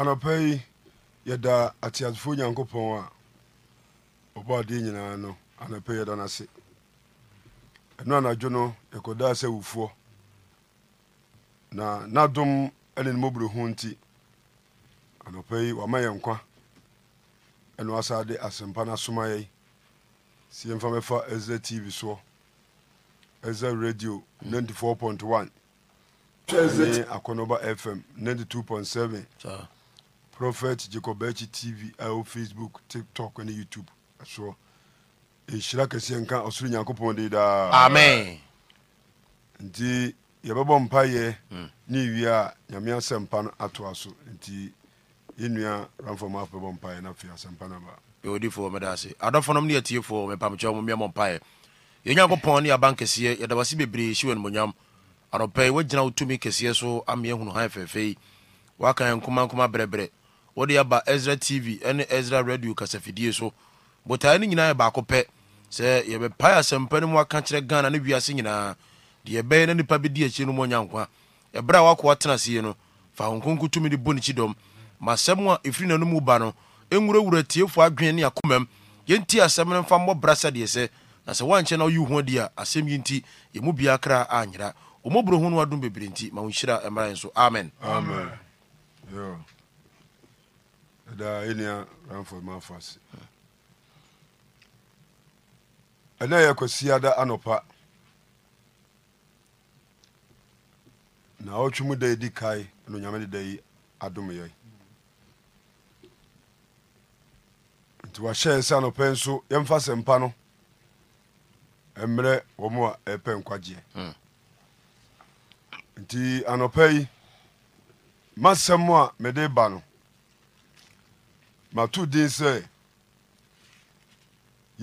anɔpa yi yɛda ateasefoɔ nyankopɔn a ɔbɔ adeɛ nyinaa no anɔpa yi yɛda no ase ɛno anadwo no yɛkɔdaa sɛ wufoɔ na n'adom ne nomɔborohu nti anɔpa yi wama yɛ nkwa ɛno asa de asɛmpa no asoma yɛi sɛ yɛmfa mɛfa ɛza tv soɔ ɛza radio 94.1 ne akɔnɔba fm 92.7 prophet jacob achi tv ɛwɔ facebook tiktok ne youtube ɛsoɔ ɛhyira kɛseɛ nka ɔsoro nyankopɔn de daa amen nti yɛbɛbɔ mpayɛ hmm. ne wie a nyame asɛ mpa no atoa so nti yɛnnua ramfama bɛbɔ mpayɛ no afei asɛmpa no baa yɛwɔdifoɔ mɛda ase adɔfonom ne atiefoɔ mepamkyɛw mu mmeɛmɔ mpaeɛ yɛnyankopɔn ne aba nkɛseɛ yɛdabase bebree hyi wɔ nomonyam anɔpɛ yi wogyina wo tumi kɛseɛ so ama yɛhunu han fɛfɛ yi nkomankoma brɛbrɛ wode aba ezra tv ne ezra radio kasafidie so botaeɛ no nyinaa yɛ baako pɛ sɛ yɛbɛpae asɛmpa no mu aka kyerɛ ghana ne wiase nyinaa deɛ ɛbɛyɛ na nipa bɛdi akyire no mu nkwa ɛberɛ a wakoa tena no fa ho tumi de bɔ ne kyi dɔm ma asɛm a ɛfiri nano mu ba no ɛnwurawura tiefoɔ adwene ne akomam yɛnti asɛm no mfa mmɔ bra sɛdeɛ sɛ na sɛ woankyɛ na woyi ho adi a asɛm yi nti yɛmu biaa kra anyera ɔmɔborɔ hu no wadom bebree nti ma wo nhyira eh, mmara yɛn amen amen yo ɛdaa ɛnua ramfo ma afa ase ɛna yɛ kwasiada anɔpa na ɔtwe mu da ɛdi kae ɛna onyame de da yi adomyɛ nti wahyɛ sɛ anɔpa nso yɛmfa sɛ no mmerɛ wɔ mo a ɛpɛ nkwagyeɛ hmm nti anɔpa yi masɛm a mede ba no mato din sɛ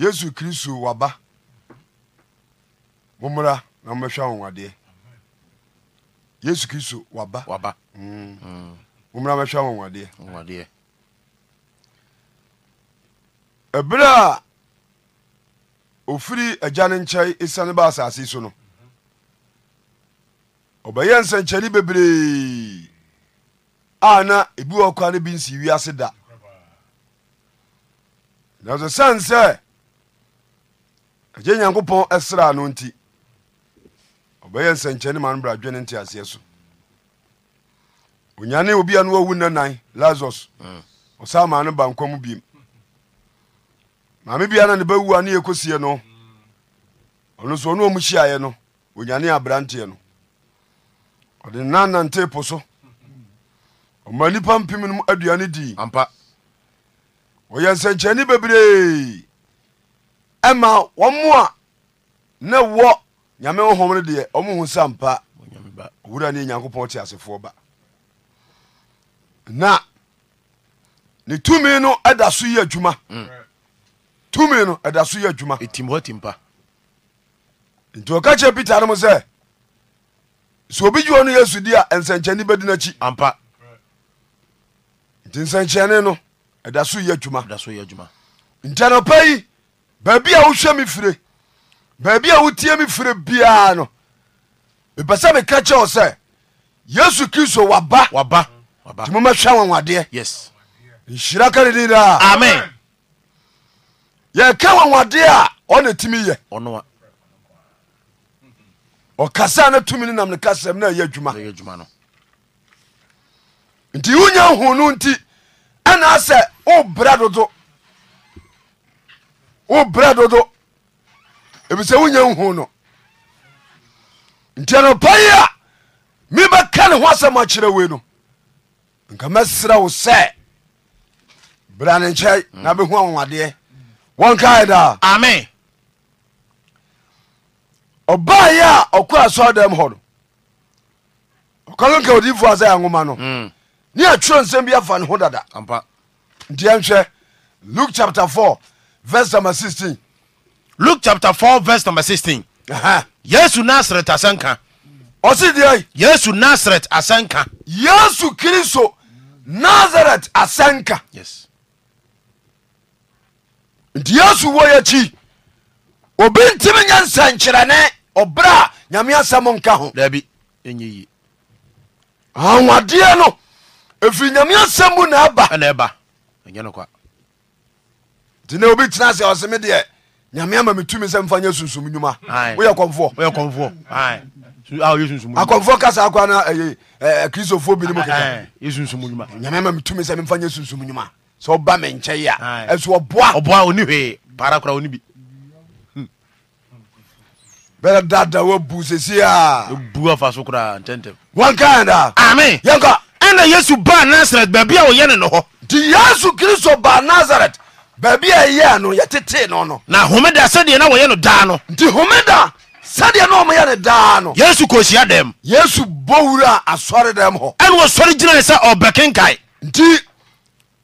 yesu kristo waba mommra na momɛhwɛ awonwadeɛ yesu kristo waba waba mm. Mm. mommra mɛhwɛ awonwadeɛ ɛberɛ a ofiri agya no nkyɛe ɛsiane ba asase so no ɔbɛyɛ nsɛnkyɛnne bebree a na ebi wɔ kwa no bi nsi wiase da nanso sɛne sɛ agye nyankopɔn ɛsra no nti ɔbɛyɛ nsɛnkyɛnne ma no bradwene nte aseɛ so onyane obia no wawu nanan lazarus mm. ɔsa ma no ba nkwa mu biem maame bia na ne bɛwu a ne yɛkɔsie no ɔno so ɔne ɔmu hyiaeɛ no onyane abranteɛ no ɔde nanante po so ɔma nipa mpim nom aduane dii ampa ɔyɛ nsɛnkyɛnne bebree ɛma wɔmo a ne wɔ nyame wohom no deɛ ɔmohu sa mpa owura ne nyankopɔn te asefoɔ ba na ne tumi no ɛda so yɛ adwuma mm. tumi no ɛda so yɛ adwuma nti ɔka kyerɛ peter no m sɛ sɛ obi gyi wɔ yesu di a nsɛnkyɛnne bɛdi n'akyi ampa nti nsɛnkyɛnne no ɛda so yɛ adwuma ntanapa yi baabi a wohwɛ me fire baabi a wotie me fire biara no mepɛ sɛ meka kyɛ wo sɛ yesu kristo waba nti momɛhwɛ wanwadeɛ nhyira ka ne din daa yɛka wanwadeɛ a ɔna timi yɛ ɔkasa no tumi no nam no kasɛm na ɛyɛ adwuma nti wonya hono nti ɛnaasɛ wobrɛ dodo wobrɛ dodo ebisɛ wonya nhu no nti anɔpa yi a mebɛka ne ho asɛm akyerɛ wei no nka mɛserɛ wo sɛ bra ne nkyɛe na bɛhu awawadeɛ wɔnkaɛ daa amen ɔbayɛ a ɔkɔ asɔ hɔ no ɔkɔkenka hmm. odifo asɛ woma no ne atwerɛ nsɛm bi afa ne ho dada ntiɛnhwɛ luke chapter 4 verse number 16 luke chapter 4 verse number 16 yesu nasaret asɛnka ɔse deɛ yesu nasaret asɛnka yesu kristo nasaret asɛnka nti yesu wɔ yɛkyi obi ntimi nyɛ nsɛnkyerɛne ɔberɛ a nyame asɛm nka ho dabi ɛnyɛ yie awadeɛ no ɛfiri nyame asɛm mu na ɛba ɛna ɛba ɛnyɛ nokwa nti na obi tena sɛ ɔse me deɛ nyame ama metumi sɛ mfa nyɛ sunsum nnwuma woyɛ kɔmfoɔ akɔmfoɔ kasa akɔ na ɛyɛ kristofoɔ bi ne mu kɛtɛ yɛ sunsum nnwuma nyame ama metumi sɛ memfa nyɛ sunsum nnwuma sɛ ɔba me nkyɛ yi a ɛso ɔboa bɛrɛ dada wo bu sesi a. bu afa so kura ntɛntɛn. wọn kan yɛn da. ami yɛn kɔ. yesu ba nasaret baabi a wɔyɛ ne hɔ. di yesu kristo ba nasaret baabi a yɛ no yɛtete no no. na homeda sɛdeɛ na wɔyɛ no daa no. nti homeda sɛdeɛ na wɔyɛ no daa no. yesu kò hyia dɛm. yesu bɔ wura asɔre dɛm hɔ. ɛna wɔsɔre gyina sɛ ɔbɛkenkae. nti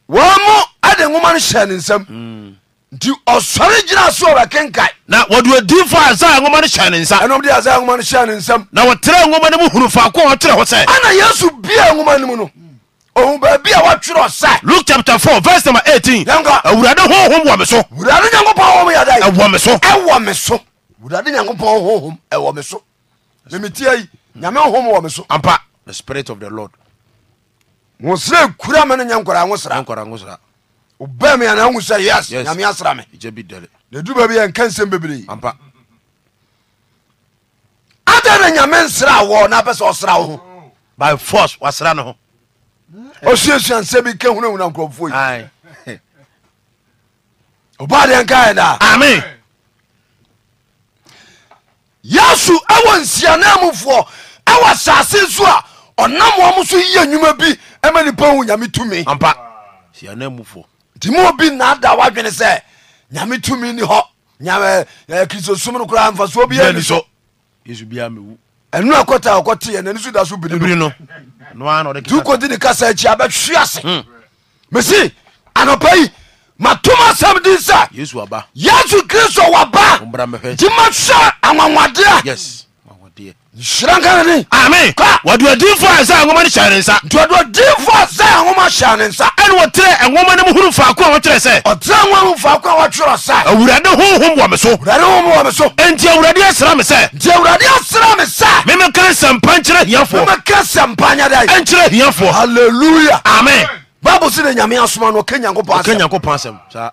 wɔn mu ɛde nwoma no hyɛ ne Mm nti ɔsɔre gyina so ɔbɛkenkae na wɔde odifo asa nwoma no hyɛ ne nsa ɛnom de asa nwoma no hyɛ ne nsam na wɔtrɛ nwoma no mu hunu faako a ɔtrɛ hɔ sɛ ana yesu bia nwoma no mu no ohun baabi a wɔtwerɛ sɛ luke chapter 4 verse number 18 yɛnka awurade honhom wɔ me so wurade nyankopɔn wɔ me yɛda ɛwɔ me so ɛwɔ me so wurade nyankopɔn honhom ɛwɔ me so memetia yi nyame honhom wɔ me so ampa the spirit of the lord wo serɛ kura me no nyɛ nkɔraa ngo sra nkɔraa ngo sra obɛ me anahu sɛ yes Yes. nyame asra me ɛgya bi dɛle na ɛdu baabi yɛ nka nsɛm bebree ampa ada na nyame nsra wɔ na pɛ sɛ ɔsra wo ho by force wasra ne ho ɔsuasua nsɛ bi ka hunahuna nkurɔfoɔ Aye. yi ɔbadeɛ nkaɛ daa amen yesu ɛwɔ nsianamufoɔ ɛwɔ asase so a ɔnam wɔ mo so yɛ nnwuma bi ɛma nipa hu nyame tumi ampa siana mufoɔ nti mo bi naada woadwene sɛ nyame tumi ni hɔ kristo som no koraa mfasoɔ biani so ɛnu akɔta ɔkɔteɛ nani so da so bini no nti wokɔdi ne kasa akyi abɛhwe ase hmm. mesi anɔpa yi matom asɛm din sɛ yesu kristo waba nti mahwɛ anwanwadeɛ adeɛ nhyira nka ne ame wɔde adinfo a ɛsɛ nwoma no hyɛ ne nsa ntɔdɔdinfo a sɛ nwoma hyɛ ne nsa ɛne wɔterɛ nwoma no mu hunu faako a wɔkyerɛ sɛ ɔterɛ nwoma mu faako a wɔtwerɛ sɛ awurade honhom wɔ me so awurade honhom wɔ me so enti awurade asra me sɛ nti awurade asra me sɛ memeka nsɛmpa nkyerɛ ahiafoɔ memeka nsɛmpa nyɛ dɛ ɛnkyerɛ ahiafoɔ halleluya amen bible sɛ ne nyame asoma no ɔka nyankopɔn asɛm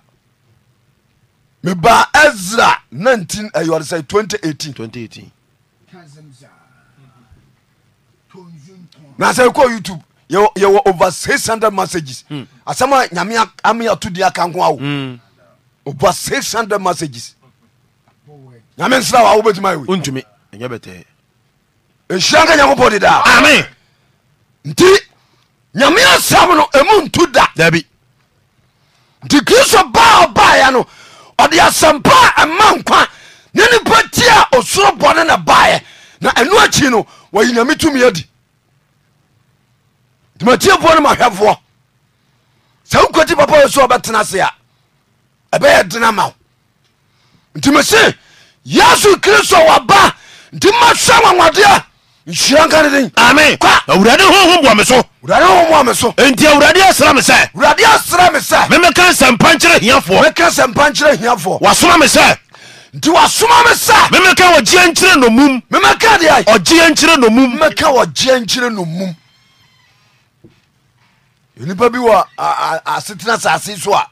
ba ezra nineteen. 19 eh, twenty eighteen. Twenty eighteen na sɛ kɔ youtube yɛwɔ over 600 messages mm. asɛm a nyame ame ato di aka nko awo mm. over 600 messages nyame nsra wa wobɛtumi awe ntumi ɛnyɛ bɛtɛ ɛhyira nka nyankopɔn de daa ame nti nyame asɛm no ɛmu nto da dabi nti kristo baa ɔbaeɛ no ɔde asɛmpa a ɛma nkwa ne nipa ti a ɔsoro bɔne ne baɛ na ɛno akyi no wɔyi nyame tumi adi ntimatiefoɔ no mahwɛfoɔ sɛ wokoti papa wɔ so ɔbɛtena se a ɛbɛyɛ dena ma wo nti mese yesu kristo wɔba nti mahwɛ wanwadeɛ nhyira nka ne den ame awurade honhom wɔ me so wurade honhom wɔ me so enti awurade asra me sɛ wurade asra me sɛ memeka nsɛmpa nkyerɛ hiafoɔ meka nsɛmpa nkyerɛ hiafoɔ wasoma me sɛ nti wasoma me sa memeka wɔgyeɛ nkyerɛ nomum memeka deɛ ɔgyeɛ nkyerɛ nomum meka wɔgyeɛ nkyerɛ nomum nipa bi wɔ asetena asase so a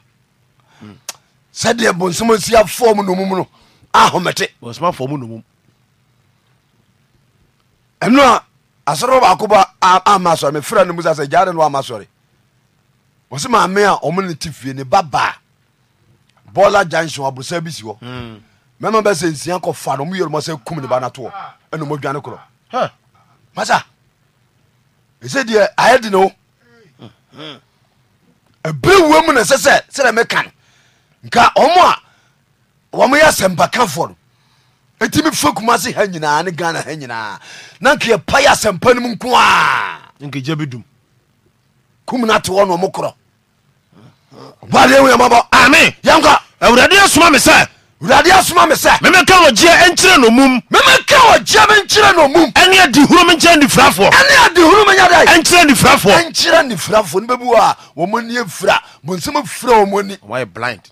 sɛdeɛ bonsɛm nsia fɔm nomum no ahomete ɛno a asɔre baako ba ama sɔre mefrɛ no mu sɛ sɛ gyade no ama sɔre wɔse maame a ɔmo ne te fie ne babaa bɔɔla junction aborosa bi si hɔ hmm mɛma bɛ sɛ nsia kɔfa no ɔmyɛrma sɛ kum ne ba natoɔ ɛna ɔmadwane korɔ masa ɛsɛ deɛ ayɛ de ne wo ɛbere wua mu na ɛsɛ sɛdɛ meka no nka ɔmo a wɔmoyɛ asɛmpakafoɔ no ɛti mefa kuma se ha nyinaa ne ghana ha nyinaa na nka yɛpa yɛ asɛmpa no mu nko a nkagya bi dum kum no ate hɔ no ɔmo korɔ ɔbadeɛ hu yɛmɔbɔ ame yɛnka awurade yɛ soma me sɛ wurade asoma me sɛ memeka wɔgyeɛ nkyerɛ no mum memeka wɔgyeɛ me nkyerɛ no mum ɛne adihuro me nkyerɛ nifirafoɔ ɛne adihuro me nyada ɛnkyerɛ nifirafoɔ ɛnkyerɛ nifirafoɔ ne bɛbu a wɔmɔ ni afira bonsɛm afira wɔmɔ ni wɔyɛ blind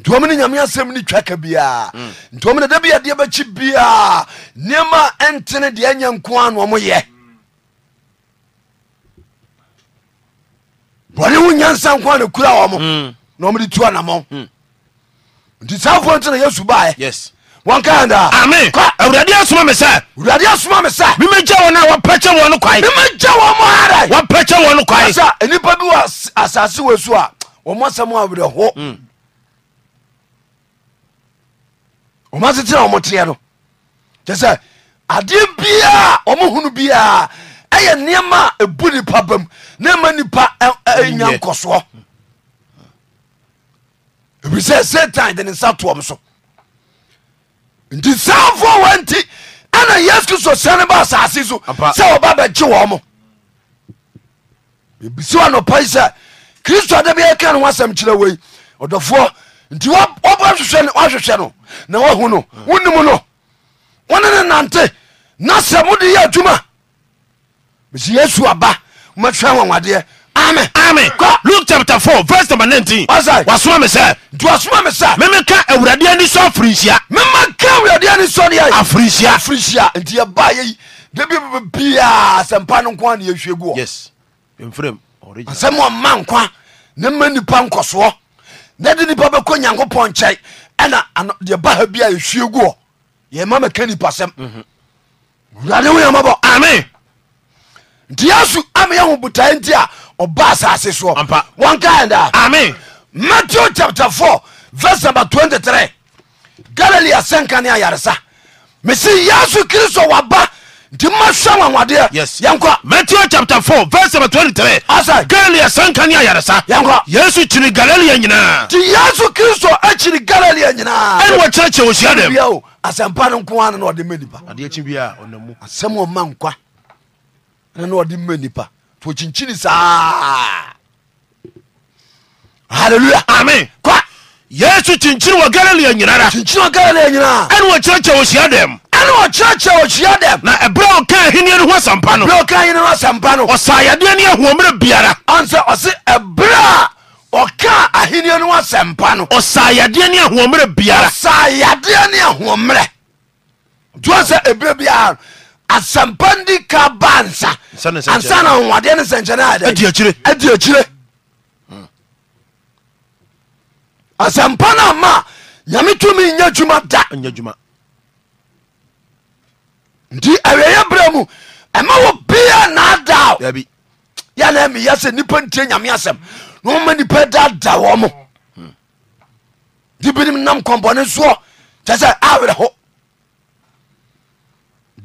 nti wɔm ne nyame asɛm ne twaka biaa nti wɔm ne da bi adeɛ bɛkyi biaa nneɛma ɛntene deɛ ɛnyɛ nko a na ɔmoyɛ bɔne wo nyansa nko a na kura wɔ mo hmm. na ɔmde tu anamɔ hmm nti saafoɔ nti na yesu baɛ wɔn ka yɛn ami awurade asoma mi sɛ. awurade asoma mi sɛ. mímɛ jẹ wọn a wapɛkyɛ wọn kwae. mímɛ jẹ wọn mɔ ara yi. wapɛkyɛ wọn kwae. asa nipa bi wɔ asase wɔ so a wɔn asɛm a wɔde hɔ. Mm. wɔn asetena wɔn teɛ no kyɛ sɛ adeɛ biara wɔn hunu biara ɛyɛ nneɛma a ebu nipa bam nneɛma nipa ɛnya nkɔsoɔ. Mm ebisɛ satan de ne nsa toɔm so nti saafoɔ wa nti ana yesu kristo sane ba asase so sɛ wɔba bɛgye wɔ mo ebisi wa nɔpa yi sɛ kristo ada bi ɛka no wasɛm kyerɛ wei ɔdɔfoɔ nti wabɔhwehwɛ wahwehwɛ no na wahu no wonim no wone ne nante na sɛ mode yɛ adwuma bɛsi yesu aba mɛtwɛ wanwadeɛ amen amen kɔ luke chapter four verse number nineteen ɔsai wasoma mi sɛ duwasoma mi sɛ mímí ka awurade ani sɔ afirinhyia mímí ka awurade ani sɔ ni ayi afirinhyia afirinhyia nti yɛ ba yɛ yi debi biya asɛmpa no nkwa ni yɛhwie gu wɔ yes nfirim original asɛm wɔ mma nkwa ne mma nipa nkɔsoɔ ne de nipa bɛkɔ nyankopɔn nkyɛn ɛna deɛ ba ha bi ye yɛhwie gu wɔ yɛma mɛka nipa sɛm mhm. wurade wo yɛmɔbɔ amen nti yɛasu ama yɛho botae nti a ɔba asase soɔ wɔnkaɛdaa amen matthew chapter 4 verse number 23 galilee asɛnka ne ayaresa mesi yesu kristo waba nti mahwɛ wanwadeɛ yɛnkɔ matthew chapter 4 verse number 23 asa galilee asɛnka ne ayaresa yɛnkɔ yesu kyiri galilee nyinaa nti yesu kristo akyiri galilee nyinaa ɛne wɔkyerɛkyerɛ wɔhyia dɛm asɛmpa no nko ana na ɔde ma nipa asɛm ɔma nkwa ɛna na ɔde ma nipa Chinchini saa hallelujah amen kwa yesu Chinchini wa galilea nyinara Chinchini wa galilea nyinaa ɛne wɔkyerɛkyerɛ wɔ hyia dɛm wa wɔkyerɛkyerɛ wɔ hyia dɛm na ɛberɛ a ɔka ahenniɛ no ho asɛmpa no O ɔka ahenniɛ no ho asɛmpa no ɔsa yadeɛ ne ahoɔmmerɛ biara ansɛ ɔse ɛberɛ a ɔka ahenniɛ no ho asɛmpa no ɔsa yadeɛ ne ahoɔmmerɛ biara ɔsa yadeɛ ne ahoɔmmerɛ duɔ sɛ biara Asampandi di ka ba nsa ansa na howadeɛ no nsɛnkyɛne adi akyire hmm. asɛmpa no ma nyame tumi nya dwuma da nti awieyɛ berɛ mu ɛma wo bia naadaw yɛna miyɛ sɛ nnipa ntie nyame asɛm na wɔma nnipa da da wɔ mo hmm. nti binom nam kɔmbɔne soɔ kyɛ sɛ awerɛ ho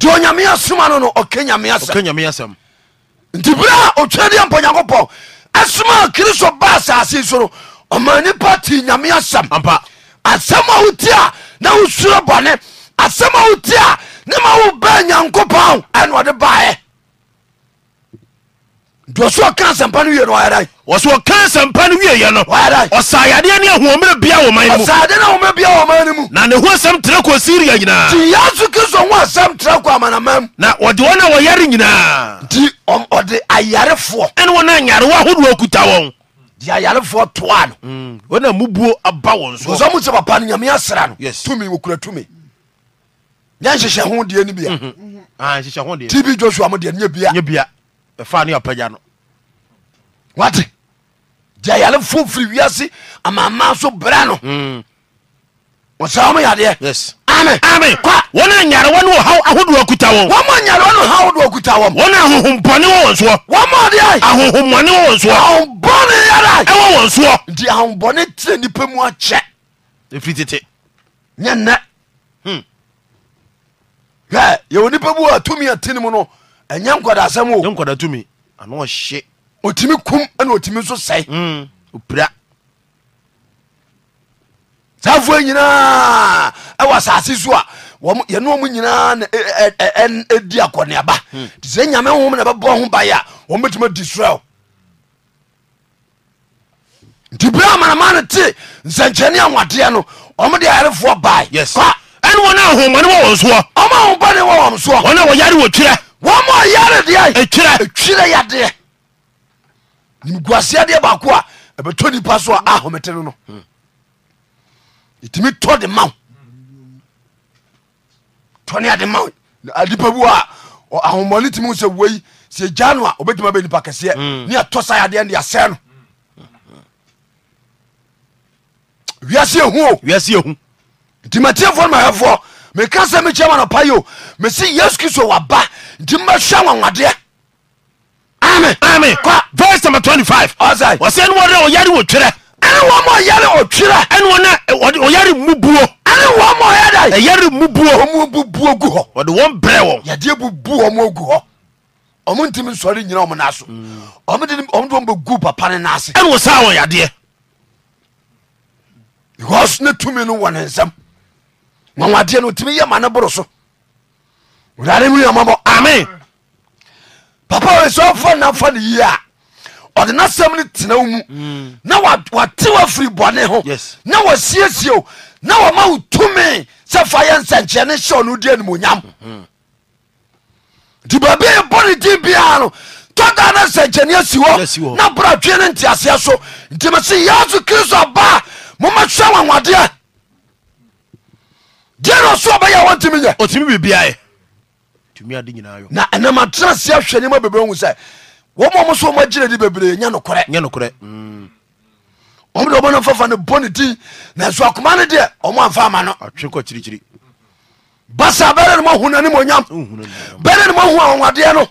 de onyame asoma no no ɔka nyame asɛm nti berɛ a otwadeɛ mpa nyankopɔn asoma a kristo ba asase soro, no ɔma nipa te nyame asɛm asɛm a woti na wosuro bɔne asɛm a woti a ne ma wobaa nyankopɔn ɛne ɔde baɛ ntɔsɔ kan sɛmpa ni wiye no ɔyɛ dɛ. wɔsɔ kan sɛmpa ni wiye yɛ no. ɔyɛ dɛ. ɔsaayadeɛ ni ahoɔmire bia wɔn man mu. ɔsaayadeɛ ni ahoɔmire bia wɔn man mu. na ne ho asɛm tẹrɛ kɔ siriya nyinaa. ti yasu kisɔ ho asɛm tẹrɛ kɔ amanaman na ɔdi wɔn a wɔyare nyinaa. di ɔdi ayarefoɔ. ɛni wɔn a nyarewa ahodoɔ kuta wɔn. di ayarefoɔ toa no. Mm. wɔn a mubuo aba wɔn so. wɔsɔ mu sɛ papa ni nyamiya sira no. yes tumi wokura tumi. nyɛ nhyehyɛ ho deɛ ni mhm. ah nhyehyɛ ho joshua mo deɛ nye bia ɛfa ne apagya no wate gya yarefo firi wiase amama so brɛ no mm. ɔsɛ wɔm yadeɛ ami wọn a nyare wọn wọ haw ahodoɔ akuta wɔn. wọn a nyare wọn wọ haw ahodoɔ akuta wɔn. wọn a ahohompɔni wɔ wɔn soɔ. wọn a ɔdi ayi. ahohompɔni wɔ wɔn soɔ. ahohompɔni yɛrɛ. ɛwɔ wɔn soɔ. nti ahohompɔni tẹ nipa mu akyɛ. efiri tete. nyɛ nnɛ. yɛ hmm. yɛ wɔ nipa mu a tumi a tini mu no ɛnyɛ nkɔda asɛm o nkɔda tumi ana ɔhye ɔtumi kum ɛna ɔtumi nso sɛe ɔpira hmm. saafoɔ nyinaa ɛwɔ asase so a yɛne ɔmu nyinaa ɛdi akɔneaba hmm. nti sɛ nyame hom na ɛbɛbɔ ho bayɛ a wɔn bɛtumi disrael nti bere amanama no te nsɛnkyɛne awadeɛ no ba. ayarefoɔ bae ɛne wɔn ahomane wɔ wɔn soɔ ɔma ahomane wɔ wɔn soɔ wɔn a wɔyare wɔ twerɛ wɔma yaredeɛ ɛtwerɛ ɛtwerɛ yadeɛ nimguaseɛ deɛ baako a ɛbɛtɔ nipa so a ahomete ah, no no ɛtumi tɔ de ma tɔne ade ma adipa bi a ahommɔne timi hu sɛ wei sɛ ɛgya no a obɛtumi abɛ nipa kɛseɛ ne atɔ sa yadeɛ ne asɛe no wiase ehu o wiase ehu nti matiefoɔ no mahɛfoɔ meka sɛ mekyia ma nɔpa yi o mesi yesu kristo waba nti mɛhwɛ wawadeɛ ami verse number twenty five ɔsɛ ɔsɛ ni wɔn dɛ ɔyari wɔ twerɛ ɛni wɔn mɔ ɔyari wɔ twerɛ ɛni wɔn dɛ ɔyari mu buo ɛni wɔn mɔ ɔyɛ dɛ ɛyari mu buo ɔmu bu buo gu hɔ ɔdi wɔn brɛ wɔn yadeɛ bu bu ɔmu gu hɔ ɔmu ntumi nsɔre nyina ɔmu n'aso ɔmu de ɔmu de wɔn bɛ gu papa ne n'ase ɛni wɔ saa wɔn yadeɛ because ne tumi no wɔ ne nsam wɔn adeɛ no tumi yɛ ma ne boro so Amen. papa sɛ ɔfa nafa no yie a ɔde n'asɛm no tena wo mu mm. na wate wafiri bɔne ho na wasiesie o na wɔma wo tumi sɛ fa yɛ nsɛnkyerɛ ne hyɛ ɔno di animonyam nti baabi a yɛbɔ ne din biara no tɔda no nsɛnkyɛne asi hɔ na bra twe no nteaseɛ so nti mese yesu kristo ba a momɛhwɛ wanwadeɛ deɛ na ɔso ɔbɛyɛ wɔntimi yɛ ɔtumi bibiaɛ na ɛnama tena seɛ hwɛ nneɛma bebree hu sɛ wɔma mo so ɔma gyina di bebree nyɛ nokorɛ ɔmde ɔbɔ no mfafa no bɔ ne din nanso akoma no deɛ ɔmo amfa ama no basa bɛrɛ ne moahu nane monyam bɛrɛ ne moahu awawadeɛ no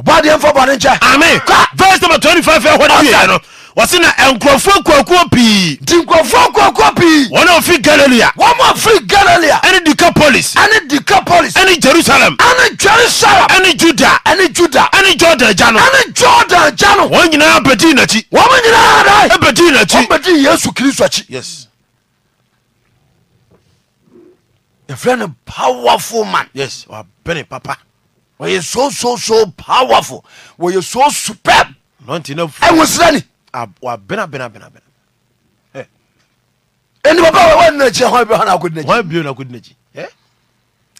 ɔbɔdeɛ mfa bɔne nkyɛ ame vs 25 ɛhɔ no wɔse na nkurɔfoɔ kuakuo pii nti nkurɔfoɔ kuakuo pii wɔn a wɔfiri galilea wɔn a wɔfiri galilea ɛne decapolis ɛne decapolis ɛne jerusalem ɛne jerusalem ɛne juda ɛne juda ɛne jordan agya no ɛne jordan agya no wɔn nyinaa bɛdii n'akyi wɔn nyinaa dai ɛbɛdii n'akyi wɔn bɛdii yesu kristo akyi yes yɛfrɛ no powerful man yes wa wabɛne papa wɔyɛ so so so powerful wɔyɛ so superb ɛwɔ sira ni wabenabenabena ɛni eh. baba wanina kyia hɔ bi hɔn akodina kyi. hɔn bi hɔn akodina kyi.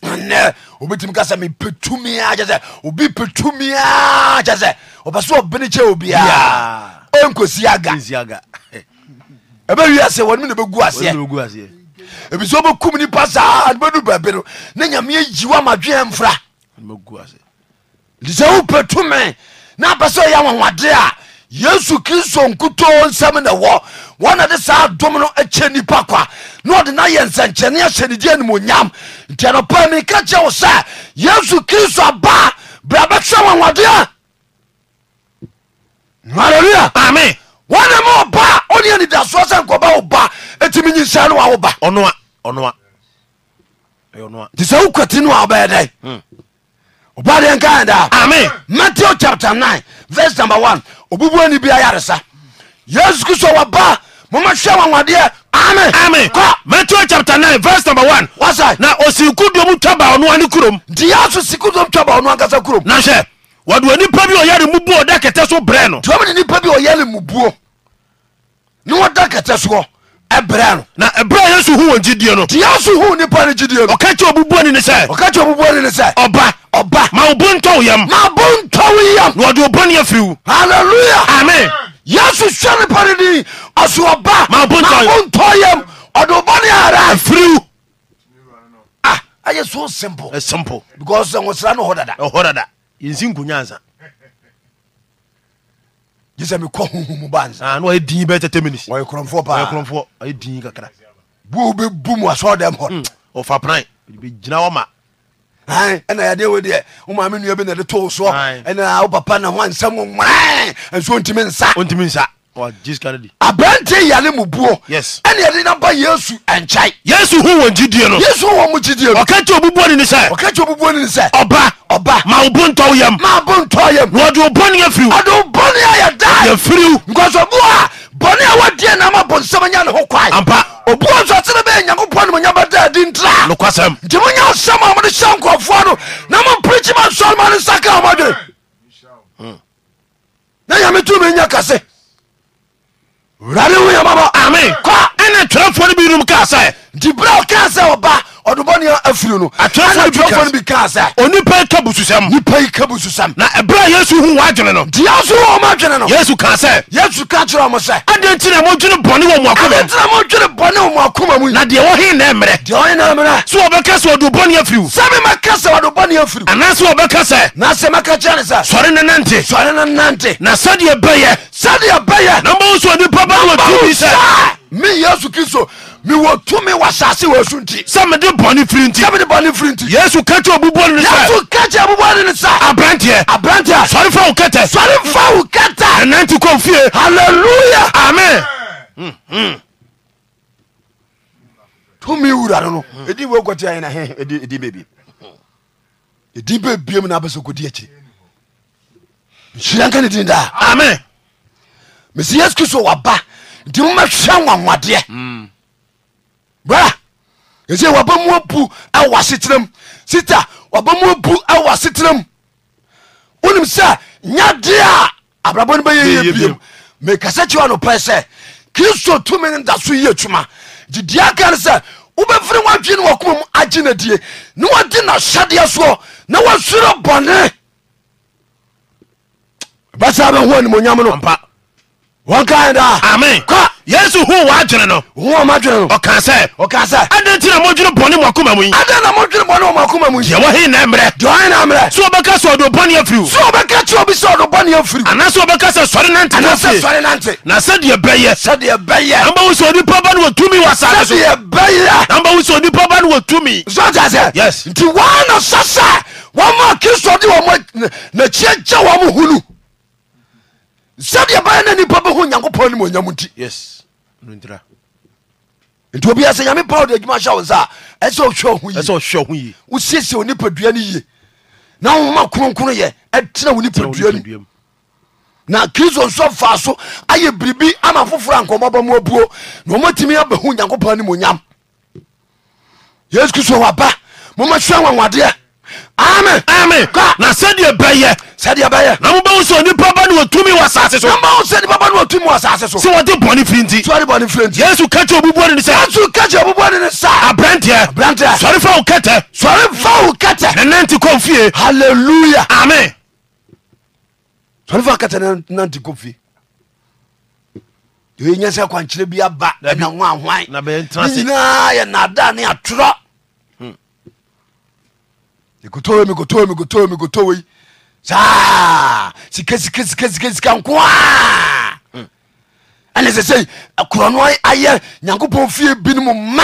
nɛ obi tumi kasa mi pe tumiya kyɛ sɛ obi pe tumiya kyɛ sɛ ɔbɛ so ɔbɛni kyɛ obiya ɛnkosi aga ɛnkosi aga ɛbɛ eh. wi ase wɔn mi na aseɛ eh. ebi so ɔbɛ kum nipa saa ɛbɛ du baabi no ne nyame yi wa ma mfra nfura. wɔn mi gu n'a bɛ so yɛ wɔn a yesu kristo nkutoo nsɛm ne wɔ wɔna de saa dom no akyɛ nnipa kwa na ɔde na yɛ nsɛnkyɛne ahyɛ ne di animonyam nti anɔpa mi ka kyerɛ wo sɛ yesu kristo abaa bra bɛhwɛ wanwadeɛ halleluya ame wɔne ma ɔba a ɔne anidasoɔ sɛ nkɔba wo ba ɛtumi nyinsɛ no wa wo ba ɔnoa ɔnoa nti sɛ wokwati no a wobɛyɛ dɛn ɔba hmm. deɛ nkaɛ daa ame matthew chapter 9 verse number 1 obubuani bia yaresa yesu kristo waba momahwɛ wawadeɛ ame matthew chapter 9 verse number 1 wasa na osiku duom twa ba ɔno ane kurom nti so siku twa ba ɔno ankasa kurom na hwɛ wɔde nipa bi ɔyare mubuo ɔda kɛtɛ so brɛ no nti nipa bi ɔyare ne mubuo ne wɔda kɛtɛ soɔ ɛbrɛ no na ɛbrɛ yesu hu wɔ gyidie no nti yesu hu nipa no gyidie no ɔka kyɛ obubuani ne sɛ ɔka kyɛ obubuani ne sɛ ɔba ɔba ma wo bo ntɔ wo yam ma bo ntɔ wo yam na ɔde ɔbɔne afiri wo halleluya amen yesu hyɛ nipa no din ɔso ɔba ma bo ntɔ yam ɔde ɔbɔne ara afiri wo ah, ɛyɛ so simple simple because ɛwosra no hɔ dada ɛhɔ dada yɛnsi nkonyansa jisɛ mi kɔ huhu mu bansi. aa ah, n'o ye din bɛɛ tɛ tɛ minisi. o ye kurɔnfɔ paa o ye kurɔnfɔ a ye din kakra. buw bɛ bu mu asɔ dɛm hɔ. o hmm, fa pran ye bi jina o ma. ɛn ɛna yadeɛ wo deɛ o maa mi nuyɛ bɛ na de to o sɔ ɛna o papa na wa nsɛm ŋmɛrɛn nso ntumi nsa. o ntumi nsa aberante yale mu buo ɛne yɛde naba yesu ɛnkyɛe yesu hu wɔn gyidie no yesu wɔ mu gyidie no ɔka kyɛ obubuani ne sɛ ɔka kyɛ obubuani ni sɛ ɔba ɔba ma wo bo ntɔ yam ma bo ntɔ yam na ɔde wo bɔne afiriw ɔde wo bɔne ayɛ daa yɛfiriw nkɔsɔ bo a bɔne a wɔdeɛ ma bonsɛm anya ne ho kwae ampa obuo nso sene bɛyɛ nyankopɔn ne monyaba daa di ntra nokwasɛm nti monya asɛm a mode hyɛ nkɔfoɔ no na moprekyi ma nsɔre ma ne nsa ka ɔmɔde hmm. na nyame tumi nya kase rane we yababɔ ame kɔ ine torɛfoɔne binom ka sɛ inti brao ka sɛ wɔba ɔdobɔne afiri no atwerɛfoɔ no bi kaa sɛ onipa yi ka bususɛm nipa yi kabu susam. na ɛberɛ a yesu hu wɔadwene no deɛ so wɔ ɔma adwene no yesu kaa sɛ yesu ka kyerɛ ɔmo sɛ adɛn nti na modwene bɔne wɔ moakomaadɛntina modwene bɔne wɔ moakoma mu na deɛ wɔhe na mmerɛ deɛ wɔhe na mmerɛ sɛ wɔbɛka sɛ ɔdobɔne afiri sɛ memɛka sɛ ɔdobɔne afiri anaasɛ wɔbɛka sɛ na sɛ mɛka kyerɛ ne sɛ sɔre ne nante sɔre ne nante na sɛdeɛ bɛyɛ sɛdeɛ bɛyɛ na mbɔ wo so onipa ba wɔ tumi sɛ me yesu kristo mewɔ tumi wɔ asase wɔ asu nti sɛ mede bɔne firi nti mede bɔne firi nti yesu ka kyɛ obubɔne no sɛyesu ka kyɛ obubɔne no sa aberanteɛ aberanteɛ sɔre fa wo kɛtɛ sɔre fa wo kɛtɛ ɛnante kɔ fie halleluya amen hmm, hmm. tumi wura no no ɛdin hmm. wɔ kɔte ayɛna he ɛdin bɛbiem ɛdin bɛbiem na abɛsɛ kɔdi akyiri nhyira nka ne din daa amen mesi yesu kristo waba nti momɛhwɛ nwanwadeɛ bra ɛsɛ waba mu abu awɔ aseteram sita waba mu abu awɔ aseteram wonim sɛ nyade a abrabɔ no bɛyɛyɛ biom mekasa kyi wa nopɛ sɛ kristo tumi no da so yɛ adwuma nti deɛ ka no sɛ wobɛfiri woadwe ne wakoma mu agye na die na wadi nahyɛdeɛ soɔ na wasuro bɔne bɛsa bɛho animonyam no wankae daa amen yesu hu wa adwene no ɔka sɛ adɛn nti na modwene bɔne mo akoma mu yi yɛwɔ hei na mmerɛ sɛ wɔbɛka sɛ ɔde bɔne afiriw anaasɛ wɔbɛka sɛ sɔre nante na sɛdeɛ bɛyɛ nabawo sɛ onipa ba no wɔtumi wɔ asase so nabawo sɛ onipa ba no wɔtumi nti wana sasa wɔma kristo de wɔ nakyia gya wɔ mo hunu sɛdeɛ bɛyɛ na nipa bɛhu nyankopɔn ne mɔnyamu nti nti obi sɛ nyame pa wode adwuma hyɛ wo nsa a ɛsɛ ɔhwɛ ho yi wosiesie wo nipadua no yie na woma kronkron yɛ ɛtena wo nipadua no na kristo nso faa so ayɛ biribi ama foforɔ ankɔmmɔbɔ mu abuo na ɔmatumi abɛhu nyankopɔn ne mɔnyam yesu kristo waba momahwɛ wanwadeɛ amen amen ka na sɛdeɛ bɛyɛ sɛdeɛ bɛyɛ na mobɛwo sɛ nipa ba ne wɔtumi wɔ asase so mobɛwo sɛ nipa ba ne wɔtumi wɔ asase so sɛ wɔde bɔne firi nti sɔre bɔne firi nti yesu ka kyɛ obubuɔ ne ne sɛ yesu ka kyɛ obubuɔ ne ne sa aberanteɛ aberanteɛ sɔre fa wo kɛtɛ sɔre fa wo kɛtɛ ne nante kɔ fie hallelujah amen sɔre fa kɛtɛ ne nante kɔ fie deɛ yɛnya sɛ kwankyerɛ bi aba ɛna ho ahwan ne nyinaa yɛ nada ne atorɔ gotowe saa siksiksiksikesika nkoa ɛne sɛ sei korɔ no ayɛ nyankopɔn fie binom ma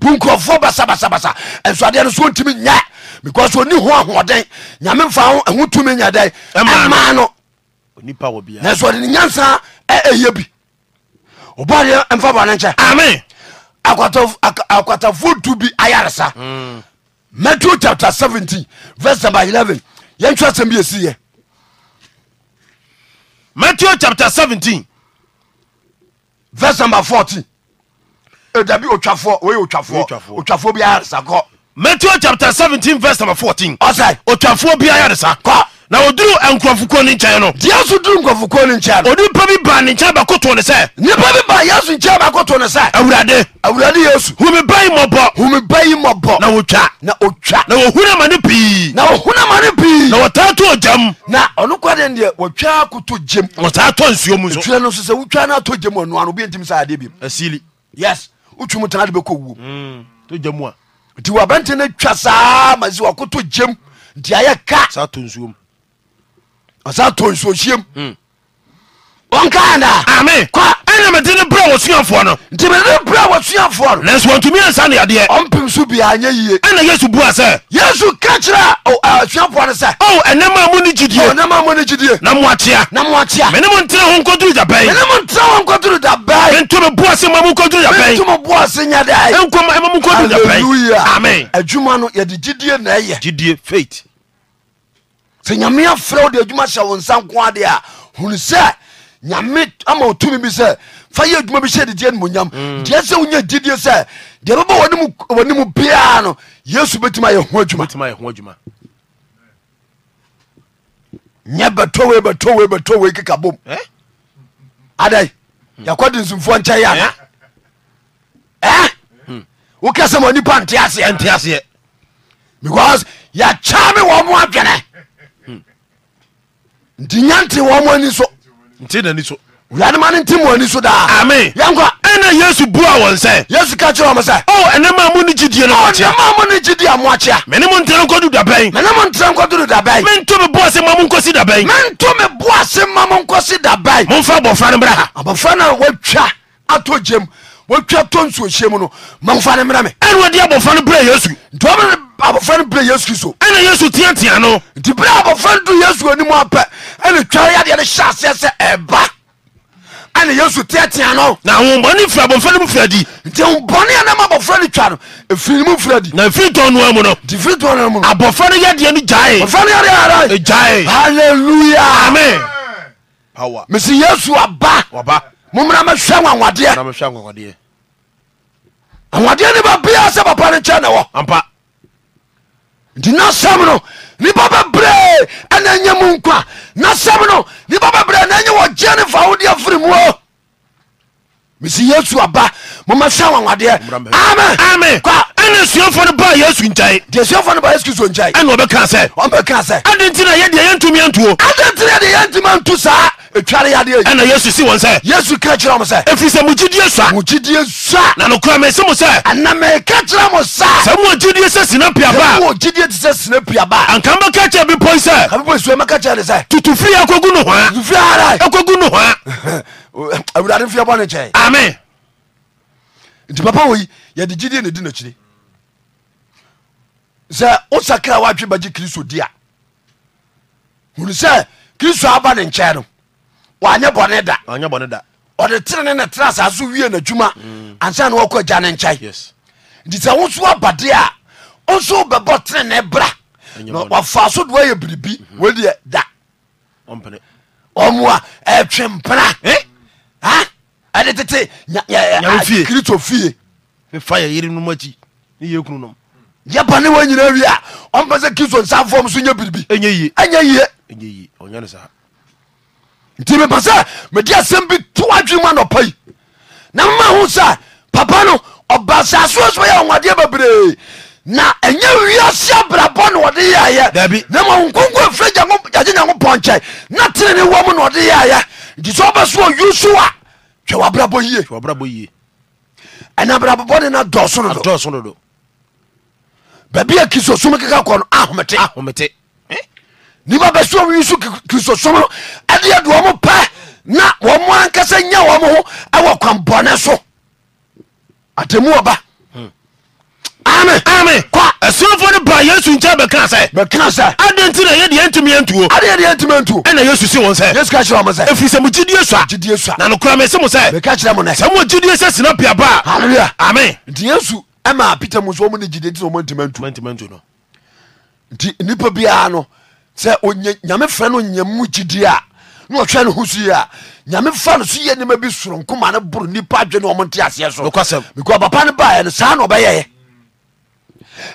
bu nkurɔfoɔ basabasabasa nsuadeɛ no so ntimi nyɛ because ɔni ho ahoɔden nyame mfa ho ɛho tumi nya dɛn ɛma no nanso ɔde ne nyansa ɛyɛ bi ɔbɔdeɛ mfa bɔne nkyɛ ame akwatafoɔ tu bi ayaresa hmm matthew chapter seventeen verse number eleven yẹn tún asẹm yẹn si yẹ. matthew chapter seventeen verse number fourteen edabi otwafoɔ oye otwafoɔ otwafoɔ bi ayaresa kɔ. matthew chapter seventeen verse number fourteen. ɔsɛ otwafoɔ bi ayaresa kɔ na oduru nkurɔfokuo no nkyɛn no yesu duru nkurɔfokuo no nkyɛn no onipa bi ba ne nkyɛn bɛkoto ne sɛ nipa bi ba yesu nkyɛn bɛkoto ne sɛ awurade awurade yesu homeba yi mmɔbɔ homeba yi mmɔbɔ na wotwa na otwa na wɔhunu ama ne pii na wɔhunu ama ne pii na wɔtaa to gyam na ɔno kɔ den deɛ wɔtwa akoto gyam wɔtaa tɔ nsuo mu nsotuɛ no so sɛ wotwa no atɔ gyam ɔnoa no obi sɛ adeɛ bi asili yes wotwum tena de bɛkɔ wuo mm. to gya mu a nti wɔabɛnte no twa saa ma si wɔkoto gyam nti ayɛ ka saa tɔ nsuo mu ɔsa tɔ nsuo hyiam hmm. ɔnkaana kɔ ɛna mede ne brɛ wɔ suafoɔ no nti mede ne brɛ wɔ suafoɔ no nanso wɔntumi ansa ne adeɛ ɔmpem so biaa nyɛ yie ɛna yesu bua sɛ yesu ka kyerɛ asuafoɔ no sɛ o oh, ɛnɛma mu ne gyidie ɛnɛma mu ne gyidie na moakyea na moakyea mene mo ntena ho nkɔduru da bɛn mene mo ntena ho nkɔduru da bɛn mento me boa se ma mu nkɔduru da bɛn mento mo boa se nyɛ dɛ ɛnkɔ ma ɛma mu nkɔduru da bɛn amen adwuma no yɛde gyidie na ɛyɛ gyidie faith sɛ nyame afrɛ wo de adwuma hyɛ wo nsa nko adeɛ a hunu sɛ nyame ama otumi bi sɛ fa yɛ adwuma bi hyɛ dedeɛ nomonyam mm. deɛ sɛ wonya gyidie sɛ deɛ bɛbɔ wɔne mu biaa no yesu bɛtumi ayɛ ho adwuma nyɛ bɛtɔwei keka bom adai yɛkɔde nsumfoɔ nkyɛ yɛ ana hmm. wokɛ sɛ ma nipa nteaseɛ nteaseɛ because yɛkyɛ me wɔ mo adwene nti yante wɔmo ani so wradema no nti mo ani so daa ame yɛnka ɛna yesu bua wɔn sɛ yesu ka kyerɛ ɔmo sɛ ɔ ɛnɛma mo ne gyidie no ɔkyea ɛnɛma mo ne gyidie a mo akyea mene mo ntena nkɔdu dabɛn mene mo ntena nkɔdu dabɛn mento me boase ma mo nkɔsi dabɛn mento me boase ma mo nkɔsi dabɛn momfa abɔfra no brɛ ha abɔfra no a watwa atɔ gyam watwa tɔ nsuohyia mu no mamfa no mmra me ɛne wɔde abɔfra no yesu abɔfra no berɛ yesu kristo ɛna yesu teatea no nti berɛ abɔfra no do yesu anim apɛ ɛne tware yadeɛ no hyɛ aseɛ sɛ ɛba ɛne yesu teatea no na ahombɔne firi abɔfra no mu fira di nti ahombɔne a na ma abɔfra no twa no ɛfiri no mu fira di na ɛfiri tɔn noa mu no nti firi tɔn noa mu no abɔfra no yadeɛ no gyae no yadeɛ e gyae halleluya amen power mesi yesu aba aba momra mɛhwɛ nwanwadeɛ awadeɛ ne babia sɛ papa no nkyɛ ne wɔ ampa nti nasɛm no nipa bɛbree ɛna ɛnyɛ mu nkwa nasɛm no nipa bɛbree na ɛnyɛ wɔgye ne fa wodeɛ firi mu o mesi yesu aba moma sa wawadeɛ ame ɛne suafo no baa yesu nkyɛe deɛ suafo yesu kristo nkyɛe ɛne ɔbɛka sɛ ɔbɛka sɛ ade nti na yɛdeɛ yɛntumi antuo ade nti na yɛdeɛ yɛntumi antu saa ɛtware ɛna yesu si wɔn sɛ yesu ka kyerɛ mo sɛ ɛfiri sɛ mogyidie sa sa na nokora mese mo sɛ ɛna meka kyerɛ mo sa sɛ mowɔ gyidie sɛ sina piaba mowɔ gyidie te sɛ sina piaba anka mɛka kyerɛ bepɔi sɛ kabepɔ suo mɛka kyerɛ ne sɛ tutufiri akɔgu no hwaa akɔgu no hwaa awurade mfe bɔne kyɛ ame nti papa wɔyi yɛde gyidie ne di nakyiri sɛ wosakra woatwe bagye kristo di a hunu sɛ kristo aba ne nkyɛn no wanyɛ bɔne da ɔde tere ne ne tra saa so wie n'adwuma mm. ansa na wɔkɔ agya ne nkyɛn nti sɛ wo so wabadeɛ a wo so wobɛbɔ tere ne bra na wafa so de woayɛ biribi mhm. wɔdeɛ da ɔmoa ɛtwe mpena eh? ɛde tete ah, kristo fie fa yɛ yere nom akyi ne yɛ kunu nom yɛpa ne wa nyina wie a ɔmpɛ sɛ kristo nsa fɔm so nyɛ biribi ɛnyɛ yie ɛnyɛ yie ɔnyɛ no saa nti mepɛ sɛ mede asɛm bi to adwe mu anɔpa yi na mma ho sɛ papa no ɔba saase so yɛ ɔwadeɛ bebree na ɛnyɛ wiase abrabɔ na ɔde yɛyɛ na ma nkonko afiri agye nyankopɔn nkyɛn na tene ne wɔ mu na ɔde yɛyɛ nti sɛ ɔbɛ so ɔyusu a hwɛ wabrabɔ yie ɛna brabɔbɔne no dɔso nodo baabi a kisosom keka kɔ no ahomete nipa bɛsɛ wi so kisosom ɛde yɛde wɔ mo pɛ na wɔ mo ankasa nya wɔ mo ho ɛwɔ kwanbɔne so atamu ɔba ame ame kɔ asuafo no ba yesu nkyɛn bɛka sɛ bɛka sɛ adɛn nti na yɛdeɛ ntumi yɛntuo adeɛ deɛ ntumi ntuo ɛna yesu si wɔn sɛ yesu ka kyerɛ wɔn sɛ ɛfiri sɛ mo gyidie so a gyidie so a na nokora me se mo sɛ meka kyerɛ mo nɛ sɛ mo gyidie sɛ sena piaba a hallelujah ame nti yesu ɛma peter mu so wɔn ne gyidie ti sɛ wɔn ntumi ntuo ntumi ntuo no nti nipa biara no sɛ onye nyame fɛ no nyɛ mu gyidie a na ɔhwɛ ne ho so yie a nyame fa no ni yɛ nneɛma bi soro nkoma ne boro nipa adwene wɔn nte aseɛ so because papa no baeɛ no saa na ɔbɛyɛɛ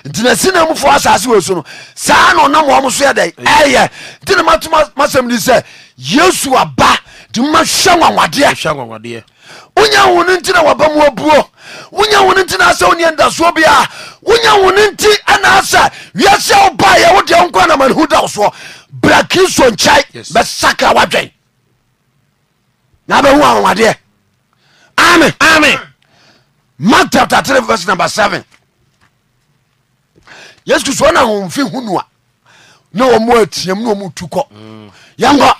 nti na sinamufo asase wɔ su no saa na ɔnam wɔ m so yɛ dɛn ɛyɛ nti na masɛm ni sɛ yesu aba nti ma hwɛ nwanwadeɛ wonya wo no nti na waba mu abuo wonya wo no nti na asɛ woneɛ ndasoɔ bi a wonya wo no nti anaasɛ wiasɛ wo baeɛ wodeɛ nkɔ anamanehu da wo soɔ bra kristo nkyɛe bɛsakra woadwɛn na bɛhu anwanwadeɛ ame ame mark chapter 3 verse number 7 yesu kristo ɔna ahomfi hunu a na wɔmo atiam na ɔmo tu kɔ yɛnkɔ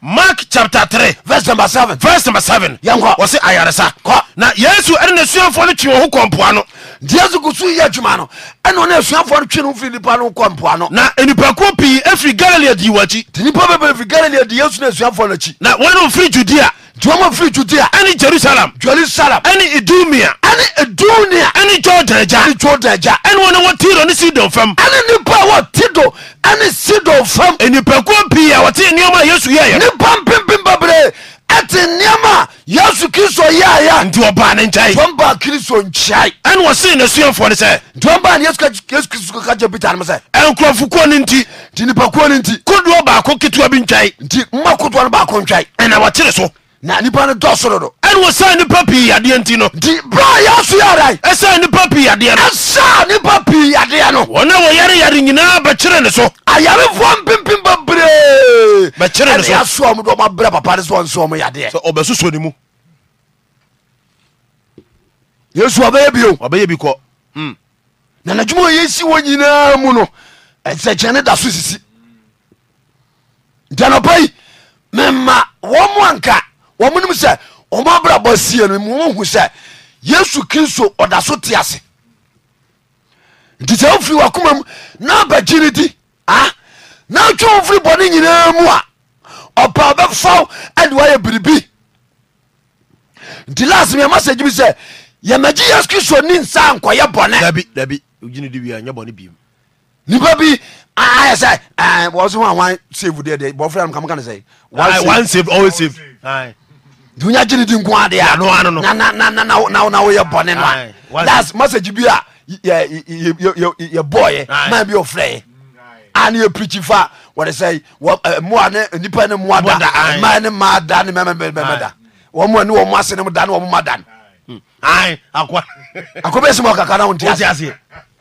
mark chapter 3 verse number 7 verse number 7 yɛnkɔ wɔse ayaresa kɔ na yesu ɛne ne suafoɔ no twe ho kɔ no nti yesu kristo yɛ adwuma no ɛne ɔne asuafoɔ no twe no mfiri nnipa no kɔ no na nnipakuo pii afiri galilea dii wɔ akyi nti nnipa bɛbɛ firi galilea di yesu ne asuafoɔ no akyi na wɔne mfiri judea duama firi judea ɛne jerusalem jerusalem ɛne idumia ɛne idumia ɛne jordan agya ɛne jordan agya ɛne wɔn wɔ tiro ne sidon fam ɛne nipa a wɔ tido ɛne sidon fam nipakuo pii a wɔte nneɛma yesu yɛyɛ nipa mpimpim bebree ɛte nneɛma a yesu kristo yɛayɛ nti ɔbaa ne nkyɛe dɔmba kristo nkyae ɛne wɔsee n'asuafoɔ no sɛ dɔmba ne yesu kristo ka gya peter nom sɛ ɛnkurɔfokuo no nti nti nipakuo no nti kodoɔ baako ketewa bi ntwae nti mma kodoɔ no baako ntwae ɛna wɔkyere so na nipa no dɔ soro do ɛne wɔsaa nnipa pii yadeɛ nti no nti bra yɛso yɛra ɛsaa nnipa pii yadeɛ no ɛsaa nnipa pii yadeɛ no wɔn a wɔyare yare nyinaa bɛkyere ne so ayarefoɔ mpempem bebree bɛkyere ne so yɛsoa mu de ɔmabrɛ papa de sɛ ɔnso ɔmo yadeɛ sɛ ɔbɛsoso ne mu yesu ɔbɛyɛ bio ɔbɛyɛ bi kɔ mm. na nadwuma a yɛsi wɔ nyinaa mu no ɛsɛ kyɛne da so sisi nti bayi. yi ma wɔ mo anka wɔmonom sɛ ɔma brabɔ sie no mohu sɛ yesu kristo ɔda so te ase nti sɛ wofiri wakoma mu na bagyi no di na twe wo firi bɔne nyinaa mu a ɔpa bɛfaw ade wayɛ biribi nti las miama sɛ gyibi sɛ yɛmagye yesu kristo ni nsa nkɔyɛ bɔne nipa bi ayɛ sɛ wɔso ho awan save deɛ deɛ bɔfra no kamka no sɛ ntiwonya gyene di nko na woyɛ bɔne no na das masage bi a yɛbɔɔyɛ ma bi ɔfrɛɛ ane yɛprikyi fa wɔde sɛ moa ne nipa ne moa da ma ne ma da ne mɛmɛmɛ da wɔmoa ne wɔmo ase ne mo da ne wɔmo ma da akwa, akɔbɛsi ma ɔkaka na wo ntiaseɛ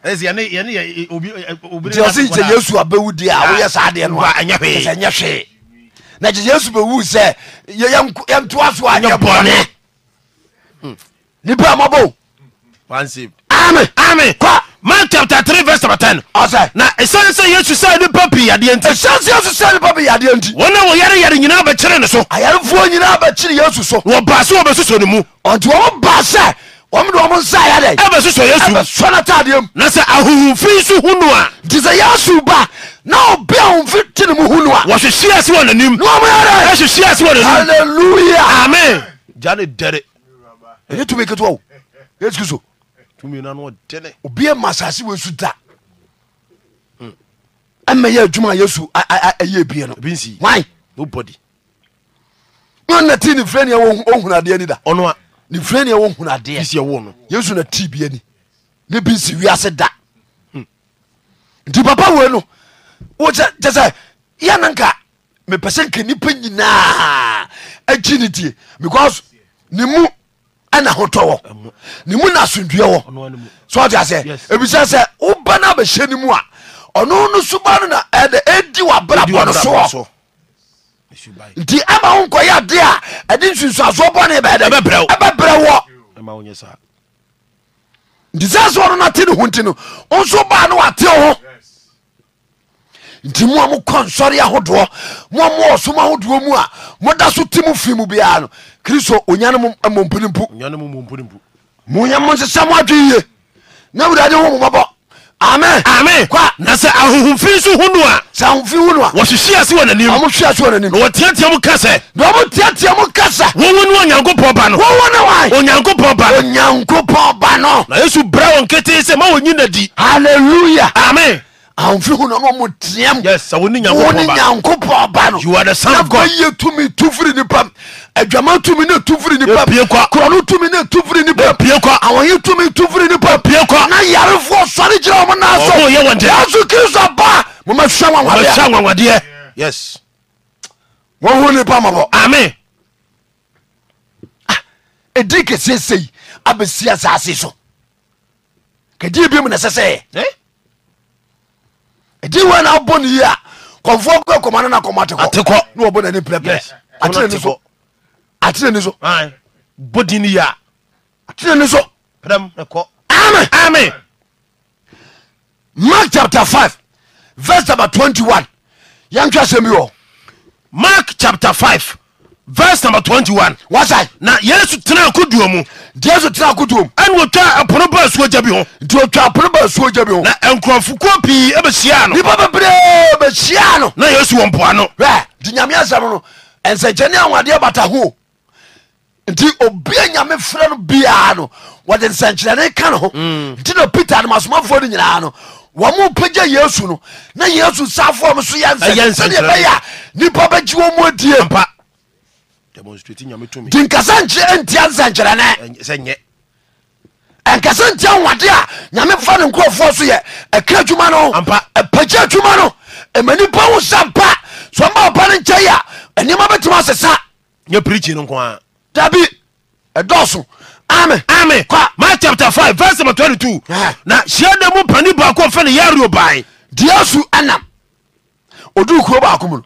eh, eh, eh, nti ɔse sɛ yesu abɛwu deɛ a woyɛ ah, saa deɛ no a ɛnyɛ hwee na kyɛ yesu bɛwu sɛ yɛntoa so ayɛ bɔne nipa mɔbo ame mark chapter three, verse number 10 ɔsɛ na ɛsiane sɛ yesu sɛ nipa pii adeɛ nti ɛsiane sɛ yesu sɛ nipa pii adeɛ nti wɔn a wɔyareyare nyinaa bɛkyere ne so ayarefoɔ nyinaa bɛkyere yesu so wɔbaa sɛ wɔbɛsoso ne mu ɔnti wɔn baa sɛ wɔmde wɔm nsa yɛ dɛ ɛbɛsoso yesu ɛbɛsɔ no taadeɛ mu na sɛ ahohomfi nso hu no a nti sɛ yesu ba na obi a ɔmfi te ne mu hu no a wɔhwehye ase wɔ n'anim ɛhwehye ase wɔ n'anim hallelujah amen gya ne dɛre ɛyɛ tumi ketewa o yesu kristo tumi na no ɔdene obi ma asase wɔ su da ɛmɛ yɛ adwuma a yesu ɛyɛ bie no bi nsi wan nobody wọn na ti ni fure ni ɛwɔ ohun adeɛ ni da ɔno a ni fure ni ɛwɔ ohun adeɛ sisi ɛwɔ no yesu na ti bie ni ne bi nsi wiase da nti papa wo no kyɛ sɛ yɛne nka mepɛ sɛ nka nipa nyinaa agyi no tie because ne mu ɛna hotɔ wɔ ne mu na asomdua wɔ so ɔte aseɛ ebisa sɛ woba no abɛhyɛ no mu a ɔno no suba no na ɛdɛ ɛdi wabrabɔ no soɔ nti ɛma wo nkɔyɛ ade a ɛde nsunsuasoɔ bɔne bɛɛdɛ ɛbɛbrɛ wɔ nti sɛ sɛ ɔno nate ne ho nti no nso baa no wate ho nti moa mokɔ nsɔre ahodoɔ moa mowɔ som ahodoɔ mu a moda so te mo fii mu biara no kristo onyane mmomponimpu monya mo nsesɛ mo adwe ye na wurade ho momɔbɔ amen amen kwa na sɛ ahohomfiri nso ho no a sɛ ahohomfiri ho no a wɔhyehyɛ ase wɔ n'anim ɔmo hyehyɛ ase wɔ n'anim na wɔteatea mu kasa na ɔmo teatea mu kasa wɔwɔ ne onyankopɔn ba no wɔwɔ ne wae onyankopɔn ba onyankopɔn ba no na yesu brɛ wɔn sɛ ma wɔnyi na di hallelujah amen ahomfiri hu na ɔno ɔmo teɛm yes awo ni nyanko pɔn ba nyanko pɔn ba no you are the son of God n'afɔ yie tumi tufiri nipa adwama tumi ne tufiri nipa epie kɔ kurɔnu tumi yasu kirisɔ ba mo ma fisa wɔn wadeɛ mo ma fisa wɔn wadeɛ yes wɔn hu nipa ma bɔ amen ah, edi kese seyi abesi asase so kedi ebi mu na ɛsɛ sɛ. Eh? ɛti wɛ na abɔ ne yi a kɔnfoɔ kɔ kɔma no na kɔma te kɔ ne wɔbɔ n'ani pɛrɛpɛrɛ atena ni so atena ni so bɔ din ni yi a atena ni so pɛrɛm ne amen amen mark chapter five verse number twenty one yɛn twɛ sɛm yi wɔ mark chapter five verse number twenty one. wáṣà. na yesu tena akodoɔ mu. yesu tena akodoɔ mu. ɛni wotwa ɛpono ba esuo jɛbi ho. nti wotwa ɛpono ba esuo jɛbi ho. na nkurɔfokuo pii ebehyia no. nipa bebree behyia no. na yesu wɔ mpoano. wɛ di nyame asɛm no nsɛnkyɛnni awadeɛ bata ho nti obi a nyame fira no biara no wɔde nsɛnkyerɛnne ka no ho. Mm. nti na peter no masomafoɔ no nyinaa no wɔn mu pɛgya yesu no na yesu saafoɔ mu so yɛ nsɛnkyerɛnne bɛyɛ a nipa bɛgye wɔn mu adie nti nkasa ntia nsɛnkyerɛne nkasa ntia wade a nyame fa no nkurɔfoɔ so yɛ ɛkra adwuma no ɛpagya adwuma no ɛmanipa wo sa mpa so ɔma ɔpa no nkyɛ yi a ɛnneɛma bɛtumi asesa nyɛ pirikyi no nkoa dabi ɛdɔɔso amen amen kwa mark chapter five verse number twenty two na hyiada mu panin baako fɛ no yario ban deɛ su anam oduru kuro baako mu no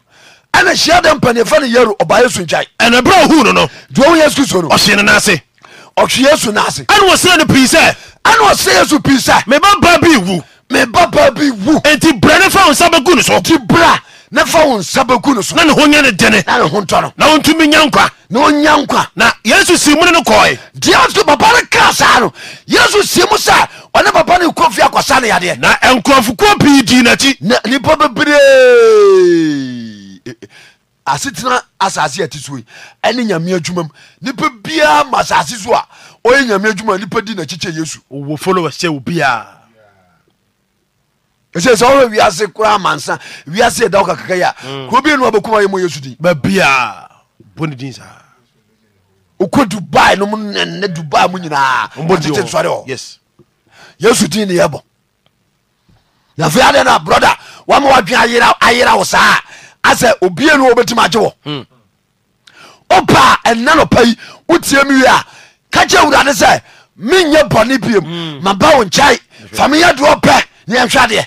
ɛna hyia dɛ mpanifa no yaro ɔba yesu nkyae ɛna berɛ ɔhuu no no duawo yesu kristo no ɔhyee no n'ase ɔhwe yesu n'ase ɛne wɔsrɛ no pii sɛ ɛne ɔsrɛ yesu pii sɛ meba ba bi wu meba ba bi wu enti brɛ ne fa wo nsa bɛgu no so nti bra ne fa wo nsa bɛgu no so na ne ho nyɛ ne dene na ne ho ntɔ no na wontumi nya nkwa na ɔnya nkwa na yesu sii mu ne no kɔe deɛ so papa no kaa saa no yesu sii mu sɛ ɔne papa no kɔ fie akɔsa ne yadeɛ na nkurɔfokuo pii dii n'akyi nnipa bebree asetena asase ati so yi ɛne nyame adwuma mu nipa biara ma asase so a ɔyɛ nyame adwuma nipa di na kyekyɛ yesu wɔ followers kyɛ obiaa ɛsɛ sɛ wɔhwɛ wiase koraa mansa wiase ɛda wo kakaka yi a mm. kuro bi no wabɛkuma yɛ mɔ yesu din babiaa bɔne din saa wokɔ dubai nom nɛnɛ dubai mu nyinaa akyekye nsɔre hɔ yesu din ne yɛbɔ na afei adɛ no brɔda wama wadwe ayera wo saa asɛ obie no wobɛtimi agye wɔ wopaa hmm. ɛna nɔpa yi wotie me wie a ka kyɛ awurade sɛ menyɛ bɔne biom hmm. maba wo nkyɛe fa meyɛ doɔ pɛ neɛnhwɛ deɛ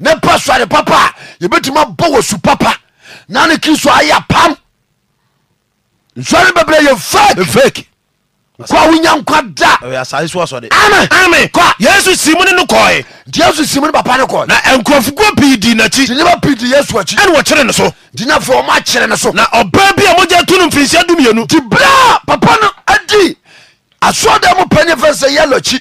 ne pa suade papa a yɛbɛtumi abɔ wɔ su papa na ne kristo ayɛ pam nsɔre bɛbrɛ yɛ fake kɔ wonya nkwa da asase so asɔde ame kɔ yesu simu ne no kɔe yesu simu ne papa ne kɔe na nkurɔfokuo pii di n'akyi nti nnipa pii di yesu akyi ɛne wɔkyere ne so nti na afei ɔmo akyere so na ɔbaa bi a mogya to no mfirinhyia dumienu nti berɛ a papa no adi asɔda mu panyɛfɛ akyi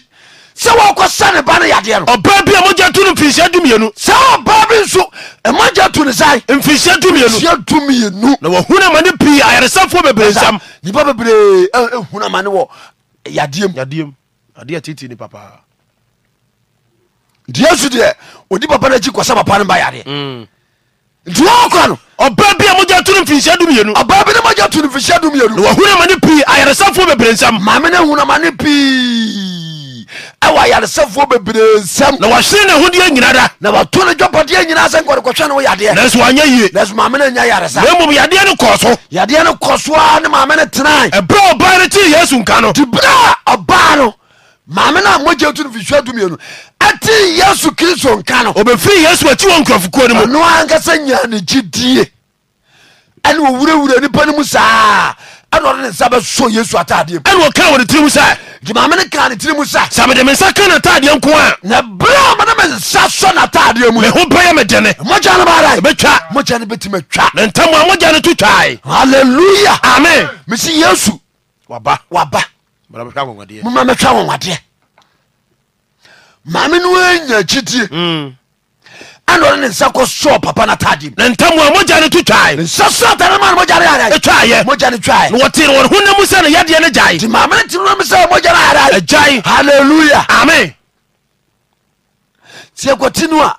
sɛ wɔkɔ sane ba no yadeɛ no ɔbaa bi a mogya to no mfirinhyia dumienu sɛ ɔbaa bi nso ɛmagya to ne sae mfirinhyia dumienu sia dumienu na wɔhunu ama ne pii ayaresafoɔ bebree nsam nipa bebree ɛhunu ama ne wɔ yadeɛ mu yadeɛm adeɛ titi ni papaa nti yesu deɛ odi papa no akyi kɔ sɛ papa no ba yadeɛ mm. nti wɔkɔ no ɔbaa bi a mogya to no mfirinhyia dumienu ɔbaa bi ne magya to no mfirinhyia dumienu na wɔhunu ama ne pii ayaresafoɔ bebree nsam maame ne hunu ama ne pii ɛwɔ ayaresafoɔ bebree nsɛm na wɔhyere ne hodeɛ nyina da na wɔto no dwapɔdeɛ nyinaa sɛ nkɔdekɔhwɛ no wo yadeɛ nanso wanyɛ yie nanso maame no nya yaresa na mmom yadeɛ no kɔɔ so yadeɛ no kɔ so a ne maame no tenae ɛberɛ ɔbaa no tee yesu nka no nti berɛ a ɔbaa no maame no a mogya tu no fihwɛ dumienu ɛtee yesu kristo nka no ɔbɛfiri yesu akyi wɔ nkurɔfokuo no mu ɔno ankasa nya ne gyidie ɛne wɔwurawura nipa no mu saa ɛna ɔde ne nsa bɛsɔ yesu ataadeɛ ɛna ɔka wɔ ne tirimu sɛ dwumamene ka ne tirimu sɛ sɛ mede me nsa ka nataadeɛ nko a na berɛ a mene me nsa sɔ nataadeɛ mu meho bɛyɛ medene mogya no baada ɛbɛtwa mogya no bɛtumi atwa na ntam a mogya no to twae Hallelujah! amen mesi yesu waba waba moma mɛtwa wɔwadeɛ maame no anya kyidie mm ɛnɔre ne nsa kɔ sɔɔ papa no tade na ntamu a mogya no to twae nsa sɔ atare ma no mogya no yɛɛ ɛtwaeɛ mogya no twae na wɔtee no wɔn ho sɛ no yɛdeɛ no gyae nti maamene te nom sɛ mogya no yɛɛ ɛgyae halleluya amen sɛ ɛkɔti no a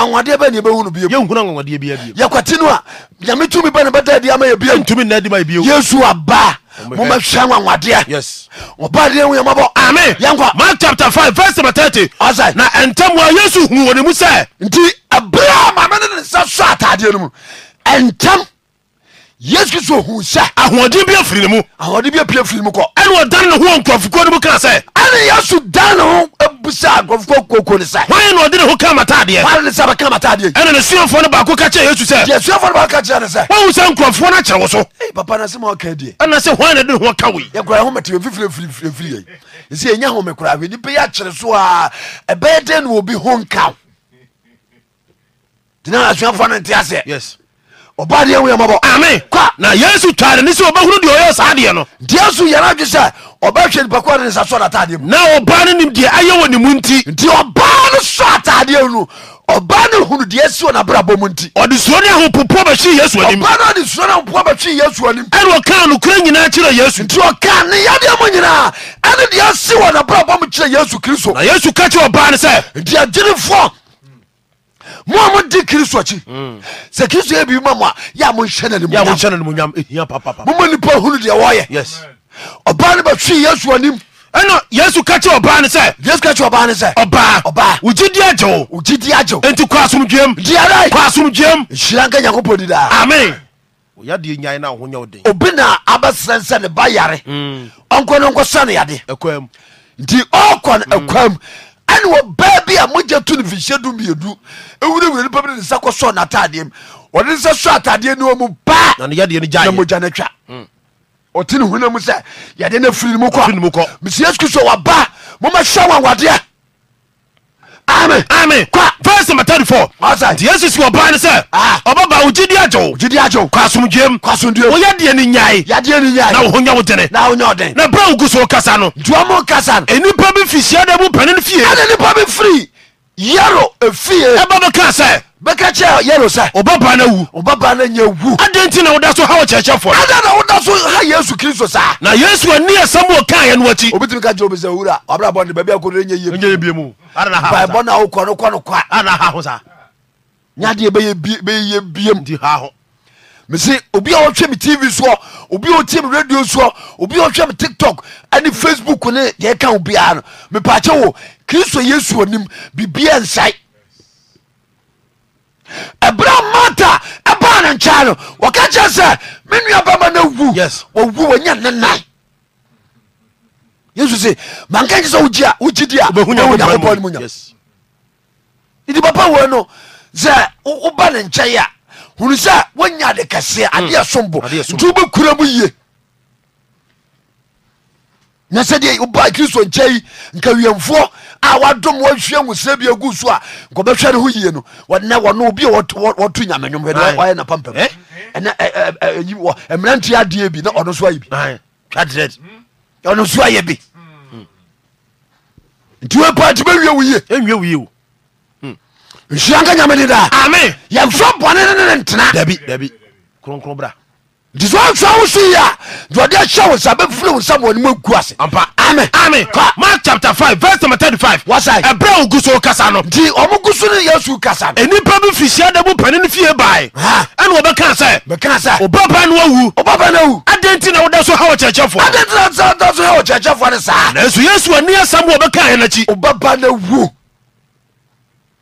awadeɛ bɛ ne yɛbɛhu no biyɛkwati no a nyame tumi bɛ ne bɛda adi ama yɛbiyɛsu aba momɛhwɛ wa awadeɛ ɔbadeɛ yamabɔ ame yɛnkɔ mark chapter 5 verse number 30 ɔsɛ na ɛntamoa yesu hu wɔ ne mu nti ɛberɛ a mame ne sɔ atadeɛ no mu yesu kristo hu sɛ ahoɔden bi afiri ne mu ahoɔden bi apue firi mu kɔ ɛne ɔdane ne ho wɔ nkurɔfokuo no mu kaa sɛ ɛne yesu dan ne ho abusa nkurɔfokuo koko ne sɛ hwan na ɔde ne ho ka matadeɛ hwan ne sɛ bɛka matadeɛ ɛne ne suafoɔ no baako ka kyerɛ yesu sɛ deɛ suafoɔ no baako ka kyerɛ ne sɛ wohu sɛ nkurɔfoɔ no akyerɛ wo so ei papa na sɛ ma ɔka die ɛna sɛ hwan na de ne ho ka wei yɛkora ho matimi mfifiri mfiri mfiri yɛi ɛsɛ yɛnya ho mekora hwɛ nnipa yɛ akyere so a ɛbɛyɛ dɛn ne obi ho nkaw tina asuafoɔ no nte aseɛ yes ɔbadeɛ wuyamabɔ ame kwa na yesu tware ne sɛ ɔbɛhunu deɛ ɔyɛ saa deɛ no deɛ so yɛra adwe sɛ ɔbɛhwɛ nipa kora de ne nsa sɔ atadeɛ mu na ɔbaa no nim deɛ ayɛ wɔ ne mu nti nti ɔbaa no sɔ atadeɛ no ɔbaa no hunu deɛ si wɔ n'abrabɔ mu nti ɔde suo ne ahopopoɔ bɛhwe yesu anim ɔbaa no ɔde suo ne ahopopoɔ bɛhwe yesu anim ɛne ɔkaa nokora nyinaa kyerɛ yesu nti ɔkaa ni yadeɛ mu nyinaa ɛne deɛ si wɔ n'abrabɔ mu kyerɛ yesu kristo na yesu ka kyerɛ ɔbaa no sɛ nti agyenefoɔ mo a modi kristo akyi mm. sɛ kristo yɛ biribi ma mo a yɛ a monhyɛ nonimonyamoma nipa hunu deɛ wɔyɛ ɔbaa no bɛtwee yesu anim ɛna yesu ka kyerɛ ɔbaa no sɛ yesu ka kyerɛ ɔbaa no sɛ ɔbaa wo gyidi agye wo gyidi agye ajo. enti kɔ asomdwam diara kɔ asomdwam nhyira nka nyankopɔn di daa amen di nyae na wonya wo den obi na abɛserɛ sɛ ne ba yare mm. ɔnkɔ no nkɔsɛ no yadeɛ nti ɔkɔ no akwam ɛne wɔbaa bi a mogya to no fihyɛ du mmiɛdu ɛwurewura nipa bi ne ne nsa kɔsɔɔ n'atadeɛ mu ɔde nsa sɔ atadeɛ no mu paa na neyɛdeɛ no na gyaɛ mogya no twa ɔte ne huna mu sɛ yɛde no afiri no mu ne mu kɔ kɔ mesie yesu kristo waba momɛhyɛ wanwadeɛ amen amen kwa verse number thirty four ɔsɛ nti yesu si ɔbaa ni sɛ ah. ɔbɛba o jidi ajo o jidi ajo kwa sumdiem kwa sumdiem o yɛ diɛ ni nyaa ye yɛ diɛ ni nyaa ye na o ho nya o dene na o nya o dene na bɛrɛ o gu so kasa no duwa mo kasa no enipa bi fi hyia dɛ mo pɛni ni fie ɛna nipa bi firi yɛro efie ɛba bɛ kan sɛ bɛka kyɛ yɛro sɛ ɔbɛba na wu ɔbɛba na nya wu adɛn nti na woda so ha wɔ kyerɛkyɛ fɔ adɛn na woda so ha yesu kristo saa na yesu ani ɛsɛm wɔ kaa yɛ no akyi obi tumi ka kyerɛ obi sɛ owura wabrabɔ ne baabi akɔdɔ nyɛ yie mu bible na wokɔ no kɔ no kɔ a ana ha ho saa nyadeɛ bɛyɛ biam nti ha ho mese obi a wɔhwɛ me tv soɔ obi a wɔtie me radio soɔ obi a wɔhwɛ me tiktok ne facebook ne deɛ ɛka wo biara no mepaakyɛ wo kristo yesu anim bibia nsae ɛberɛ mata ɛbaa no nkyɛe no wɔka kyɛ sɛ me nua bɛma no wu wɔwu wɔnya ne nan yesu se manka nkyɛ sɛ wogyi a wogyidi a wohu nyankopɔn no mu nya nti papa wei no sɛ woba ne nkyɛe a hunu sɛ woanya ade kɛseɛ mm. adeɛ som bo nti wobɛkura mu yie na sɛdeɛ woba kristo nkyɛ yi nka wiamfoɔ a wadom wahwia wusrɛ bi agu so a nkɔbɛhwɛ ne ho yie no wɔnɛ wɔno obi a wɔto nyame nwom wɔyɛ napampam eh? ɛnɛ mmeranteɛ adeɛ bi na ɔno so ayi bi ɔno so ayɛ bi nti wepa nti bɛwie wo ye ɛnwie wo o nhyira nka nyame de daa ame yɛmfa bɔne ne ne ntena dabi dabi kronkron bra nti sɛ ɔmfa wo so yi a deɛ ɔde hyɛ wo nsa bɛfiri wo nsam wɔne mu agu ase ampa ame ame mark chapter 5 verse number 35 wasae ɛberɛ a ɔgu so kasa no nti ɔmo gu so ne yesu kasa no nnipa bi firi hyia da mu pane no fie bae ɛne wɔbɛka sɛ bɛka sɛ ɔbaba no awu ɔbaba no awu adɛn nti na woda so ha wɔ kyerɛkyɛfoɔ adɛn nti na woda so ha wɔ kyerɛkyɛfoɔ no saa nanso yesu ani asɛm wɔ bɛka ɛ n'akyi ɔbaba no awu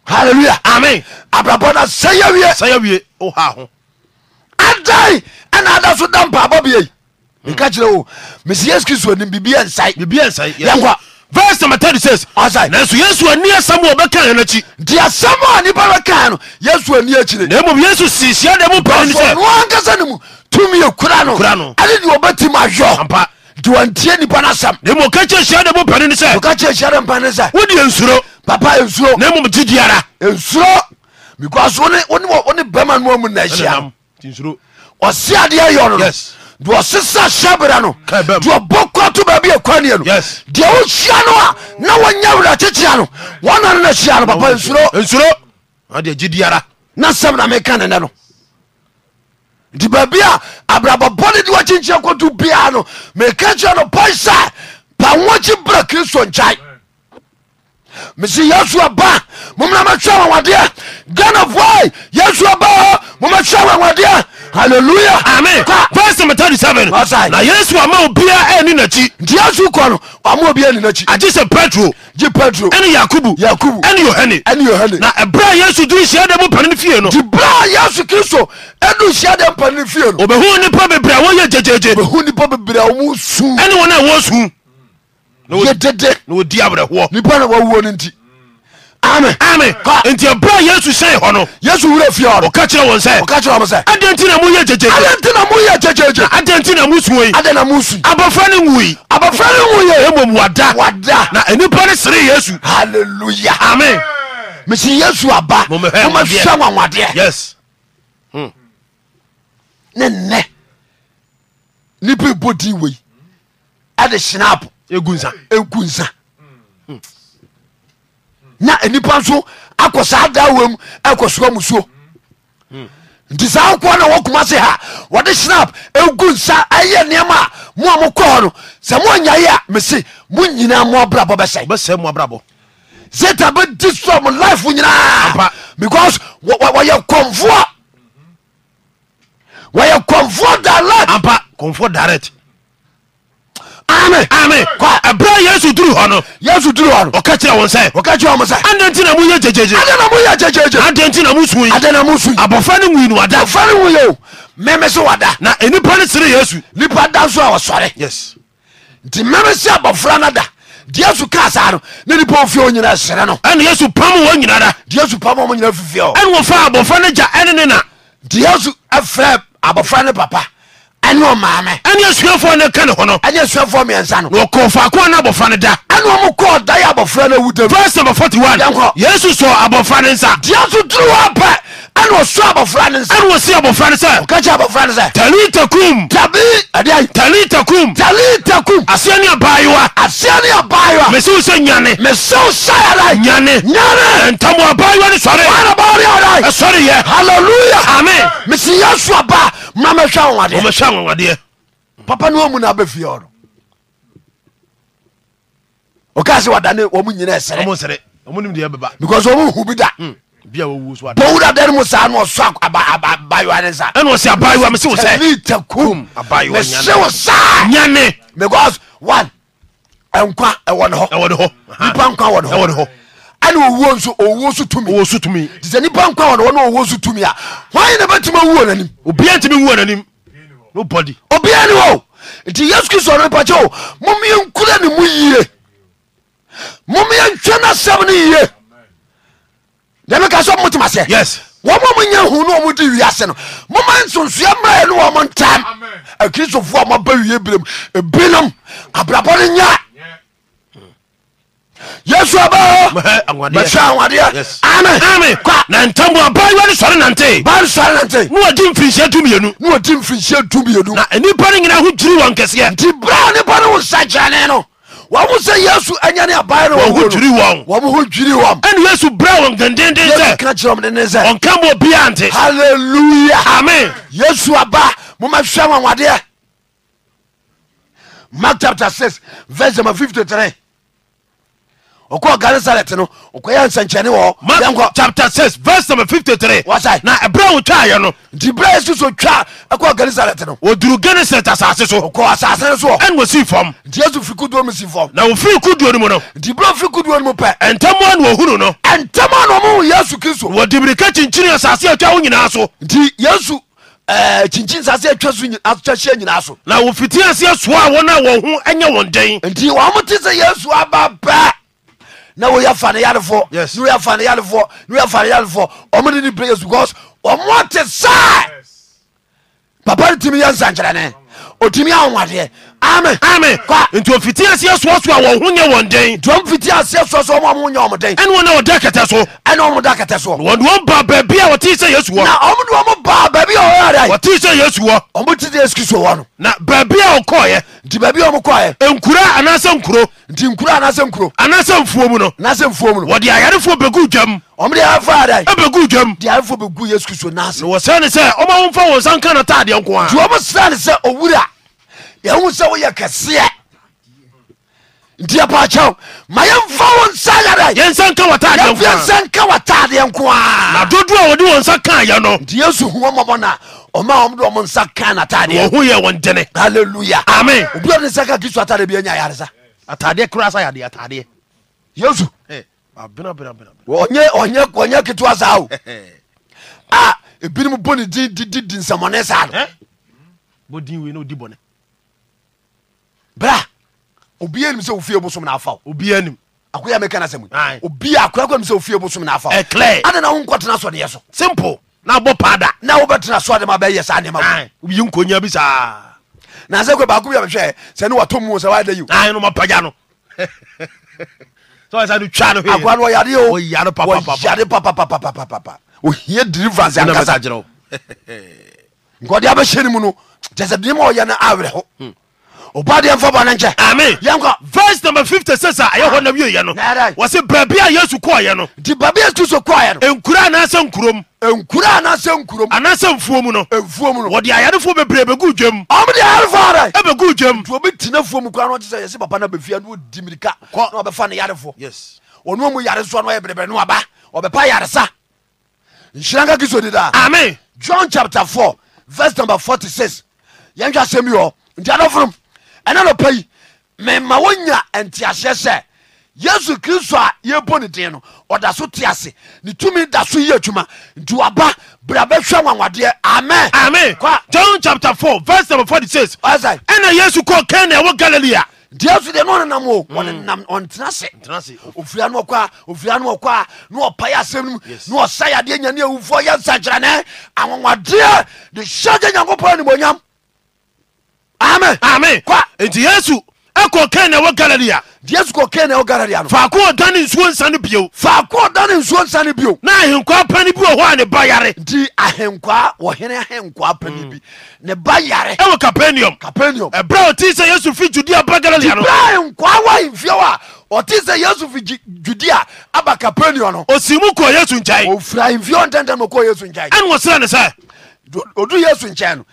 halleluya amen abrabɔ no sɛ yɛwie sɛ yɛwie woha ho adai nada so da mpabɔ biei meka kyerɛ o mesi yesu kristo anim biribia nsae bibia nsae yɛnkwa verse number thirty six. ọsàn. nanso yesu ani asamu ọbẹ kan yẹn n'akyi. di asamu a nipa bɛ kan no yesu ani akyire. na emu yesu si sia mu pɛrɛn nisɛ. wọn ankasa ni mu tumi yɛ kura no. kura no. ale de ɔbɛ ti mu ayɔ. ampa. di wọn tiɛ nipa na sam. na emu kɛkyɛ sia mu pɛrɛn nisɛ. o kɛkyɛ sia de mu pɛrɛn nisɛ. wodi nsuro. papa nsuro. na emu ti nsuro because woni woni woni bɛrɛ ma na ahyia. nsuro ɔse adeɛ yɔ no de ɔsesa hyɛ berɛ no de ɔbɔ kwa to baabi akwanneɛ no deɛ wohyia no a na wɔnya werɛ kyekyea no wɔna no na hyia no papa nsuro nsuro gye diara na sɛm na meka nenɛ no nti baabi a abrabɔbɔne de wakyenkyea kɔto biaa no meka kyerɛ no pɔi sɛ pa wɔkyi brɛ kristo nkyae mese yesu aba momra mɛtwɛ wawadeɛ ghanafoɔ yesu aba momɛtwɛ wawadeɛ halleluya amen verse number thirty seven na yesu ama obiara ɛni n'akyi nti yesu kɔ no ama obiara ɛni n'akyi agye sɛ petro gye petro ɛni yakubu yakubu ɛni yohane ɛni yohane na ɛbrɛ yesu duru nhyia dɛm mpanin ne fie no ti brɛ yesu kristo ɛduru nhyia dɛm mpanin ne fie no obehu nipa bebree a wɔyɛ gyegyegye obehu nipa bebree a wɔn sun ɛni wɔn a wɔn sun yedede na odi awerɛhoɔ nipa na wawuo no nti amen amen nti ɛberɛ a yesu sɛn hɔ no yesu wura fie hɔ no ɔka kyerɛ wɔn sɛ ɔka kyerɛ wɔn sɛ adɛn nti na moyɛ gyegyegye adɛn nti na moyɛ gyegyegye adɛn nti na mosuo yi adɛn na mosui abɔfra no nwui abɔfra no nwuiɛ mmom wada wada na nnipa no sere yesu halleluya amen mesi yesu aba momahwɛ nwanwadeɛ yes hmm. ne nnɛ nipa bɔ din wei ɛde hyenapo ɛgu nsa na nipa nso akɔ saa da wam ɛkɔ soa musuo nti saa koa na wɔkoma se ha wɔde snap ɛgu nsa ɛyɛ nneɛma a mo a mokɔɔ no sɛ moanyayi a mese mo nyinaa mo abrabɔ bɛsɛe satan bɛdi sɔ mo life nyinaa because wɔyɛ kɔmfoɔ wɔyɛ kɔmfoɔ direct amen amen kɔ ɛbrɛ yesu duru hɔ no yesu duru hɔ no ɔka kyerɛ wɔn sɛ ɔka kyerɛ wɔn sɛ adɛn nti na mo yɛ gyegyegye adɛn na mo yɛ gyegyegye adɛn nti na mo sun yi adɛn na mo sun yi abɔfra ne nwui no wada abɔfra ne nwui o mɛmɛ so wada na nipa ne sere yesu nipa da so a wɔsɔre yes nti mɛmɛ se abɔfra na da deɛ su kaa saa no ne nipa ofie o nyina sere no ɛna yesu pam wɔn nyina da deɛ su pam wɔn nyina fifia o ɛna wɔfa abɔfra ne gya ɛne ne na deɛ su papa ɛne ɔmaame ɛne asuafoɔ no ka ne ho no ɛne asuafoɔ miɛnsa no na ɔkɔɔ faako na abɔfra no da ɛne ɔmo kɔɔ da yɛ abɔfra no awutam vers number 41 yɛnkɔ yesu sɔ abɔfra no nsa deɛ so duru hɔ pɛ ɛne ɔsɔ abɔfra no nsa ɛne ɔsi abɔfra no sɛ ɔka kyɛ abɔfra no sɛ talita kum tabi ɛdeɛ talita kum talita kum aseɛ ne abaayewa aseɛ ne abaayewa mese wo sɛ nyane mese wo sɛ yɛda nyane nyane ntam abaayewa no sɔre wana bɔɔre ɔda ɛsɔreyɛ halleluya amen mese yɛsu aba ma mɛhwɛ wo adeɛ awawadeɛ papa no wamu no aba fie ɔno ɔka sɛ wadane wɔm nyina ɛsere because ɔmohu bi da hmm. bowura dane mu saa na ɔsɔ abayowa ne nsa ɛna ɔsɛ abayowa mese wo sɛnitakum mese wo saa nyane because one nkwa ɛwɔ ne hɔ nipa nkwa wɔ ne hɔ ɛne owuo nso owuo so tumi owuo so tumi ti sɛ nipa nkwa wɔ ne hɔ na owuo so tumi a wɔn yɛ na bɛtumi awuo n'anim obiara ntumi wuo n'anim nobody obia ni o nti yesu kristo no mpakyɛ o momyɛ nkura ne mu yie momyɛ ntwɛ no asɛm no yie dɛmi ka sɛ motem aseɛ yes wɔma monya hu no ɔmode wiase no moma nsonsua mmerɛ no wɔ mo ntam akristofoɔ a maba wie binom binom abrabɔ no nyaa yesu ababɛhwɛ awadeɛ ame na ntamuaba wane sɔre nante bane sɔre nante ne wagye mfirinhyia dumienu ne wagye mfirinhyia dumienu na nnipa no nyina ho dwiri wɔn kɛseɛ nti bra nnipa no wo nsakyerɛne no wɔmo sɛ yesu anya ne abae no wɔho dwiri wɔn wɔmo ho dwiri wɔn ɛne yesu brɛ wɔn dendenden sɛ ka kyerɛ ɔmdenden sɛ ɔnka mɔ bia nte halleluya amen yesu aba momahwɛ wawadeɛ mark chapter six, verse number fifty three ɔkɔ garisaret no ɔkɔyɛ nsɛnkyɛnne wɔ mark chapter six verse number fifty three wasai na ɛbrɛ wo twa yɛ no nti brɛ yesu so twa ɛkɔ garisaret no oduru garisaret asase so ɔkɔ asase no so ɛna wɔsi fam nti yesu firi kuduo mu si fam na wɔfiri kuduo no mu no nti brɛ wɔfiri kuduo no mu pɛ ɛntɛm a na wɔhunu no ɛntɛm a na ɔmo yesu kristo wɔdimirika kyinkyini asase atwa wo nyinaa so nti yesu eh, kyinkyin sase atwa so ahyɛ nyinaa so na wɔfiti aseɛ soa a wɔn a wɔn ho nyɛ wɔn den nti wɔn mo te sɛ yesu aba pɛɛ na woyɛ fa ne yarefoɔ woyɛ fa ne yarefoɔ woyɛ fa ne yarefoɔ ɔmo de ne praise because ɔmo te saa papa ne timi yɛ nsankyerɛ ne otimi awadeɛ amen amen kɔ nti ofiti aseɛ soasoa wɔn ho nyɛ wɔn den dɔm fiti aseɛ soasoa wɔn ho nyɛ wɔn den ɛne wɔn a wɔda kɛtɛ so ɛne wɔn ba baabi a wɔte sɛ yesu na wɔn de wɔn ba wɔte sɛ yesu wɔ wɔn ti na baabi a wɔkɔɔyɛ nti baabi a wɔkɔɔyɛ nkura anaasɛ nkuro nti nkura anaasɛ nkuro anaasɛ mfuom no anaasɛ mfuom no wɔde ayarefoɔ bɛgu dwam ɔmde afa ada ɛbɛgu dwam de ayarefoɔ bɛgu yesu kristu naase na sɛ ɔma wɔmfa wɔn nsa nka no taadeɛ nko a yɛhu sɛ woyɛ kɛseɛ nti yɛpaakyɛw ma yɛmfa wo nsa yɛdɛ yɛnsa nka watadeɛyɛnsa nka na dodoɔ a wɔde wɔ nsa kaa yɛ no nti yesu hu ɔmɔbɔ no a ɔma ɔmde ɔmo nsa kaa natadeɛ wɔho yɛ wɔn dene halleluya amen obi ɔde nsa ka kristo atadeɛ bi anya yaresa atadeɛ kora sa yɛde atadeɛ yesu ɔnyɛ ketewa saa o a ebinom bɔ ne din didi nsɛmɔne saa no bra obia nim sɛ ofie bosom na afaw obia nim akoya meka na sɛm obia akoya kɔ nim sɛ ofie bosom na afaw ɛklɛ Ana na wo nkɔtena sɔdeɛ so simple na bɔ paada na wobɛtena sɔde ma bɛyɛ saa nneɛma yi nkonya bi saa na sɛ kɔ baako bi a mehwɛ sɛ ne watɔ mu sɛ wada yi no mapagya no sɛ sa no twa no akoa no ɔyare o ɔyare papapapa papapapa ohia deliverance ankasa nka ɔde abɛhyɛ no mu no kyɛ sɛ deɛ ma ɔyɛ no awerɛ ho hmm obadeɛ mfa bɔne nkyɛ ame yɛnkɔ vers number 56 a ɛyɛ hɔ na wieɛ no wɔse baabi a yesu kɔɔyɛ no nti baabi a yesu so kɔɔyɛ no nkura anaasɛ nkurom nkura anaasɛ nkurom anaasɛ mfuom no mfuom no wɔde ayarefoɔ bebree bɛgu dwam ɔmde ayarefoɔ ada ɛbɛgu dwam nti obi tena fuom kora no ɔte sɛ yɛse papa na bɛfia no wɔdi mirika na ɔbɛfa no yarefoɔ ɔno mu yare soa no ɔyɛ berebrɛ no aba ɔbɛpa yaresa nhyira nka di daa ame john chapter 4 verse number 46 yɛntwa asɛm yi hɔ nti adɔforom ɛne nɔpa yi mema wonya nteaseɛ sɛ yesu kristo a yɛbɔ ne den no ɔda so te ase ne tumi da so yɛ adwuma nti waba brabɛhwɛ wanwadeɛ amen amen john chapter 4 verse number 46 ɛna yesu kɔɔ kana ɛwɔ galilea nti yesu deɛ ne ɔnenam o mm. ɔnenam ɔntena se ofira no ɔkɔ a ofira no ɔkɔ a na ɔpae asɛm no mu na ɔsa yadeɛ nyane awufoɔ yɛ nsakyerɛne anwanwadeɛ de hyɛgye nyankopɔn animonyam amen amen kwa nti yesu ɛkɔ kan na ɛwɔ galilea yesu kɔ kan na ɛwɔ galilea no faako ɔdane nsuo nsa bio faako ɔdane nsuo nsa bio na ahenkwaa pani bi wɔ hɔ a ne ba yare nti ahenkwaa wɔhene ahenkwaa pani bi ne ba yare ɛwɔ kapernaum kapernaum ɛberɛ a sɛ yesu fi judea ba galilea no berɛ ahenkwaa wɔ ahemfie hɔ a ɔte sɛ yesu fi judea aba kapernaum no Osimu mu kɔɔ yesu nkyɛe ɔfiri ahemfie hɔ ntɛntɛm na ɔkɔɔ yesu nkyɛe ɛne wɔsrɛ no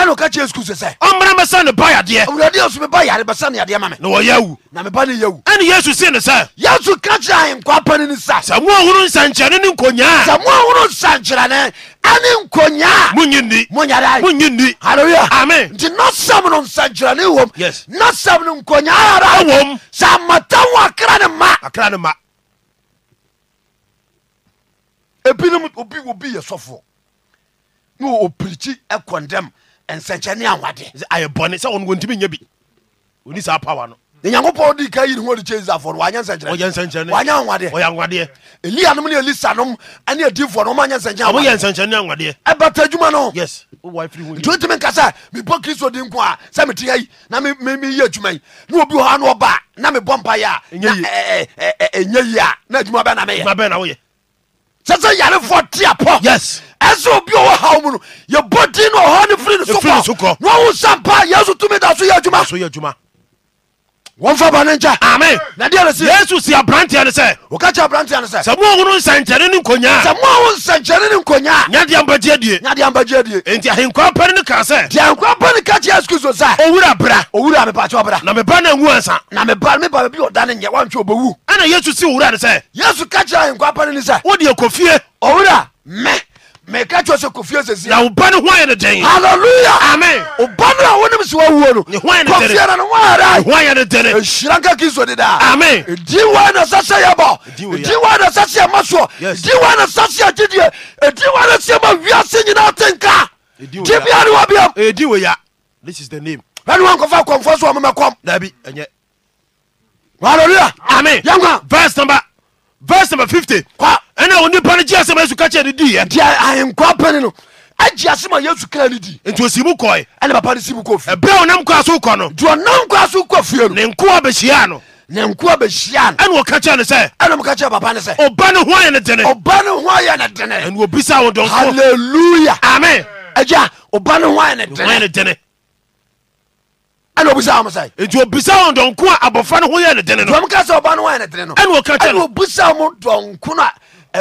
ɛna ɔka kyerɛ sukuu sɛ sɛ ɔmmra mɛsa ne ba yadeɛ awurade a so meba yare bɛsa ne yadeɛ ma me na wɔyɛ awu na meba ne yɛwu ɛne yesu see ne sɛ yesu ka kyerɛ ahenkwa pa no ni sa sɛ moahunu nsɛnkyerɛne ne nkonyaa sɛ moahoro nsankyerɛne ɛne nkonyaa monye nni monyada monye nni halleluya amen nti nɔsɛm no nsankyerɛne wom Yes. nɔsɛm no nkonyaa ara Ɛwom. sɛ amata wo akra ne ma akra ne ma ebinom obi obi yɛ sɔfoɔ na ɔpirikyi ɛkɔndɛm nsɛnkyɛ ne awadeɛ ayɛ bɔne sɛ ɔno wɔntumi nya bi ɔni saa power no nyankopɔn di ka yiri ho de kyɛ israelfoɔ no wanyɛ nsɛnkyerɛwanyɛ nsɛnkyerɛne ɔyɛ awadeɛ elia nom ne elisa nom ɛne adiifoɔ no ɔmanyɛ nsɛnkyerɛ ɔmoyɛ nsɛnkyerɛ ne awadeɛ ɛbata adwuma no yes nti wotumi nka sɛ mebɔ kristo din nko a sɛ mete ha yi na meyɛ adwuma yi na obi hɔ a na ɔba na mebɔ mpa yɛ a ɛnya yi a na adwuma bɛ na meyɛ sɛ sɛ yarefoɔ te apɔ yes ɛsɛ obi ɔwɔ haw mu no yɛbɔ din no ɔhɔ ne firi no sokɔ na ɔwo nsa mpa yesu tumi da so yɛ adwuma wɔmfa ba ne nkyɛ ame na deɛ nesi yesu si aberanteɛ no sɛ wɔka kyɛ aberanteɛ no sɛ sɛ moahono nsɛnkyɛne ne nkonyaa sɛ moaho nsɛnkyɛne ne nkonyaa nyadeɛ mbagye adie nyadeɛ mbagye adie enti ahenkwa pɛne no kaa sɛ deɛ ankwa pɛne ka kyɛ yesu kristo sɛ owura bra owura mepakyɛ ɔbra na meba no anwu ansa na meba meba bi ɔda ne nyɛ wantwɛ ɔbɛwu ɛna yesu si owura no sɛ yesu ka kyerɛ ahenkwa pɛne no sɛ wodeɛ kɔfie owura me meka kyɛ sɛ kofie sɛsi na woba no ho ayɛ no den halleluya amen woba no a wonem sɛ wawuo no kofie no no ho ayɛ no dene ɛhyira nka kristo de daa amen ɛdi wa na sɛ sɛ yɛbɔ ɛdi wa na sɛ sɛ yɛma soɔ ɛdi wa na sɛ sɛ gyidie ɛdi wa na sɛ ma wiase nyinaa te nka gye bia ne wa biam ɛdi wɔ ya this is the name ɛne wankɔfa kɔmfoɔ so ɔmomɛkɔm dabi ɛnyɛ halleluya amen yɛnkwa verse number vers nb 50 ɛne onipa no gye asɛm yesu ka kyɛ ne diiɛ deɛ ahenkwa pɛne no agye asɛm a yesu kra no di nti osi mu kɔe ɛne papa no si mu kɔ fie ɛberɛ ɔnam kɔa so wokɔ no deɛ ɔnam kɔa so wokɔ fie no ne nkoa bɛhyiaa no ne nkoa bɛhyiaa no ɛne wɔka kyɛ no sɛ ɛne mka kyɛ papa no sɛ ɔba ne ho ayɛ ne dene ɔba ne ho ayɛ ne dene ɛne wɔbisa wo dɔnso halleluya amen agya ɔba ne ho ɛna obisa wɔn sɛ. nti obisa wɔn dɔnko a abɔfra no ho yɛ ne dene no. dɔm kasa ɔba no ho yɛ ne dene no. ɛna ɔka kyɛ no. ɛna obisa wɔn dɔnko no a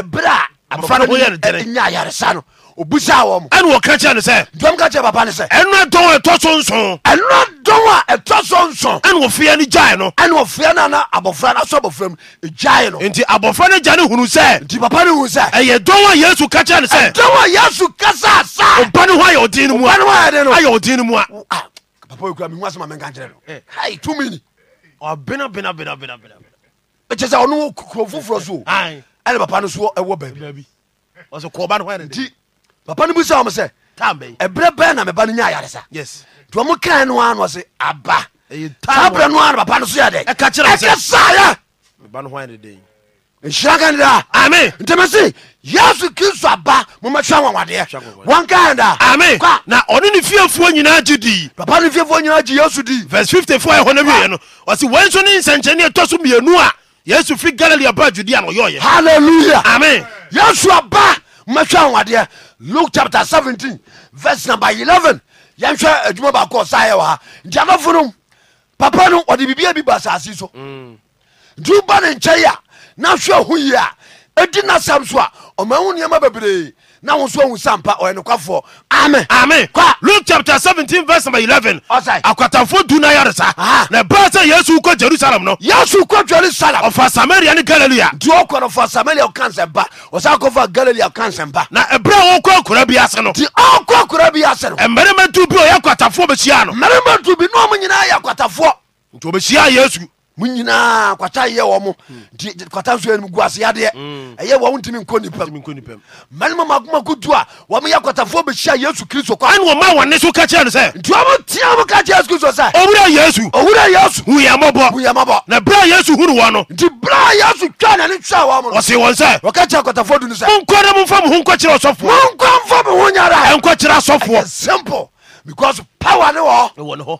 ɛbɛrɛ a abɔfra no ho yɛ ne dene. ɛnya ayaresa no obisa wɔn. ɛna ɔka kyɛ no sɛ. dɔm kasa papa no sɛ. ɛna dɔn a ɛtɔ so nson. ɛna dɔn a ɛtɔ so nson. ɛna ɔfia ni gyae no. ɛna ɔfia na na abɔfra no aso abɔfra mu gyae no. nti abɔfra no gya ne hunu sɛ. nti papa no hunu sɛ. ɛyɛ dɔn a yesu kasa no sɛ. ɛdɔn a yesu kasa asa. ɔba ne ho ayɛ ɔdin ne mu a. ɔba ne ho ayɛ ɔdin ne mu a papa kura mi hu asema menka kyerɛ no eh. hai tumini ɔbena bena bena bena bena ɛkyɛ sɛ ɔno wɔ kuro foforɔ so ɛne papa no so ɛwɔ baabi ɔsɛ kɔɔba no hɔ ɛne nti papa no busa ɔm sɛ ɛberɛ bɛɛ na meba no nya ayaresa nti ɔmo kae no a no ɔse aba saa berɛ no a no papa no so yɛ dɛn ɛka kyerɛ sɛ yɛ nhyira ka ne daa ame ntɛmɛ se yesu kristo aba momɛhwɛ wanwadeɛ wɔnkaa daa na ɔne ne fiefoɔ nyinaa gye dii papa ne fiefoɔ nyinaa gye yesu dii vers 54 ɛhɔ no wieɛ no ɔse wɔi nso ne nsɛnkyɛnne ɛtɔ so mmienu a yesu firi galilea baa judea na ɔyɛɔyɛ halleluya ame yesu aba momɛhwɛ wanwadeɛ luke chapter seventeen, verse number 11 yɛnhwɛ adwuma baakɔ saayɛ wɔ ha nti adɔfo papa nu ɔde biribia bi ba asase so mm. nti woba ne nkyɛe na hwɛ ho yie a ɛdi na sam so a ɔma ho nneɛma bebree na wo so ahu sampa ɔyɛ nokwafoɔ amen amen kwa luke chapter 17 verse number 11 ɔsai akwatafoɔ du na yaresa na ɛbaa sɛ yesu kɔ jerusalem no yesu kɔ jerusalem ɔfa samaria ne galilea nti ɔkɔ no fa samaria ɔka nsɛmpa ɔsa kɔfa galilea ɔka nsɛmpa na ɛberɛ a wɔkɔ akura bi ase no nti ɔkɔ akura bi ase no mmarima du bi ɔyɛ akwatafoɔ bɛhyia no mmarima du bi na ɔmo nyinaa yɛ akwatafoɔ nti ɔbɛhyia yesu mu nyinaa kwata yɛ wɔ mo hmm. kwata nso yɛnum guase yadeɛ hmm. ɛyɛ wɔn ntumi nkɔ nipam mmarima ma kuma kutu a wɔn yɛ kwatafoɔ bɛhyia yesu kristo kɔ. ɛni wɔn ma wɔn ne so ka no sɛ. nti wɔn tia wɔn ka kyerɛ yesu kristo sɛ. owurɛ yesu. owurɛ yesu. huyamɔbɔ. huyamɔbɔ. na bira yesu huru wɔn no. nti bira yesu twa na ne twa wɔn no. wɔsi wɔn sɛ. wɔka kyerɛ kwatafoɔ dunu sɛ. nkɔ ne mu nfa mu ho nkɔ kyerɛ asɔfoɔ. mu nkɔ nfa mu ho nyara. nkɔ kyerɛ asɔfoɔ. simple because power ni wɔ. wɔ ni hɔ.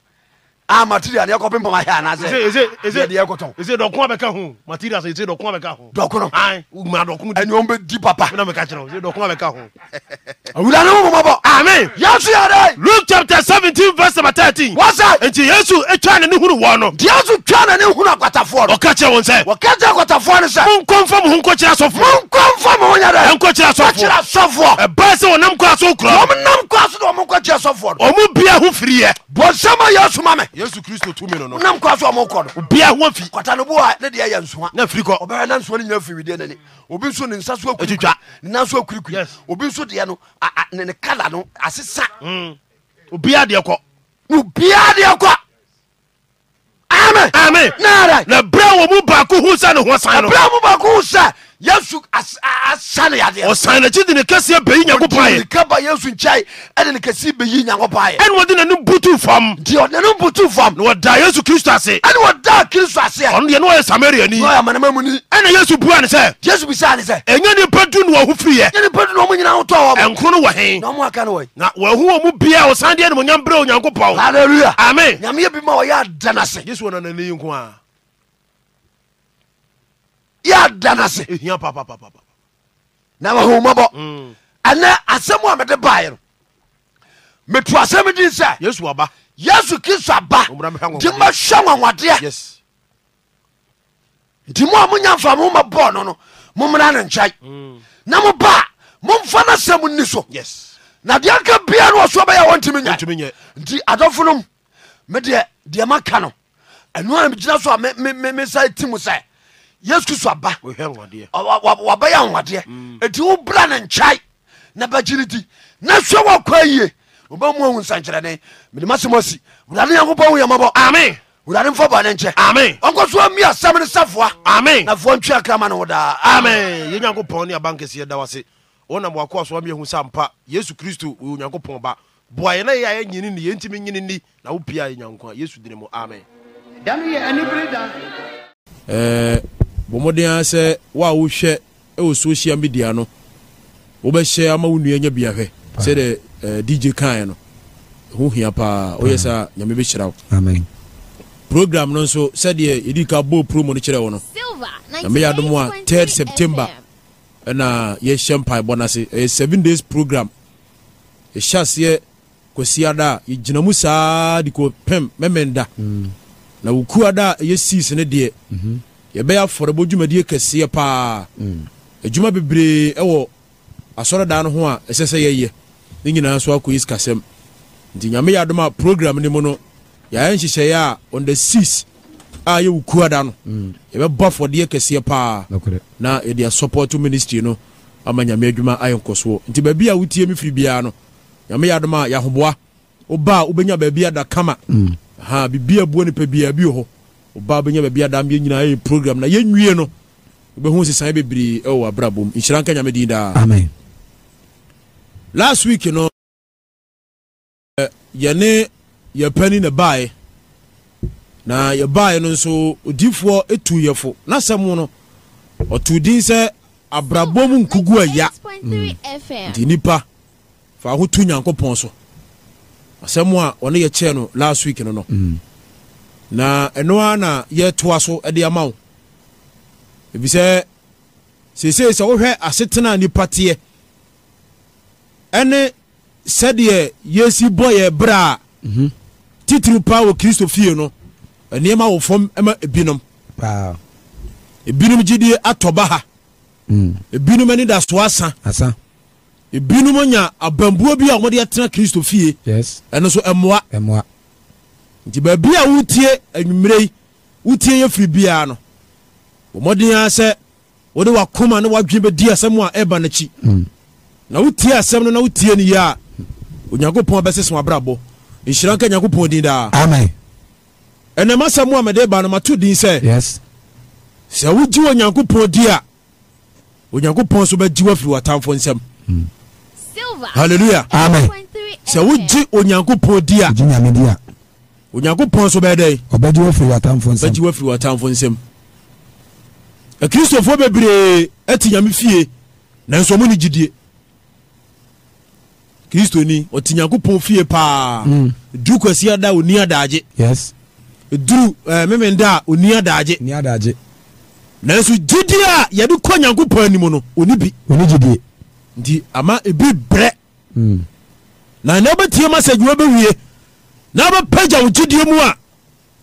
a ah, material deɛ kɔpem pama yɛ anasɛdeɛ kɔtɔn dɔko abɛka ho material sɛ dɔko abɛka ho dɔko no ma dɔko ɛne ɔm bɛdi papa ɛna meka kyerɛ sɛ dɔko abɛka ho awura ne wo mɔbɔ amen yesu yɛ dɛ luke chapter seventeen, verse number 13 wɔsɛ enti yesu atwa e ne ne hunu wɔ no nti yesu twa ne ne hunu akwatafoɔ no ɔka kyerɛ wɔn sɛ wɔka kyerɛ akwatafoɔ no sɛ monkɔ mfa mo ho nkɔkyerɛ asɔfoɔ monkɔ mfa mo ho nyɛ dɛ ɛnkɔ kyerɛ asɔfoɔ asɔfoɔ ɛbɛɛ sɛ wɔnam kɔ aso korɔ e wɔm nam kɔ aso na wɔmokɔ kyerɛ asɔfoɔ no ɔmo bia ho firiɛ bɔnsɛm a yesu ma me yesu kristo tumi no no wonam kwa so ɔmo kɔ no bia ho afi kwata no boa ne deɛ yɛ nsoa na firi kɔ ɔbɛyɛ na nsoa no nyina firi wideɛ nani obi nso ne nsa so akurikwa ne nan so akurikuri Yes. obi nso deɛ no ne ne kala no asesa mm. obia deɛ kɔ na obiaa deɛ kɔ amen ame naara na berɛ wɔ mu baako hu sɛ ne ho san no berɛ mo baako wo sɛ yesu asane yadeɛ ɔsane nakyi de ne kɛseɛ bɛyi nyankopɔn ayɛ ba yesu nkyɛe ɛde ne kɛseɛ bɛyi nyankopɔn ayɛ ɛne wɔde n'anim butu fam nti ɔde ne butu fam na wɔda yesu kristo ase ɛne wɔda kristo ase ɔno deɛ ne wɔyɛ samariani ɔyɛ amanama mu ni ɛna yesu bua ne sɛ yesu bisa ne sɛ ɛnyɛ nipa du ne wɔho firiɛ nyɛ nipa du ne ɔmo nyinaa wotɔ wɔ ɛnkoro no wɔ he na ɔmo aka no wɔ na wɔahu wɔ mu bia ɔsan deɛ ne monyam berɛ onyankopɔn halleluya amen nyame yɛ bi ma ɔyɛ ada no ase yesu ɔnanani nko a yɛada no ase na mahomabɔ ɛnɛ asɛm a mede baeɛ no metu asɛm din sɛ yesu kristo aba nti mɛhwɛ yes nti mo a monya mfa mo mabɔɔ no no mommra no nkyɛe na moba momfa no asɛm nni so na deɛ nka bia no ɔsoɔ bɛyɛ wɔntimi nya nti adɔfo nom medeɛ deɛ maka no ɛno a megyina so a mesa ti mu sɛ yesu kristo aba wabɛyɛ ahowadeɛ ɛti mm. wo bra no nkyae na bɛgyere di na sua wɔ wɔkɔ yie ɔbɛmu ahu nsankyerɛne mede sɛm asi wurade nyankopɔn wo yɛmɔbɔ ame wurade mfa bɔne nkyɛ ame ɔnkɔ so ami sɛm no safoa ame na foɔ ntwea krama no wo daa ame yɛ nyankopɔn ne abankɛsiɛ yɛda wase wɔnam wakoa so amiahu sɛ mpa yesu kristo ɔyɛ onyankopɔn ba boa yɛna yɛ a yɛnyini ni yɛntimi nyini ni na wo yɛ nyanko a yesu dine mu amen bɔ mmɔden ara sɛ wo a wohwɛ ɛwɔ e social media no wobɛhyɛ ama wo nnua nya bia hwɛ sɛdeɛ uh, eh, dj kaeɛ no ho hia paa woyɛ saa nyame bɛhyira wo program no nso sɛdeɛ yɛdi e ka bɔɔ promo no kyerɛ wo no na meyɛ adom a 3rd september ɛna yɛhyɛ mpaebɔ no ase ɛyɛ e 7 days program yɛhyɛ aseɛ kɔsiada a yɛgyina mu saa de kɔpem mɛmɛnda mm. na wokuada a ɛyɛ seas no deɛ yɛbɛyɛ afɔrebɔ dwumadie kɛseɛ paa mm. adwuma bebree ɛwɔ asɔredan no ho a ɛsɛ sɛ yɛyɛ ne nyinaa nso akɔ yis kasɛm nti nyame yɛ adom a program no mu no yɛayɛ nhyehyɛeɛ a on the six a yɛwo kuada no mm. yɛbɛbɔ afɔdeɛ kɛseɛ paa na yɛde asupporto ministry no ama nyame adwuma ayɛ nkɔsoɔ nti baabi a wotie me firi biara no nyame yɛ adom a yɛahoboa woba a wobɛnya baabi ada kama mm. ha biribi abua nipa biara bi wɔ hɔ ɔbaa bɛnya baabi adam yɛ nyinaa yɛ program na yɛnwie no wobɛhu sesae bebree ɛwɔ abrabɔ mu nhyira nka nyame din daa amen last week no yɛne yɛpani na baeɛ na yɛbaeɛ no nso odiifoɔ ɛtu yɛfo na sɛm no ɔtoo din sɛ abrabɔ nkugu aya mm. nti nipa fa ho tu nyankopɔn so asɛm a ɔne yɛkyɛɛ no last week no no mm na ɛno ara na yɛtoa so de ama wo ebisɛ seesei sɛ wohwɛ asetena nipa teɛ ɛne sɛdeɛ yɛsi bɔ yɛ berɛ a mhm. titiri paa wɔ kristo fie no nneɛma wɔ fam ma ebinom ebinom gyidie atɔ ba ha mm. ebinom ani da so asa ebinom nya abambuo bi a wɔde atena kristo fie ɛno nso mmoa nti baabi a wotie anwummerɛ yi wotie yɛ firi biara no wɔmmɔden ara sɛ wode wakoma ne wadwene bɛdi asɛm a ɛba no mm. na wotie asɛm no na wotie no yie a onyankopɔn bɛsesem abrabɔ nhyira nka nyankopɔn din daa ɛnɛm asɛm a mede ba no mato din sɛ sɛ wogye wɔ onyankopɔn di a onyankopɔn nso bɛgye wo afiri watamfoɔ nsɛm halleluya sɛ wogye onyankopɔn di a onyankopɔn nso bɛyɛ dɛn ɔbɛgye wafiri watamfo nsɛm bɛgye wafiri watamfo nsɛm akristofoɔ bebree ɛte nyame fie nanso ɔmo ne gyidie kristoni ɔte nyankopɔn fie paa mm. duru kwasi ada oni adagye yes duru ɛɛ meme nda a oni adagye ni adagye nanso gyidie a yɛde kɔ nyankopɔn anim no oni bi oni gyidie nti ama ebi brɛ mm. na ne bɛ tie ma sɛ adwuma bɛ wie. na bɛpagya wo gyidie mu a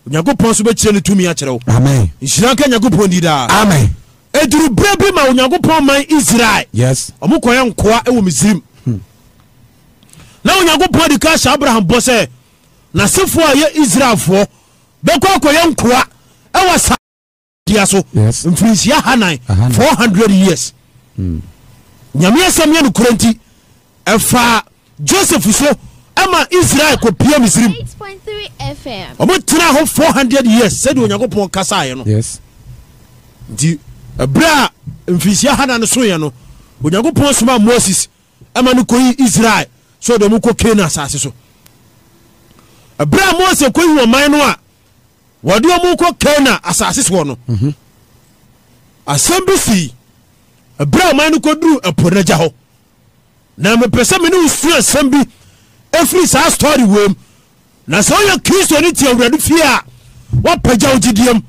onyankopɔn so bɛkyerɛ no tumi akyerɛ wo nhyira nka nyankopɔn di daa ɛduru berɛ bi ma onyankopɔn man israel ɔmo kɔyɛ nkoa wɔ misrim na onyankopɔn de ka hyɛ abraham bɔ sɛ n'asefoɔ a yɛ israelfoɔ bɛkɔ akɔyɛ nkoa ɛwɔ saa so mfirinhyia hanan 400 years hmm. nyame asɛm yɛ no korɔ nti ɛfaa joseph so ɛma israel kò pie misirim ɔmo tena hɔ four hundred years sɛde onyankopɔn kasaayɛ no nti ɛbrɛ a mfirihyia hana no soyɛ no onyankopɔn soma moses ɛma no kɔyi israel sɛ ɔde ɔmo kɔ kana asase so ɛbrɛ a mose kɔyi wɔn man no a wɔde ɔmo kɔ kana asase soɔ no mhm. asɛm bi sii ɛbrɛ a ɔman no kɔduru ɛpo n'agya hɔ na mepɛ sɛ mene wosua asɛm bi ɛfiri saa story wom na sɛ woyɛ kristo no te awurade fie a woapagya wo gyidiam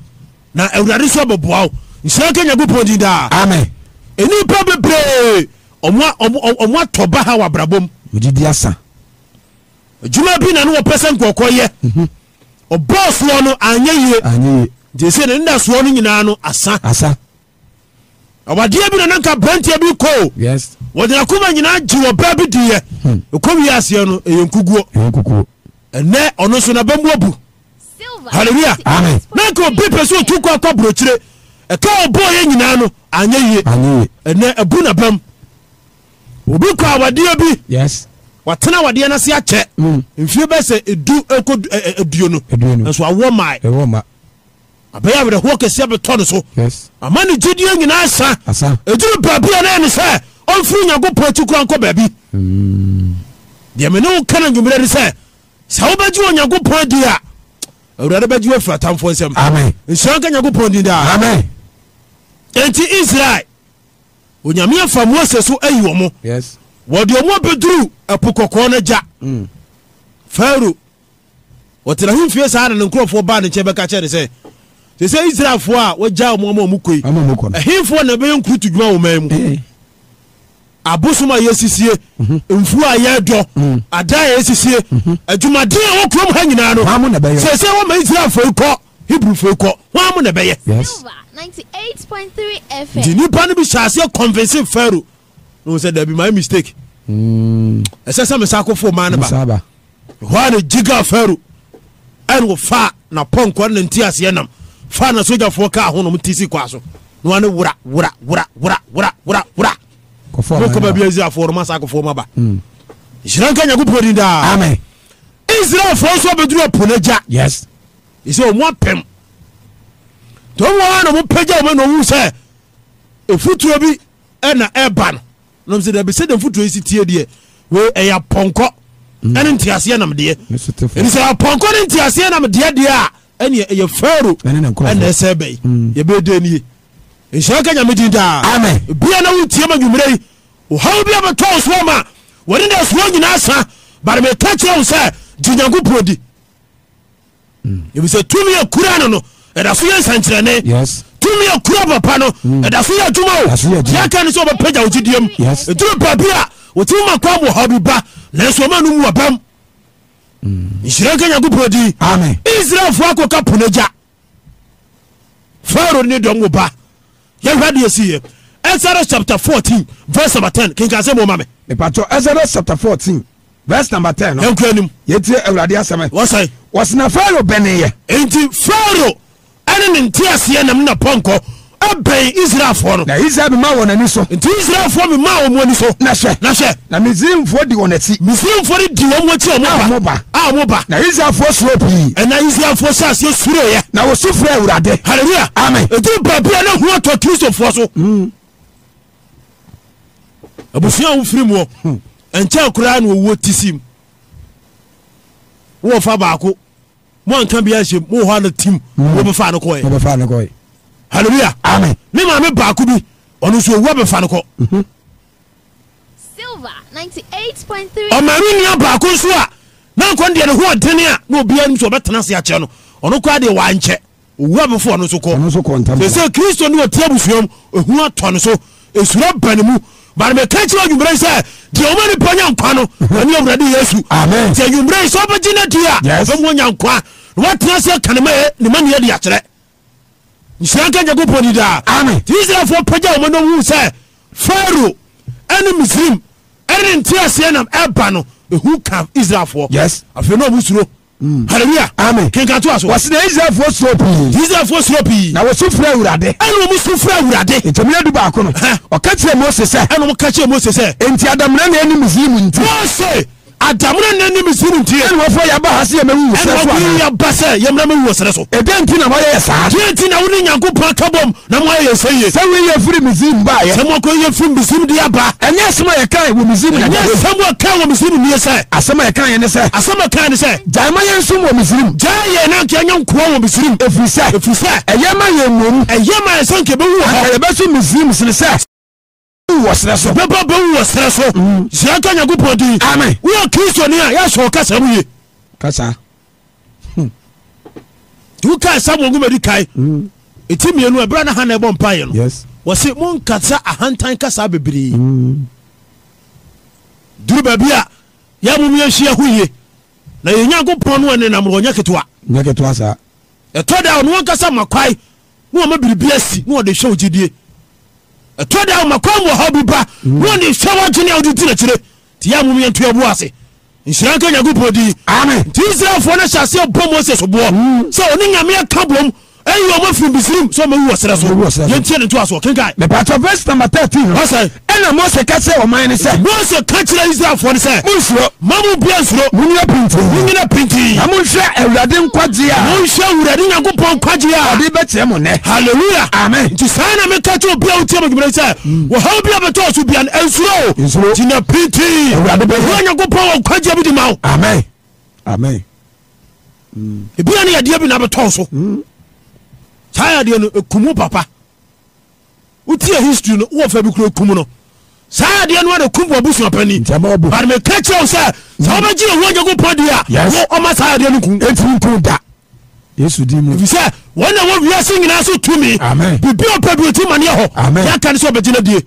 na awurade so abɛboa wo nhyira ka nyankopɔn din daa amen nnipa bebree ɔmo atɔ ba ha wɔ abrabɔm odidi asa adwuma bi na no wɔpɛ sɛ nkɔkɔ yɛ mhm. ɔbɔɔ soɔ no anyɛ yie nti sɛ ne nda soɔ no nyinaa no asa ɔbadeɛ bi na nanka brantiɛ bi kɔo wɔde akoma nyinaa gye wɔ baa bi diiɛ hmm. ɛkɔ wie aseɛ no ɛyɛ nkuguo ɛnɛ ɔno nso na bɛmu abu halleluya na nka obi pɛ sɛ ɔtu kɔ akɔ aburokyire ɛka ɔbɔ yɛ nyinaa no anyɛ yie ɛnɛ ɛbu na bɛm obi kɔ awadeɛ bi watena awadeɛ no ase akyɛ hmm. mfie bɛ sɛ edu ɛkɔ eduo no nso awɔ maa abɛyɛ awerɛhoɔ kɛseɛ bɛtɔ no so ama ne gyidiɛ nyinaa sa ɛduru baabi a na ɛne sɛ ɔmfiri nyankopɔn akyi kora nkɔ baabi deɛ mene wo ka no nwummerɛ sɛ sɛ wobɛgye wɔ nyankopɔn di a awurade bɛgye wafiri atamfoɔ nsɛm nhyira nka nyankopɔn din daa enti israel onyame afa mose so ayi wɔ mo wɔde ɔmo abɛduru ɛpo kɔkɔɔ no gya mm. faro wɔtena ho mfie saa na ne nkurɔfoɔ baa ne nkyɛn bɛka kyɛ sɛ sɛ sɛ israelfoɔ a wɔgya ɔmo ama ɔmo koi ɛhemfoɔ na ɛbɛyɛ nkuruto dwuma wɔ man mu eh abosom a yɛsisie mhm. mfuo a yɛdɔ mhm. ada a yɛsisie mhm. adwumaden a wɔ ha nyinaa no sɛsɛ wɔma israel fei kɔ hebrew fei kɔ hɔ mo na ɛbɛyɛ nti nnipa no bi hyɛ aseɛ convince faro na sɛ dabi my mistake mm. ɛsɛ sɛ mesa akɔfo ma no ba hɔ a ne gyiga faro ɛne fa na pɔnkɔ ne nti aseɛ nam fa na sogyafoɔ ka ahonom ti si so na wane wura wura wura wura wura wura mokɔ baabi asi afoɔ no masa akofoɔ ma ba hyira hmm. nka nyankopɔn din daa israelfoɔ nso abɛduru apo no agya ɛsɛ ɔmo apɛm nti ɔmoa na mopɛgya ɔma na ɔwu sɛ ɛfutuo bi ɛna ɛba no nom sɛ dabi sɛde mfutuo yi si tie deɛ wei ɛyɛ apɔnkɔ hmm. ɛne nteaseɛ nam deɛ ɛni sɛ apɔnkɔ ne nteaseɛ nam deɛ deɛ a ɛneɛ ɛyɛ faro ɛna ɛsɛ bɛyi hmm. yɛbɛdɛ nie nhyira nyame din daa amen bia na wotie ma nwummerɛ yi ɔhaw bi abɛtɔɔ soɔ ma wɔne ne asuo nyinaa sa bare meka kyerɛ wo sɛ gye nyankopɔn di ɛfisɛ hmm. tumi akura no no ɛda so yɛ nsankyerɛne tumi akura papa no hmm. ɛda so yɛ adwuma o yɛka ne sɛ wɔbɛpagya wo gyidie m ɛduro baabi a wɔtumi ma kɔ abɔhaw bi ba nanso ɔma no mu wabam nhyira hmm. nyankopɔn di israelfoɔ akɔka pono gya faro ne dɔm wo ba yɛhwɛ deɛ siiɛ exodus chapter fourteen, verse number 10 kenka sɛ moma me mepatɔ exodus chapter fourteen, verse number ten. no ɛnkura nim yɛtie awurade asɛm wɔsɛe wɔsena faro bɛneeɛ enti faro ɛne ne nteaseɛ nam na pɔnkɔ ɛbɛn israelfoɔ no. na israel ma wɔn ani so. nti israelfoɔ mi ma wɔn ani so. na hwɛ na hwɛ. na misirifoɔ di wɔn akyi. misirifoɔ di wɔn akyi a wɔn ba a ba. na israelfoɔ suro pii. ɛna israelfoɔ sɛ aseɛ suro yɛ. na wɔ so awurade. hallelujah amen. etu baabi a ne ho atɔ kirisofoɔ so. Hmm. abusua ahu firi mu wɔ hmm. nkyɛn koraa na owuo ti si mu wɔn fa baako mo anka bi ahyɛ mo wɔ hɔ ano tim mo bɛ fa ano kɔɛ. mo bɛ fa ano kɔɛ hallelujah amen ne maame baako bi ɔno nso owó abɛfa no kɔ. Mhm. silver ninety eight point three. ɔmaame nua baako nso a nankɔ deɛ ne ho ɔdene a na obiara nso ɔbɛtena ase akyerɛ no ɔno kɔ adeɛ wankyɛ owó abɛfo ɔno nso kɔ sɛsɛ kristo ne wɔte abusua mu ehu atɔ no so esura ba ne mu bàrẹ̀mẹ̀ kẹ́kẹ́ ọ̀yùnbẹ̀rẹ̀ sẹ́ diẹ ọmọ ní pọ̀ nyankwa no ẹni ọ̀bùrẹ̀ di yẹsu diẹ ọ̀yùnbẹ̀rẹ̀ sẹ́ ọbẹ̀ jí ne di nyankwa wọ́n tẹ́lẹ̀ sẹ́ kànìmẹ́ yẹ nìmẹ́ nìyẹ nhyira nka nyankopɔn ni daa ti israelfoɔ pagya wɔma no wu sɛ faro ɛne misrim ɛne nteaseɛ nam ɛba no ɛhu ka israelfoɔ afei na ɔmu suro mm. hallelujah amen kenkan to aso. wɔsi na israelfoɔ suro pii. israelfoɔ suro pii. na wɔsi fura awurade. ɛna wɔn so fura awurade. ntɛmina du baako no. ɔka kyerɛ mose sɛ. ɛna wɔn ka kyerɛ mose sɛ. nti adamuna na ɛni Muslim, nti. mose adamuna ne ni misiri nti. ẹni wọ́n fọ yaba ha sí yẹmẹ wíwọ sẹ́sọ àná. ẹni wọ́n fọ yaba sẹ́ yẹmẹ mi wíwọ sẹ́sọ. èdè ntí na wọ́n yẹ sá. díẹ̀ ntí na wọ́n ní yankun pọn kábọ̀m na wọ́n yẹ sẹ́ yẹ. sẹ́wọ́n yẹ firi misiri ba yẹ. sẹ́wọ́n kò yẹ firi misiri di yaba. ẹ̀yẹ́ sẹ́wọ́n yẹ ká wọ misiri nìyẹn. ẹ̀yẹ́ sẹ́wọ́n ká wọ misiri nìyẹn sẹ́. asẹ́mọ̀ yẹ ká yẹn nisẹ́. asẹ́mọ̀ ká yẹn nisẹ́. jaama yẹn nsọ wọ misiri. jaa yẹ náà kí ẹ̀yẹ́ nkọ́ wọ misiri. efirisẹ́. efirisẹ́. sẹ́ wɔ serɛ so bɛba bɛwu wɔ serɛ so hyira mm. ka nyankopɔn din amen woyɛ kristoni a yɛahyɛ wo kasa mu ye kasa wokae samuel gumadi kae ɛti mmienu ɛberɛ no hana ɛbɔ mpayɛ no wɔ se monkasa ahantan kasa bebree duru baabi a yɛmom yɛnhyia ho ye na yɛ nyankopɔn no ɛne nam ɔnyɛ ketewa ɛtɔ da ɔno wankasa ma kwae ne wɔma biribi asi ne wɔde hyɛ wo gyidie ɛtɔ da ma kɔn wɔ hɔ bi ba wɔn de sɛ wɔn kyene a wɔde n'akyire ti yɛ amumu yɛn to bu ase nhyira nka nyankopɔn di amen ti israelfoɔ no hyɛ aseɛ bɔ mose soboɔ mm. sɛ ɔne nyameɛ ka blom ɛyi wɔn fi bisirim sɛ ɔmɔ wu wɔ srɛ so yɛn tiɛ ne to aso kinkai. mipatɔ verse number thirteen. ɔsɛ ɛna mose kɛse ɔman ni sɛ. mose kɛkyerɛ israfo ni sɛ. mun suro. mamu bia suro. mun yɛ pinti. mun yɛ pinti. na mun sɛ awurade nkwajiya. mun sɛ awurade nyanko pɔn nkwajiya. ɔdi bɛ tiɲɛ mun nɛ. hallelujah. amen. nti saa mm. na mi kɛkyɛ o bia o tiɲɛ mo jumɛn sɛ. wɔ ha o bia bɛ tɔ so mm saa adeɛ no ekumu papa wotie history no wɔ fɛ bi kura ekumu no saa adeɛ no kum wɔ busua pani barima ka kyerɛw sɛ sɛ wobɛgye ne ho onyankopɔn di a wo ɔma saa adeɛ no ɛntimi nku da efisɛ wɔn na wɔwiase nyinaa so tumi biribi ɔpɛ bi ɔti maneɛ hɔ yɛaka ne sɛ ɔbɛgyina die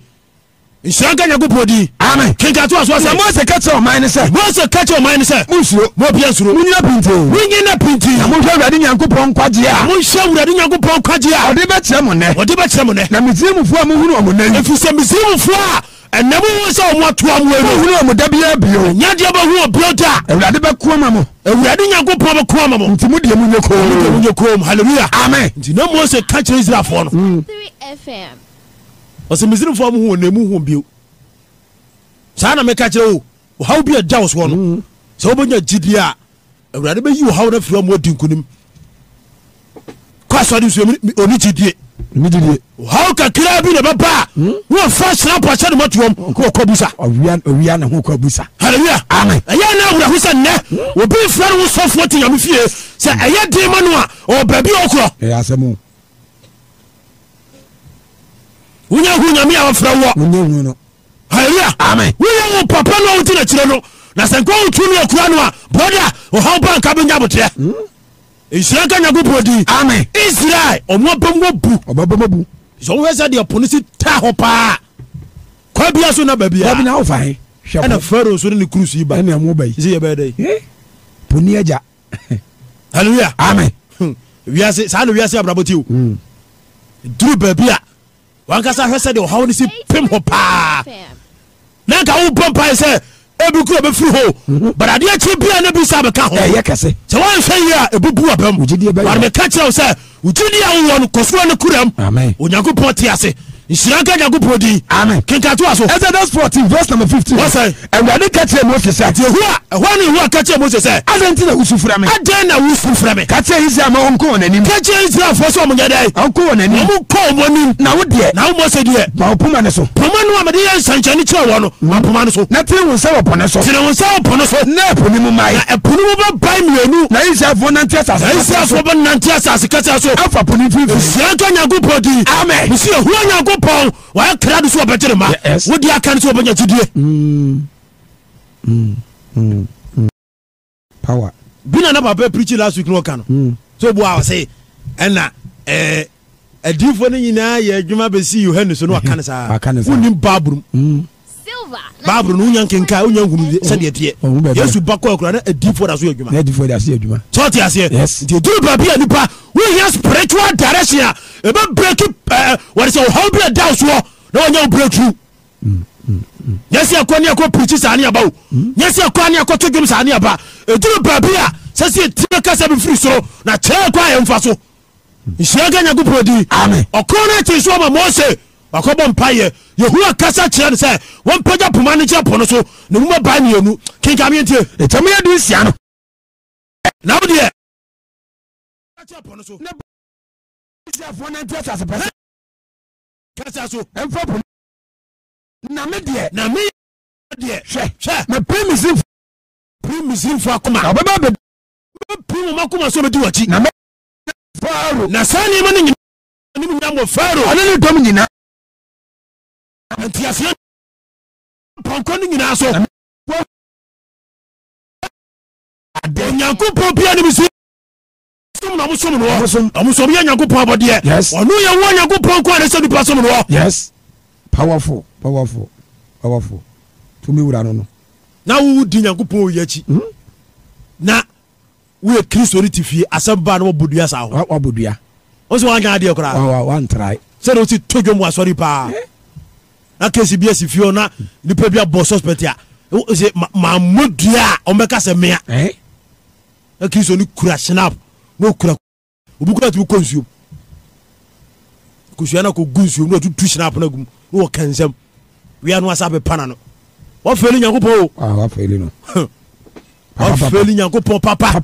nsira nka nyankopɔn di. ami kinka tó a sọ mose kẹtẹ ọmọ ẹni sẹ. mose kẹtẹ ọmọ ẹni sẹ. mo suro. mo bia suro. mo nyina pinti. mo nyina pinti. na mo nhyɛ wuladi nyankopɔn nkwajia. mo nhyɛ wuladi nyankopɔn nkwajia. ɔde bɛ kyerɛ mo nɛ. ɔde bɛ kyerɛ mo nɛ. na misirimu fo a mo hunu ɔmo nɛ yi. efisɛ misirimu a ɛnɛmu wo sɛ ɔmo ato ɔmo yi. mo hunu ɔmo dabi yɛ bio. nyadeɛ hu ɔbio da. ewulade bɛ kó ma mo. ewurade nyankopɔn bɛ kó ma mo. nti mu diɛ mu nye koom. mu diɛ mu nye koom hallelujah. amen. nti na mose kakyere israel no. 3 hmm. fm ɔsɛ misirifoɔ mu hu wɔn emu hu bio saa na meka kyerɛ wo ɔhaw bi ɛda wɔ soɔ no mhm. sɛ wobɛnya gyidie a awurade bɛyi ɔhaw no afiri ɔmo adi nkonim kɔ asɔre nsuo oni gyidie ɔhaw kakra bi na bɛba a wɔfa hmm? sena po ahyɛ ne mɔtoɔm na wɔkɔ busa halleluya ɛyɛ ne awerɛho sɛ nnɛ hmm? obi mfra no wo sɔfoɔ te nyame fie sɛ ɛyɛ den ma no a ɔwɔ baabi a ɔkorɔ wonya hu nyame a wɔfrɛ wɔ halleluya amen woyɛ wo papa no a woti nakyirɛ no na sɛ nka wotu no akura no a brɔda ɔhaw ba nka bɛnya boteɛ nhyira hmm? nka nyankopɔn di amen israel ɔmoabam wabu sɛ wohwɛ sɛ deɛ pone si ta hɔ paa kwa bia so na baabiawofahe ɛna faro so ne ne krus yi ba ɛne mo ba yi sɛ yɛbɛyɛ dɛ poni agya halleluya amen hmm. wiase saa ne wiase abrabɔ ti o hmm. duru wankasa hwɛ sɛdeɛ ɔhaw no si pem hɔ paa na nka wobɔ mpae sɛ ebi kuro bɛfiri hɔ mhm. but adeɛ kye bia na bi sa bɛka ho ɛyɛ kɛse sɛ woanhwɛ yi a ɛbubu abam ware meka kyerɛ wo sɛ wogyidi a wowɔ no kɔsoɔ no kuram onyankopɔn te ase nsira nka nyankopɔn din amen kenkato a so exodus fourteen verse number fifteen wɔsɛ awurade ka kyerɛ mose sɛ ati ehua ɛhɔ ne ehua ka kyerɛ mose sɛ adɛn nti na wusu fura mi adɛn na wusu fura mi ka kyerɛ israel ma wɔn ko wɔn anim ka kyerɛ israel fɔ sɛ wɔn nyɛ dɛ wɔn ko wɔn anim wɔn nyankopɔn wɔyɛ kra do so wɔbɛgyere ma wodi aka no sɛ wɔbɛnya gyidie bi na na papa prikyi last week no ɔka no mm. sɛ obua wɔ se ɛna adiifoɔ eh, eh, no nyinaa yɛ adwuma bɛsi yohane so no waka no saa wonim babrom baabulu n'unya nkenka unya nkum sani etie yesu bakɔ ekura ne edifo da so yɛ edwuma ne edifo da so yɛ edwuma sɔɔti aseɛ nti eduru baabi yɛ nipa wunya spiritual direction a ebe breki ɛɛ wɔde sɛ ɔhaw bi ɛda soɔ na wɔnya breakthrough mm, mm, mm. yɛsi ɛkɔ ne ɛkɔ pirikyi saa aba o yɛsi ɛkɔ ne ɛkɔ to dwom saa ne aba eduru baabi a sɛsi kasa bi firi soro na kyerɛ ɛkɔ a yɛmfa so nhyia ka nyankopɔn di ɔkɔn ne akyi so ɔma mɔɔse ɔkɔbɔ mpayɛ yɛhua kasa kyerɛ no sɛ wɔmpagya poma no kyerɛ po no so na muma baa mmienu kenkameɛntie ɛtam yɛ de nsia no na wodeɛ kasa so ɛmfa po na me deɛ na me deɛ hwɛ hwɛ na pere misiri pere misiri fo akoma ɔbɛba bɛ pere mo ma koma so bɛdi wɔkyi na me faaro na saa nneɛma no nyinaa ne mu nyinaa mɔ faaro ɔne ne dɔm nyinaa nti aseɛ pɔnkɔ no nyinaa so onyankopɔn bia ne bisu som na mosom no hɔ ɔmosom yɛ nyankopɔn abɔdeɛ ɔno yɛ wo nyankopɔn kɔ ne sɛ nipa som no hɔ yes powerful powerful powerful tumi wura no no na wowodi nyankopɔn oyi akyi mhm. na woyɛ kristo no te fie asɛm baa no wabɔ dua saa ho wabɔ dua wo sɛ adeɛ koraa wantrae sɛde wosi to dwom asɔre paa eh? na kesi bi esi fie na nipa bi abɔ suspect a ɛsɛ maa mo dua a ɔmɛka sɛ mea na kristo ni kura snap na okura obi kura tumi kɔ nsuom kosua na ko gu nsuom na otutu snap na gum na wɔ kɛnsɛm wia no asa abɛpa na no wafeli nyankopɔn o ah, wafeli no wafeli nyankopɔn papa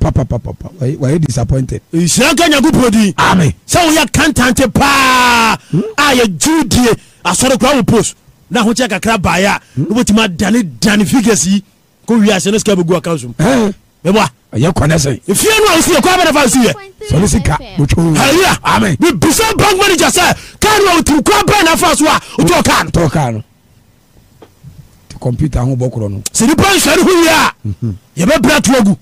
wayɛ disappointed nhyira nka nyankopɔn din ame sɛ woyɛ kantante paa hmm? a yɛ dwudie asɔre kora wo post na ahokyɛ kakra baeɛ a hmm? na dani dani dane figures yi kɔ wiase no sika bɛgu account m mɛboa ɛyɛ kɔnɛ sɛ ɛfie no a wosiyɛ kɔ bɛna fa wosiyɛ sɔne sika halleluya amen bibisa bank manager sɛ kaa no a wotiri kɔ bɛɛ na fa so a wotɔɔ kaa no tɔɔ kaa no kɔmputa ho bɔkorɔ no sɛ nipa nsɛre ho wie a mhm. yɛbɛbrɛ to agu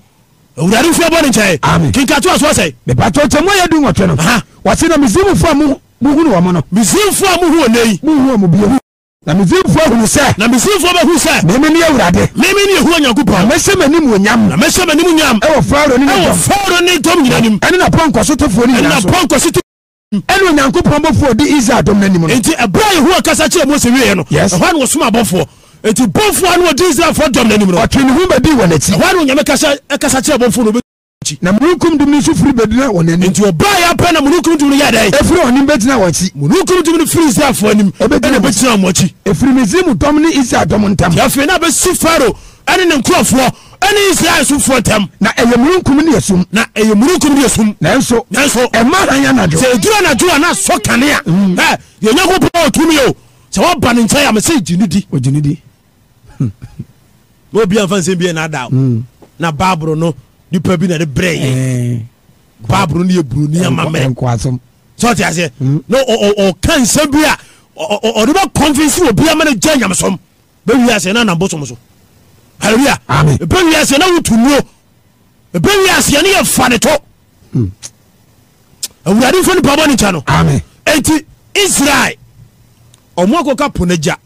awurade mfua bɔ ne nkyɛe kenkatoa soɔ sɛ mepatɔ kyɛ mo yɛ du nwɔtwe no wɔse na mesimfo a muhunu wɔ mo no mesimfo a muhu ɔnɛ yi muhu wɔ mo bio na mesimfoɔ hunu sɛ na mesimfoɔ bɛhu sɛ meme ne awurade meme ne yɛhu onyankopɔn mɛhyɛ m'anim onyam na mɛhyɛ m'anim onyam ɛwɔ farao ne ɛwɔ farao ne dɔm nyina nim ɛne napɔnkɔ so tofoɔ no nyina so napɔnkɔ so ɛne onyankopɔn bɔfoɔ de israel dɔm no anim Eti enti ɛberɛ a yehowa kasa kyerɛ mose wieɛ no ɛhɔ ne wɔsoma abɔfoɔ enti bɔfoɔ a ne wɔde israelfoɔ dɔm no anim no ɔtwe ne ho badi wɔ n'akyi ɛhɔ ne onyame kasa kyerɛ bɔfoɔ no akyi. na munukun dum ni nso firi bɛgyina wɔn anim. nti ɔbaa yɛ apɛ na munukun dum ni yɛ dɛ. efiri wɔn anim bɛgyina wɔn akyi. munukun dum ni firi isi afɔ anim. ɛna bɛgyina wɔn akyi. efiri misirimu tɔm ni isi atɔm ntam. yafei na bɛ si faro ɛne ne nkurɔfoɔ ɛne israel sumfoɔ ntɛm. na ɛyɛ munukun ni yɛsum. na ɛyɛ munukun ni yɛsum. nanso na yɛ anadwo. sɛ eduru anadwo a na sɔ kanea. Mm. ɛ yɛ nyɛ ko pɔn otu mi o sɛ wɔba ne nkyɛn yamɛ sɛ gyini di. o gyini di. n'obi anfa nsɛm bi yɛ n'ada mm. na baaburo no nipa bi na de brɛ yɛ baaburo ni yɛ buroni ama mɛ sɔɔti aseɛ hmm? na ɔka nsɛm bi a ɔde bɛ kɔnfinsi obi ama ne gya nyamusom bɛ wi aseɛ na anam bosom so hallelujah amen bɛ wi aseɛ na wotu nuo bɛ wi aseɛ ne yɛ fa ne to hmm. awurade nfa nipa bɔ ne nkyɛn no amen eti israel ɔmo akɔka po n'agya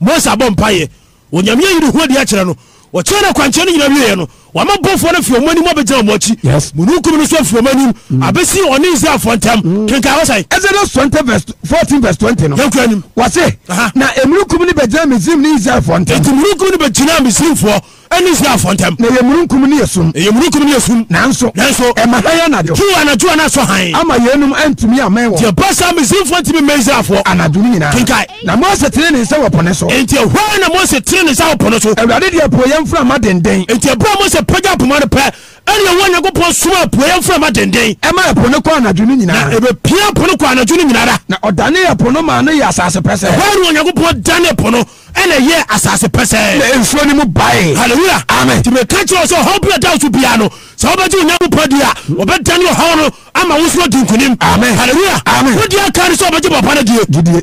mose abɔ mpa yɛ wɔnyamia yi ne ho adi akyerɛ no wɔkyerɛ no kwankyɛn no nyinaa wie yɛ no wàmà bọ́fọ́ ní fiwọ́mọ́ ni mo bẹ jẹ́ ọmọ ọkí munukun ní sọ fiwọ́mọ́ ni mm. abẹ́sí ọ̀ní ìsẹ́ àfọ̀ntẹ́m mm. kínkà wọ́n sẹ́yìn. Exodus twenty verse fourteen verse twenty no. yẹn kura ni. wà á sè na emunukun ní bẹ jẹ́ Misiri ní ìsẹ́ àfọ̀ntẹ́m. ètò emunukun ní bẹ jìnnà Misiri fọ́ ɛne israelfoɔ ntɛm na ɛyɛ mununkum ne yɛsum ɛyɛ mununkum ne yɛsum nanso nanso ɛma ha yɛ anadeɛ tu anadwo ana sɔ han ama yɛnum antumi amɛn wɔ deɛ basa mesimfoɔ ntumi ma israelfoɔ anadwo no nyinaa kenkae na mose se ne nsa wɔ po ne so enti ɛhɔ na mose se ne nsa wɔ po ne so awurade deɛ po yɛmframa denden enti ɛberɛ mose se poma no pɛ ɛne ɛwɔ nyankopɔn som a pue yɛmfrɛ ma denden ɛma ɛpo no kɔ anadwo no nyinaa ɛbɛpia po no kɔ anadwo no nyinaa da na ɔdane ɛpo no ma no yɛ asase pɛsɛ ɛhɔ ne onyankopɔn dane po no ɛna ɛyɛ asase pɛsɛ na ɛmfuo no mu bae halleluya amen nti meka kyerɛ sɛ ɔhaw bi ɛda so biaa no sɛ wobɛgye onyankopɔn di a wɔbɛdane ɔhaw no ama wo so adi nkonim amen halleluya amen wodi aka no sɛ wɔbɛgye bɔpa no die gyidie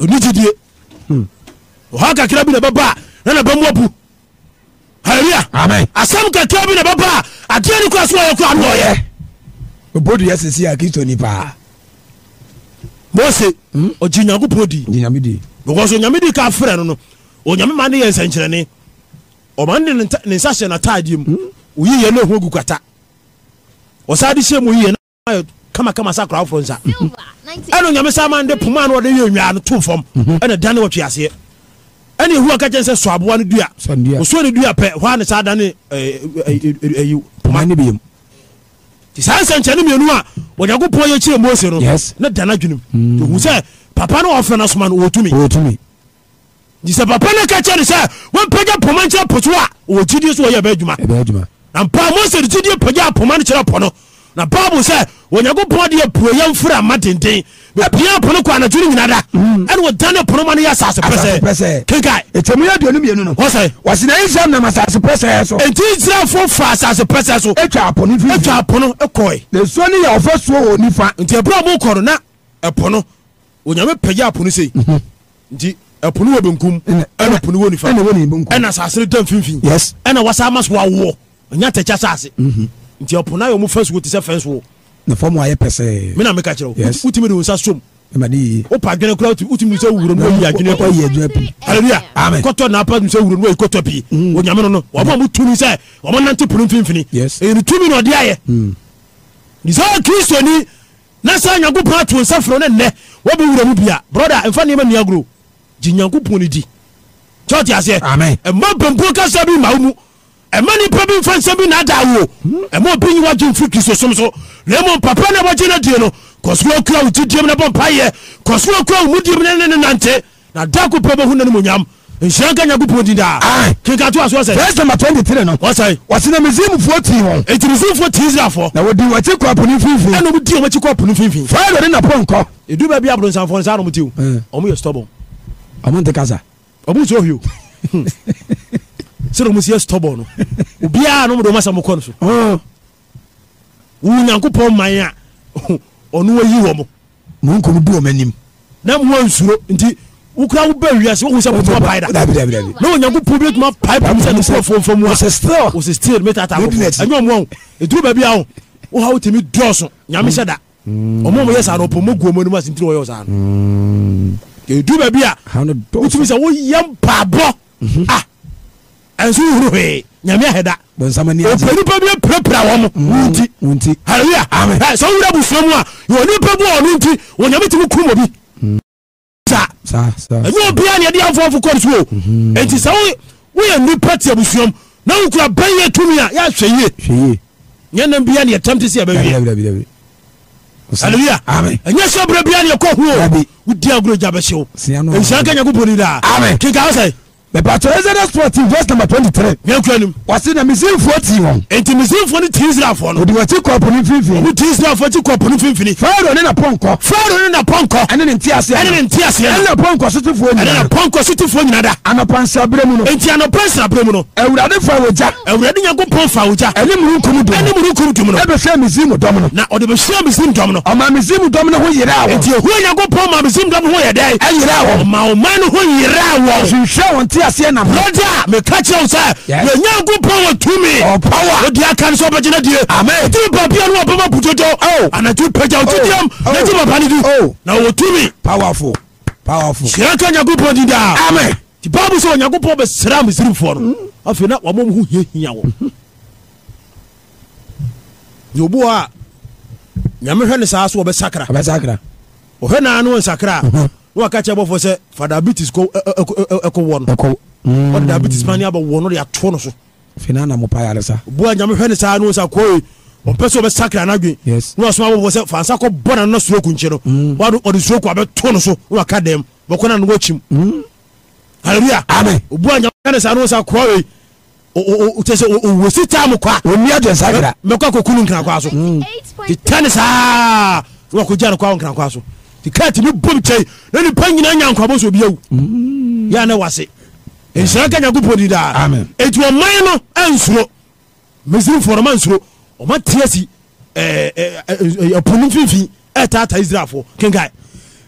ɔni gyidie ɔhɔ kakra bi na bɛba a na nabɛmu abu halleluya asɛm kakra bi na bɛba a adeɛ ne kora so ɔyɛ kora noɔyɛ mebɔdu yɛ sesi a kristoni paa mose hmm? ɔgye nyankopɔn di because onyame di ka frɛ no no onyame ma ne yɛ nsɛnkyerɛne ɔma ne ne nsa hyɛ nataadeɛ mu hmm? oyiyɛ no ɛho gu kwata ɔsa de hyɛ mu yiyɛ no kamakama sa korafoɔ nsa ɛne onyame sa ma nde poma no ɔde yɛ nwaa no to fam mhm. ɛne dane wɔtwe aseɛ ɛne ɛhu aka kyɛn sɛ sɔ aboa no dua ɔsɔ ne dua pɛ hɔ a ne saa da ne ayi poma ne biem nti saa nsɛnkyɛne mmienu a onyankopɔn yɛkyerɛ mose no ne da no adwenem sɛ papa no ɔfɛ no soma no wɔtumi nti papa no ka kyɛ ne sɛ wampagya poma nkyerɛ po so a ɔwɔ gyidie so wɔyɛ ɛbɛ adwuma na mpa mose de gyidie pagya poma no kyerɛ po na bible sɛ onyankopɔn de apueyɛ mfiri ama denden apia pono kɔ anadwo no nyina da ɛne mm. wɔdane pono ma no yɛ asase pɛsɛ kenka ɛtɛmu yɛ aduonu mmienu no ɔsɛ wɔse na israel nam asase pɛsɛɛ so enti israelfoɔ fa asase pɛsɛ so atwa apono atwa apono ɛkɔe na suo no yɛ ɔfa suo wɔ nifa nti ɛberɛ a mokɔ no na ɛpo no onyame pɛgya apono sei mhm. nti ɛpono wɔ benkum ɛna pono wɔ nifa ɛna asase no da mfimfin ɛna wasa ma so awoɔ ɛnya tɛkyɛ asase mhm. nti ɛpo no ayɛ ɔmo fɛnsuo te sɛ fɛnsuo Eh, na fɔm ayɛ pɛsɛɛ. mi na mi ka mm. kyerɛ o yes wotumi de o nsa som. ɛmɛni o pa adwene kura wotumi nsa wuro n'o yi adwene kɔ yi adwene pi. hallelujah amen kɔtɔ n'apa nsa wuro n'o yi kɔtɔ pi. o nyame nono wɔn a mo tunu sɛ wɔn nante pono mfinfini. yes eyini tumi na ɔde ayɛ. nisa kristu ni nasa nyankopɔn ato nsa funu ne nnɛ wɔbɛ wura mu bia broda nfa nneɛma nni agoro gye nyankopɔn ni di. kyɔɔte aseɛ. amen ɛmma bɛnpo kasa bi maa mu ɛma nipa bi nfa nsɛm bi naadaa wo ɛma obi nyi wagye mfiri kristo som so na mmom papa na wɔgye no die no kɔsoro kura wo gyidiem na bɔ mpayɛ kɔsoro kura wo mudiem ne ne ne nante na da ko pɛ bɛhu nanom onyam nhyira nka nyankopɔn din daa kenka to asoɔ sɛ verse number 23 no wɔsɛe wɔse na misraimfoɔ tii hɔ enti misraimfoɔ tii israelfoɔ na wɔdi wɔakyi kɔ apo no mfimfini ɛna ɔmdi ɔmakyi kɔ apo no mfimfini fado ne napɔ nkɔ ɛdu baabi aborɔnsamfoɔ no saa na ɔmtiw ɔmoyɛ stɔbɔn ɔmonte kasa ɔmonsuo hwio sɛde ɔmu sɛ yɛ stɔbɔ no obiaa no mde ɔma sɛ mokɔ no so wo nyankopɔn man a ɔno wayi wɔ mo na nkɔm bu ɔma anim na mmoa nsuro nti wokora wobɛ wiase wohu sɛ wotuma pae da na onyankopɔn bi atuma pae pam sɛ ne kurɔfoɔ mfa mu a wosɛ stil metataaɛnyɛ ɔmoa wo ɛduru baabi a wo woha wotumi dɔɔso nyame hyɛ da ɔmo mo yɛ saa no ɔpɔ mo guo mo anim asentiri wɔyɛ saa no ɛduru baabi a wotumi sɛ woyɛ mpaabɔ a ɛnso wohuru hwee nyame ahɛda ɔpɛ nipa bi apirapira wɔ mo nti nti hallelujah amen sɛ wowura abusua mu a yɛwɔ nipa bi wɔ ɔno nti onyame tumi kum obi saa ɛnyɛ obiaa ne yɛde amfoɔfo kɔre so o enti sɛ woyɛ nipa te abusuam na wokura bɛyɛ tumi a yɛahwɛ yie nyɛnam bia ne yɛtam te sɛ yɛbɛwie hallelujah amen ɛnyɛ sɛ berɛ bia ne yɛkɔ ho o wodi agorɔ gya bɛhyew nhyira ka nyankopɔn ni daa kenka wo sɛ mepatɔ exodus fourteen verse number twenty three. yẹn kura ni. wàsí na misinfo ti wọn. nti misinfo ni ti israfo no. òdiwọ̀n ti kọ̀ ọ̀pọ̀ni fínfin. òdi ti israfo ti kọ̀ ọ̀pọ̀ni fínfin. fáwọn ní na pọ́nkọ. fáwọn ní na pọ́nkọ. ẹni ni ntí aseɛ. ẹni ni ntí aseɛ. ẹni na pọ́nkọ sotu fo nyina. ẹni na pọ́nkọ sotu fo nyina da. anɔpansi abere mu no. nti anɔpansi abere mu no. ewurade fa wòjà. ewurade nyanko pɔn fa wòjà. ɛni murukuru dum. ɛni murukuru dum no. ɛbɛ fɛ misimu na ɔde bɛ fɛ misimu dɔm no. ɔma misimu dɔm no ho yɛrɛ awɔ. nti ehu nyanko pɔn ma misimu dɔm ho yɛ dɛ. ɛyɛrɛ awɔ. ɔma ɔma no ho yɛrɛ aseɛ nam. broda meka kyerɛ wo sɛ yɛnyankopɔn wɔ tumi ɔpawa odi aka no sɛ wobɛgyina die amen ɛtumi baabia no wɔbɛma putoto oh. anatu pagya wotodeam oh. nati mapane oh. di na wɔ tumi powerful powerful hyira ka nyankopɔn di daa amen nti bible sɛ onyankopɔn bɛsra misirifoɔ no mm-hmm. afei na wama mu ho hiahia wɔ ne mm-hmm. obi a nyame hwɛ ne saa so wɔbɛsakra ɔhwɛ naa no nsakra mm-hmm wọn aka kyerɛ bɔfɔ sɛ fa diabetes ko ɛkɔ wɔ no ɔde diabetes pani abɔ wɔ no de ato no so. fina na mo pa yare sa. bua nyame hwɛ ne saa ne wosa koe ɔmpɛ sɛ ɔbɛsakra no adwen ne wasoma bɔfɔ sɛ fansa kɔ bɔ na no na suroku nkye no wade ɔde suroku abɛto no so ne waka dɛm bɔkɔ na no wɔkyim hallelujah amen bua nyame hwɛ ne saa ne wosa koe tɛ sɛ ɔwɔsi taa mo kɔa ɔni adwen sakra mɛkɔ akɔku no nkra kɔa so tetane saa ne wakɔgya no kɔa wo nkra kɔa so sika tini bom kyɛn na nipa nyinaa nya nkwa bɔsɔ obi awu yɛn ne wase nsira ka nyako pɔ di daa etu ɔman no ansuro mesiri fɔrɔma ansuro ɔma tiɛ si ɛɛ ɛɛ ɛpɔnu finfin ɛɛtaata israel fo kenkae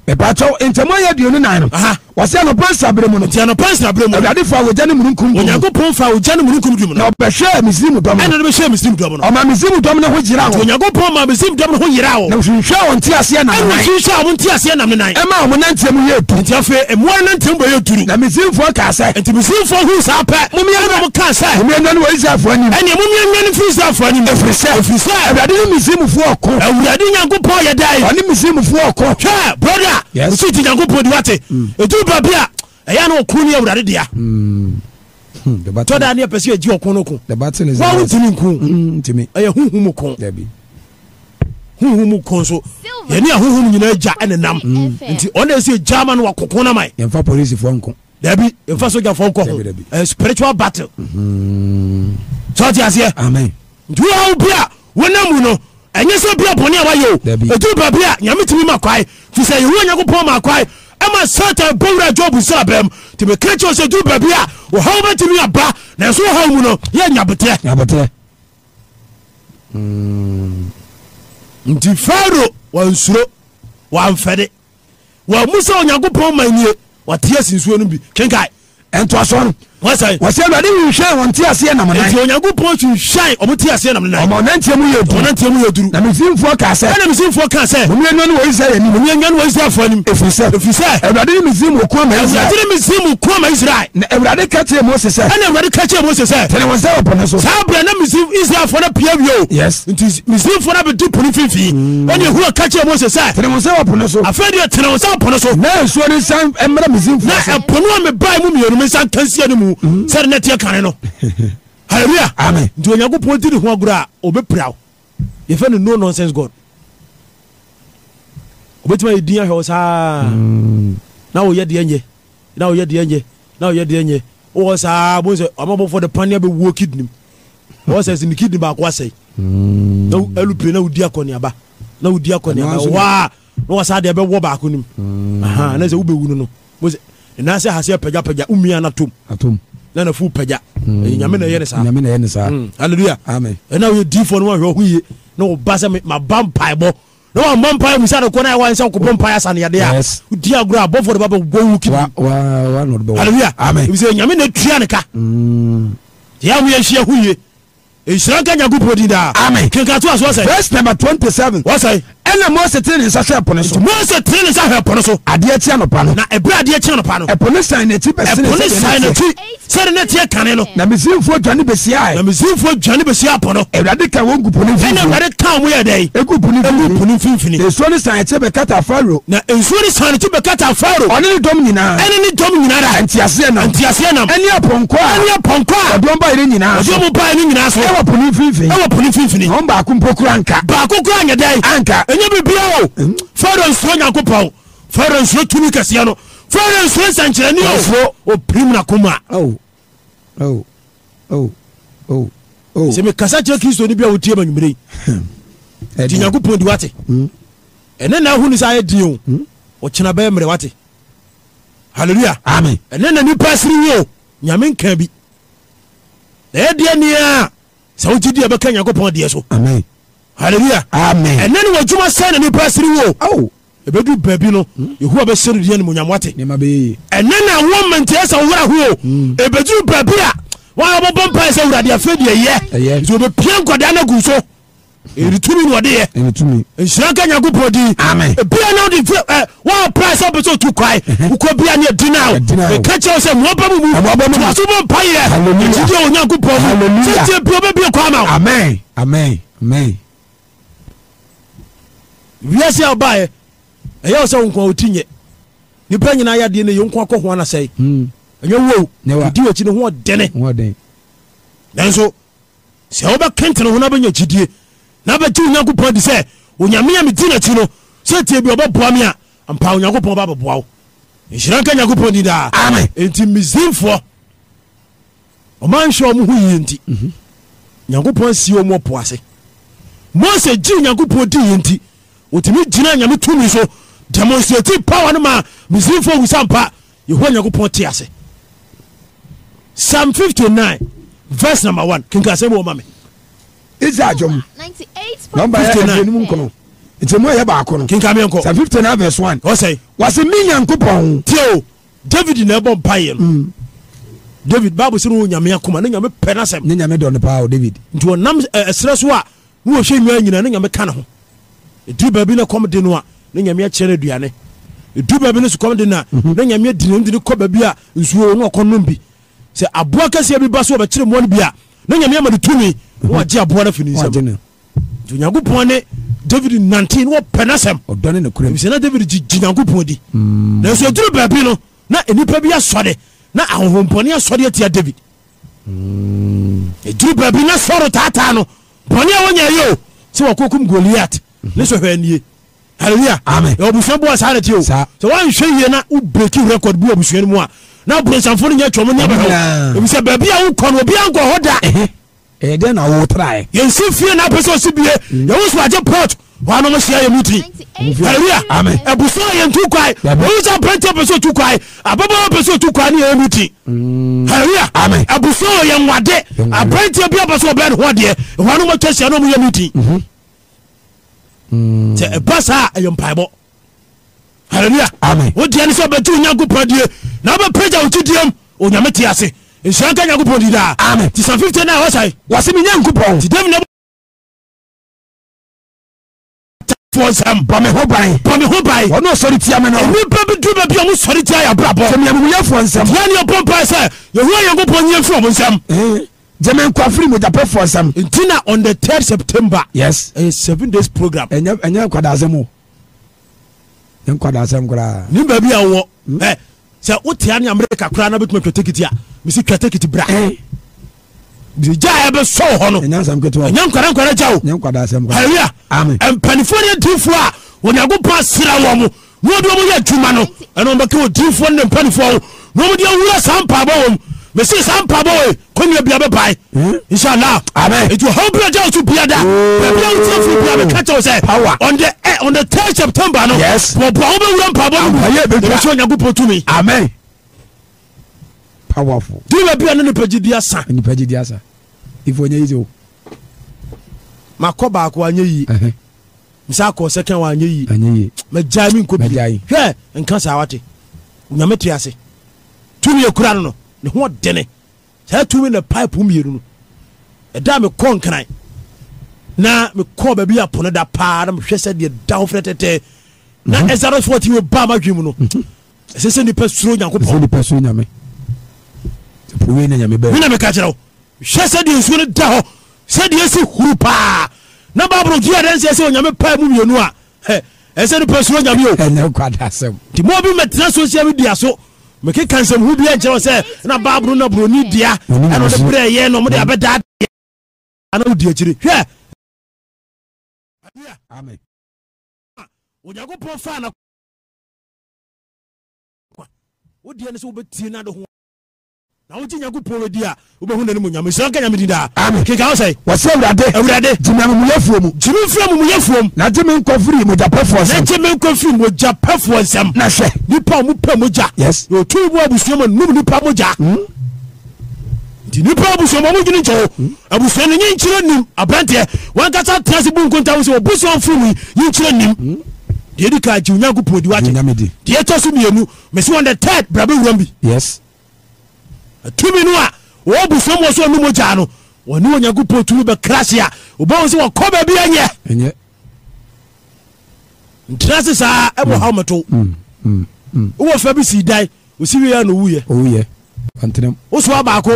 mepatɔ ntɛmɔ yɛ aduonu nan no wɔsɛ anɔpa nsabere mu no nti anɔpa nsabere mu awurade fa ogya ne mununkum onyankopɔn fa ogya ne mununkum dum no na ɔbɛhwɛ misiri mu dɔm no ɛna ne bɛhwɛ misiri mu dɔm no ɔma misiri mu dɔm no ho yira wo onyankopɔn ma misiri mu dɔm no ho yira wo na nhwehwɛ wɔn nte aseɛ nam nan ɛna nhwehwɛ wɔn nte aseɛ nam nan ɛma wɔn nanteɛ mu yɛ duru nti afei mmoa nanteɛ mu bɛyɛ duru na misirifoɔ kaa sɛ nti misirifoɔ hu saa pɛ na mo kaa sɛ mumia na wɔ israfoɔ anim ɛnea mumia na ne fi israfoɔ anim efiri sɛ efiri sɛ awurade ne misirimufoɔ ɔko awurade nyankopɔn yɛ daa yi ɔne misirimufoɔ ɔko hwɛ brɔda a nso ti nyankopɔn di wate ɛduru mm. baabi a ɛyɛ ne ɔko ne awurade dea tɔda ne ɛpɛ sɛ agyi ɔko no ko wawontimi nko ɛyɛ honhu mu ko honhu mu ko nso yɛne a honhum nyinaa gya ɛnenam nti ɔne ɛsɛ gya ma no wakoko no ma yɛmfa polisifoɔ nko dabi yɛmfa sogyafoɔ nkɔ ho spiritual battle sɛ ɔte aseɛ nti wohawo bi a wonam mu no ɛnyɛ sɛ bia bɔne a wayɛ o ɛduru baabi a nyame tumi ma kwae firi sɛ yehowa nyankopɔn ma kwae ɛma satan bɔwura job sɛ abɛm nti mekra kyɛ sɛ duru baabi a ɔhaw bɛtumi aba nanso ɔhaw mu no yɛ nyaboteɛ hmm. nti faro wansuro wamfɛde wamu sɛ onyankopɔn ma nie wateɛ sinsuo no bi kenkae ɛntoasoɔ no wɔsɛn wɔsɛn awurade nhwɛ wɔn ti aseɛ nam nan nti onyankopɔn nhwɛ wɔn ti aseɛ nam nan ɔmɔ nantiɛ mu yɛ duru nantiɛ mu yɛ duru na misinfoɔ kaa sɛ ɛna misinfoɔ kaa sɛ wɔn yɛn nyɔnu wɔ israel anim wɔn yɛn nyɔnu wɔ israel fɔ anim efisɛ efisɛ awurade ni misin mu kɔn ma israel awurade ni misin mu kɔn ma israel na awurade kɛkyɛ mu sisɛ ɛna awurade kɛkyɛ mu sisɛ tɛnɛ wɔn sɛ wɔ pɔnne so saa bɛn na misin israel fɔ na pia wi o yes nti misinfoɔ na bɛ di pɔnne finfin ɛna ehura kɛkyɛ mu sisɛ tɛnɛ wɔn sɛ wɔ pɔnne so afɛn deɛ tɛnɛ wɔn sɛ wɔ pɔnne so na nsuo ni nsan mmerɛ misinfoɔ so na ɛpɔnne wa mi ba yi mu mienu mi nsan kansia ni mu no sɛde na tiɛ kane no hallelujah amen nti onyankopɔn ti ne ho agorɔ a ɔbɛpira wo yɛfɛ no no nonsense god obɛtumi ayɛ din ahwɛ wo saa mm. na woyɛ deɛ nyɛ na woyɛ deɛ nyɛ na woyɛ deɛ nyɛ wowɔ saa bo sɛ amabɔfoɔ de pane abɛwuo kidnim wɔwɔ sɛ sɛ ne kidnim baako asɛe na alupire na wodi akɔneaba na wodi akɔneaba waa na wɔ saa deɛ bɛwɔ baako nim na sɛ wobɛwu no no ɛnaasɛ haseɛ pagyapagya womia no atom na nafu pagya hmm. eh, nyame na ɛyɛ ne saa hmm. halleluya ɛna eh, woyɛ difoɔ no wahwɛ ho ye na woba sɛ maba mpaebɔ na wama mpae mu sɛ ne kɔ na ɛwa sɛ wokɔbɔ mpae asaneɛdeɛ a wodi agorɔ a bɔfoɔ de babɛbɔ wo kim halleluya ɛfisɛ nyame na atua ne ka hmm. yɛ woyɛhyia ho ye nhyira nka nyankopɔn din daa amen kenka to aso sɛ verse number 27 wɔsɛe ɛna mose tere ne nsa hwɛ ɛpo no so mose tere ne nsa hwɛ ɛpo no so adeɛ kyi anɔpa no na ɛberɛ adeɛ kyi anɔpa no ɛpo no san n'akyi bɛsene ɛpo no san n'akyi sɛde ne teɛ kane no na mesimfoɔ dwane bɛsiaɛ na mesimfoɔ dwane bɛsia ɛpo no awurade ka wɔn gupo no mfimfini ɛna awurade ka wɔn yɛ dɛ ɛgu po no mfimfini po no mfimfini na nsuo no san n'akyi bɛkata faro na nsuo no san n'akyi bɛkata faro ɔne ne dɔm nyinaa ɛne ne dɔm nyinaa da ntiaseɛ nam ntiaseɛ nam ɛne apɔnkɔ a ɛne apɔnkɔ a ɔdɔm baayɛ ne nyinaa ɔdɔm baayɛ ne nyinaa so ɛwɔ poni finfin. ɛwɔ poni finfin. wɔn baako mpo nka. baako kura nyɛ dɛ. anka. enye bi bia o. fɛrɛ nsuo nyanko pɔn fɛrɛ nsuo tunu kɛseɛ no fɛrɛ nsuo nsɛnkyerɛni o. ɔfɔ o pirim na kuma. awo awo awo awo. sɛmɛ kasa kyerɛ kristu ni bi a hmm? o tie ma nyumire yi. ti nyanko pɔn di waati. ɛnɛ na ehun ni ayɛ diin o. ɔkyina bɛɛ mɛrɛ waati. hallelujah. amen. ɛnɛ na nipa siri yi o nyame nkan bi. ɛyɛ deɛ nia sɛ wogye di a bɛka nyankopɔn deɛ so halleluya ɛnɛ ne wɔadwuma sɛ ne nipa sere wo ɛbɛdu baabi no hmm? yehowa bɛsɛ no deɛ nomonyamwate ɛnɛ na wo mantiɛ sɛ wowra ho hmm. ɛbɛduru baabi a wɔa wɔbɔbɔ mpaɛ sɛ wurade afɛ deɛ yɛ sɛ wɔbɛpia nkɔdaa no agu so ɛretumi na ɔde yɛ nhyira ka nyankopɔn din bia na wode eh, woaprae sɛ wopɛ sɛ otu kwae wokɔ bia ne adina wo ɛka kyerɛ wo sɛ mmoaba mu mutomaso bɔ mpayɛ ɛgyidi onyankopɔn mu sɛtie bia wobɛbie kwa ma wo wiase a wobaɛ ɛyɛ wo sɛ wo nkwa wɔti nyɛ nipa nyinaa yɛadeɛ no yɛ wonkwa kɔ ho anasɛe hmm. ɛnyɛ wo di wakyi no ho ɔdene nanso sɛ wobɛkentene ho no bɛnya gyidie na onyankopɔn di sɛ onyame a medi nakyi no sɛ tie bi ɔbɛboa me a mpa onyankopɔn ba bɛboa wo nhyira nka nyankopɔn di daa enti misrimfoɔ ɔma nhwɛ ɔmo ho yie nti mhm. nyankopɔn sie ɔmo ɔpo ase mose gye onyankopɔn di yie nti ɔtumi gyina nyame tumi so demonstrative power no ma misrimfoɔ wu mpa yɛhoa nyankopɔn te ase psalm 59 verse number 1 kenka wɔ ma me isi adwom nọmba yɛ fifty enum nkɔnɔ ntɛmu yɛ baako no kinkabi nkɔ sa fifty nine verse one ɔsɛ wasi mi Nyankopɔn tie o David na ɛbɔ mpa yɛ no mm. David baabu sinu wo Nyame akoma ne Nyame pɛ n'asɛm ne Nyame dɔ ne paa o David nti nam ɛsrɛ so a ne wɔhwɛ nwa nyina ne Nyame ka ne ho edu baabi ne kɔm de no a ne Nyame akyerɛ no aduane edu baabi ne so kɔm de no a mhm. ne Nyame adi ne ne de a nsuo ne ɔkɔ nom bi sɛ aboa kɛseɛ bi ba so ɔbɛkyerɛ mmoa no bi a na nyame ama no tumi na mhm. wagye aboa no afiri ne nsɛm nti onyankopɔn ne david nante na wɔpɛ no asɛmfisɛ na david gyegye nyankopɔn di mm. nanso aduru baabi no na nnipa bi asɔde na ahohompɔne asɔde atia david mm. ɛduru baabi na sɔro taataa no bɔne a wɔnya yɛ o sɛ wɔkɔkum goliat ne sɛ hwɛ nie halleluya ɛwɔ busua boa saa na tie o sɛ woanhwɛ yie na wobreki record bi wɔ busua no mu a na aburonsanfo no nyɛ twɛm ne abɛhwɛ ebi sɛ baabi a wokɔ no obi ankɔ hɔ da ɛyɛ dɛn na wotraɛ yɛnsi fie na apɛ sɛ ɔsi bie mm. yɛwo so port. pot wɔanom hyia yɛ mu ti halleluya amen ɛbuso a yɛntu kwae ɔyisa aberante apɛ sɛ ɔtu kwae ababaawa apɛ sɛ ɔtu kwae ne yɛyɛ mu ti mm. halleluya amen ɛbuso a yɛ nwade aberante bi apɛ sɛ ɔbɛn ne ho adeɛ wɔanom atwa hyia na ɔmu yɛ mu ti mm-hmm. sɛ ɛba saa ɛyɛ mpaebɔ hallelujah amen wo deɛ ne sɛ ɔbɛgye onyankopɔn die na wobɛpagya wo kyidiam onyame te ase nhyira nka nyankopɔn di daa amen ti san 15 na wɔsae wɔse menyankopɔn ti david fo nsɛm bɔ me ho ban bɔ me ho ban ɔne ɔsɔre tia me no nnipa bi du ne ɛbɔ mpae eh, on the third september. yes. ẹ seven days program. ẹ ẹ nkwadaa sɛm koraa ne baabi a wɔ ɛ sɛ wotea ne amerika koraa na bɛtumi atwa tikiti a mesi twa tikiti bra gya ɛbɛsɔ hɔ no ɛnya nkwara nkwara gya o halleluya mpanifoɔ ne adiifoɔ a onyankopɔn asra wɔ mo na wɔde ɔmo yɛ adwuma no ɛno ɔmbɛka odiifoɔ ne mpanifoɔ ho na ɔmode awura saa mpaabɔ wɔ mu mesi saa mpabɔ we kɔnua bia bɛbae hmm? inshallah amen nti ɔhaw bia gya wo so bia da baabia wo tia firi bia meka kyɛw sɛ on the eh, on the third september yes. no bɔboa wobɛwura mpabɔ no mubɛsɛ onyankopɔn tumi amen powerful di baabia ne nipagyidi asa nipagyidi asa ifo nyɛ yise o makɔ baako anyɛ yi misa akɔ sɛkɛn wa anyɛ yi anyɛ yi mɛgyaa mi nkɔ bi hwɛ nka saa wate nyame te ase tumi ekura no no ne ho dene saa tumi na pipe mmienu no ɛda me kɔ nkran na mekɔ baabi apono da paa na mehwɛ sɛ deɛ da ho frɛ tɛtɛ na ɛsare so ɔte ba ma dwem no mhm. ɛsɛ sɛ nipa suro nyankopɔn mena meka kyerɛ wo hwɛ sɛ deɛ nsuo no da hɔ sɛdeɛ ɛsi huru paa na babro gye adɛnseɛ sɛ onyame paa mu mmienu a ɛsɛ nipa suro nyame o nti ma obi mɛtena social media so mekeka nsɛm ho bi ankyerɛ sɛ na babro no broni dua ɛna wode berɛ yɛ no mode abɛdaa ana wodi akyiri hwɛ onyankopɔn fa na wodeɛ no sɛ wobɛtie no ade ho na wogye nyankopɔn di a wobɛhu nane mu nyame sɛ nka nyame di daa keka wo sɛ wɔsɛ awurade awurade gyina memuyɛfuo mu gyimi mfra mumuyɛfuo mu na gye me nkɔ firi mogyapɛfoɔ nsɛm na gye me nkɔ firi mogyapɛfoɔ nsɛm na hwɛ nipa a mopɛ mogya yes na ɔtumi bo abusua mu nom nipa mogya hmm? nti nipa abusua mu ɔmodwene nkyɛ o hmm? abusua no nye nkyerɛ nim aberanteɛ wankasa tena se bu nkonta wo sɛ wɔbusua mfiri mu yi nkyerɛ nim hmm? deɛ di ka gye onyankopɔn di wakye deɛ ɛtɔ so mmienu mɛsi yes tumi a wɔ busam wɔ so ɔnom gyaa no wɔne onyankopɔn tumi bɛkra a wobɛhu sɛ wɔkɔ baabi anyɛ ntena se saa ɛbɔ mm. haw mɛto mm, mm, wowɔ fa bi sii dan osi na owuyɛ wo baako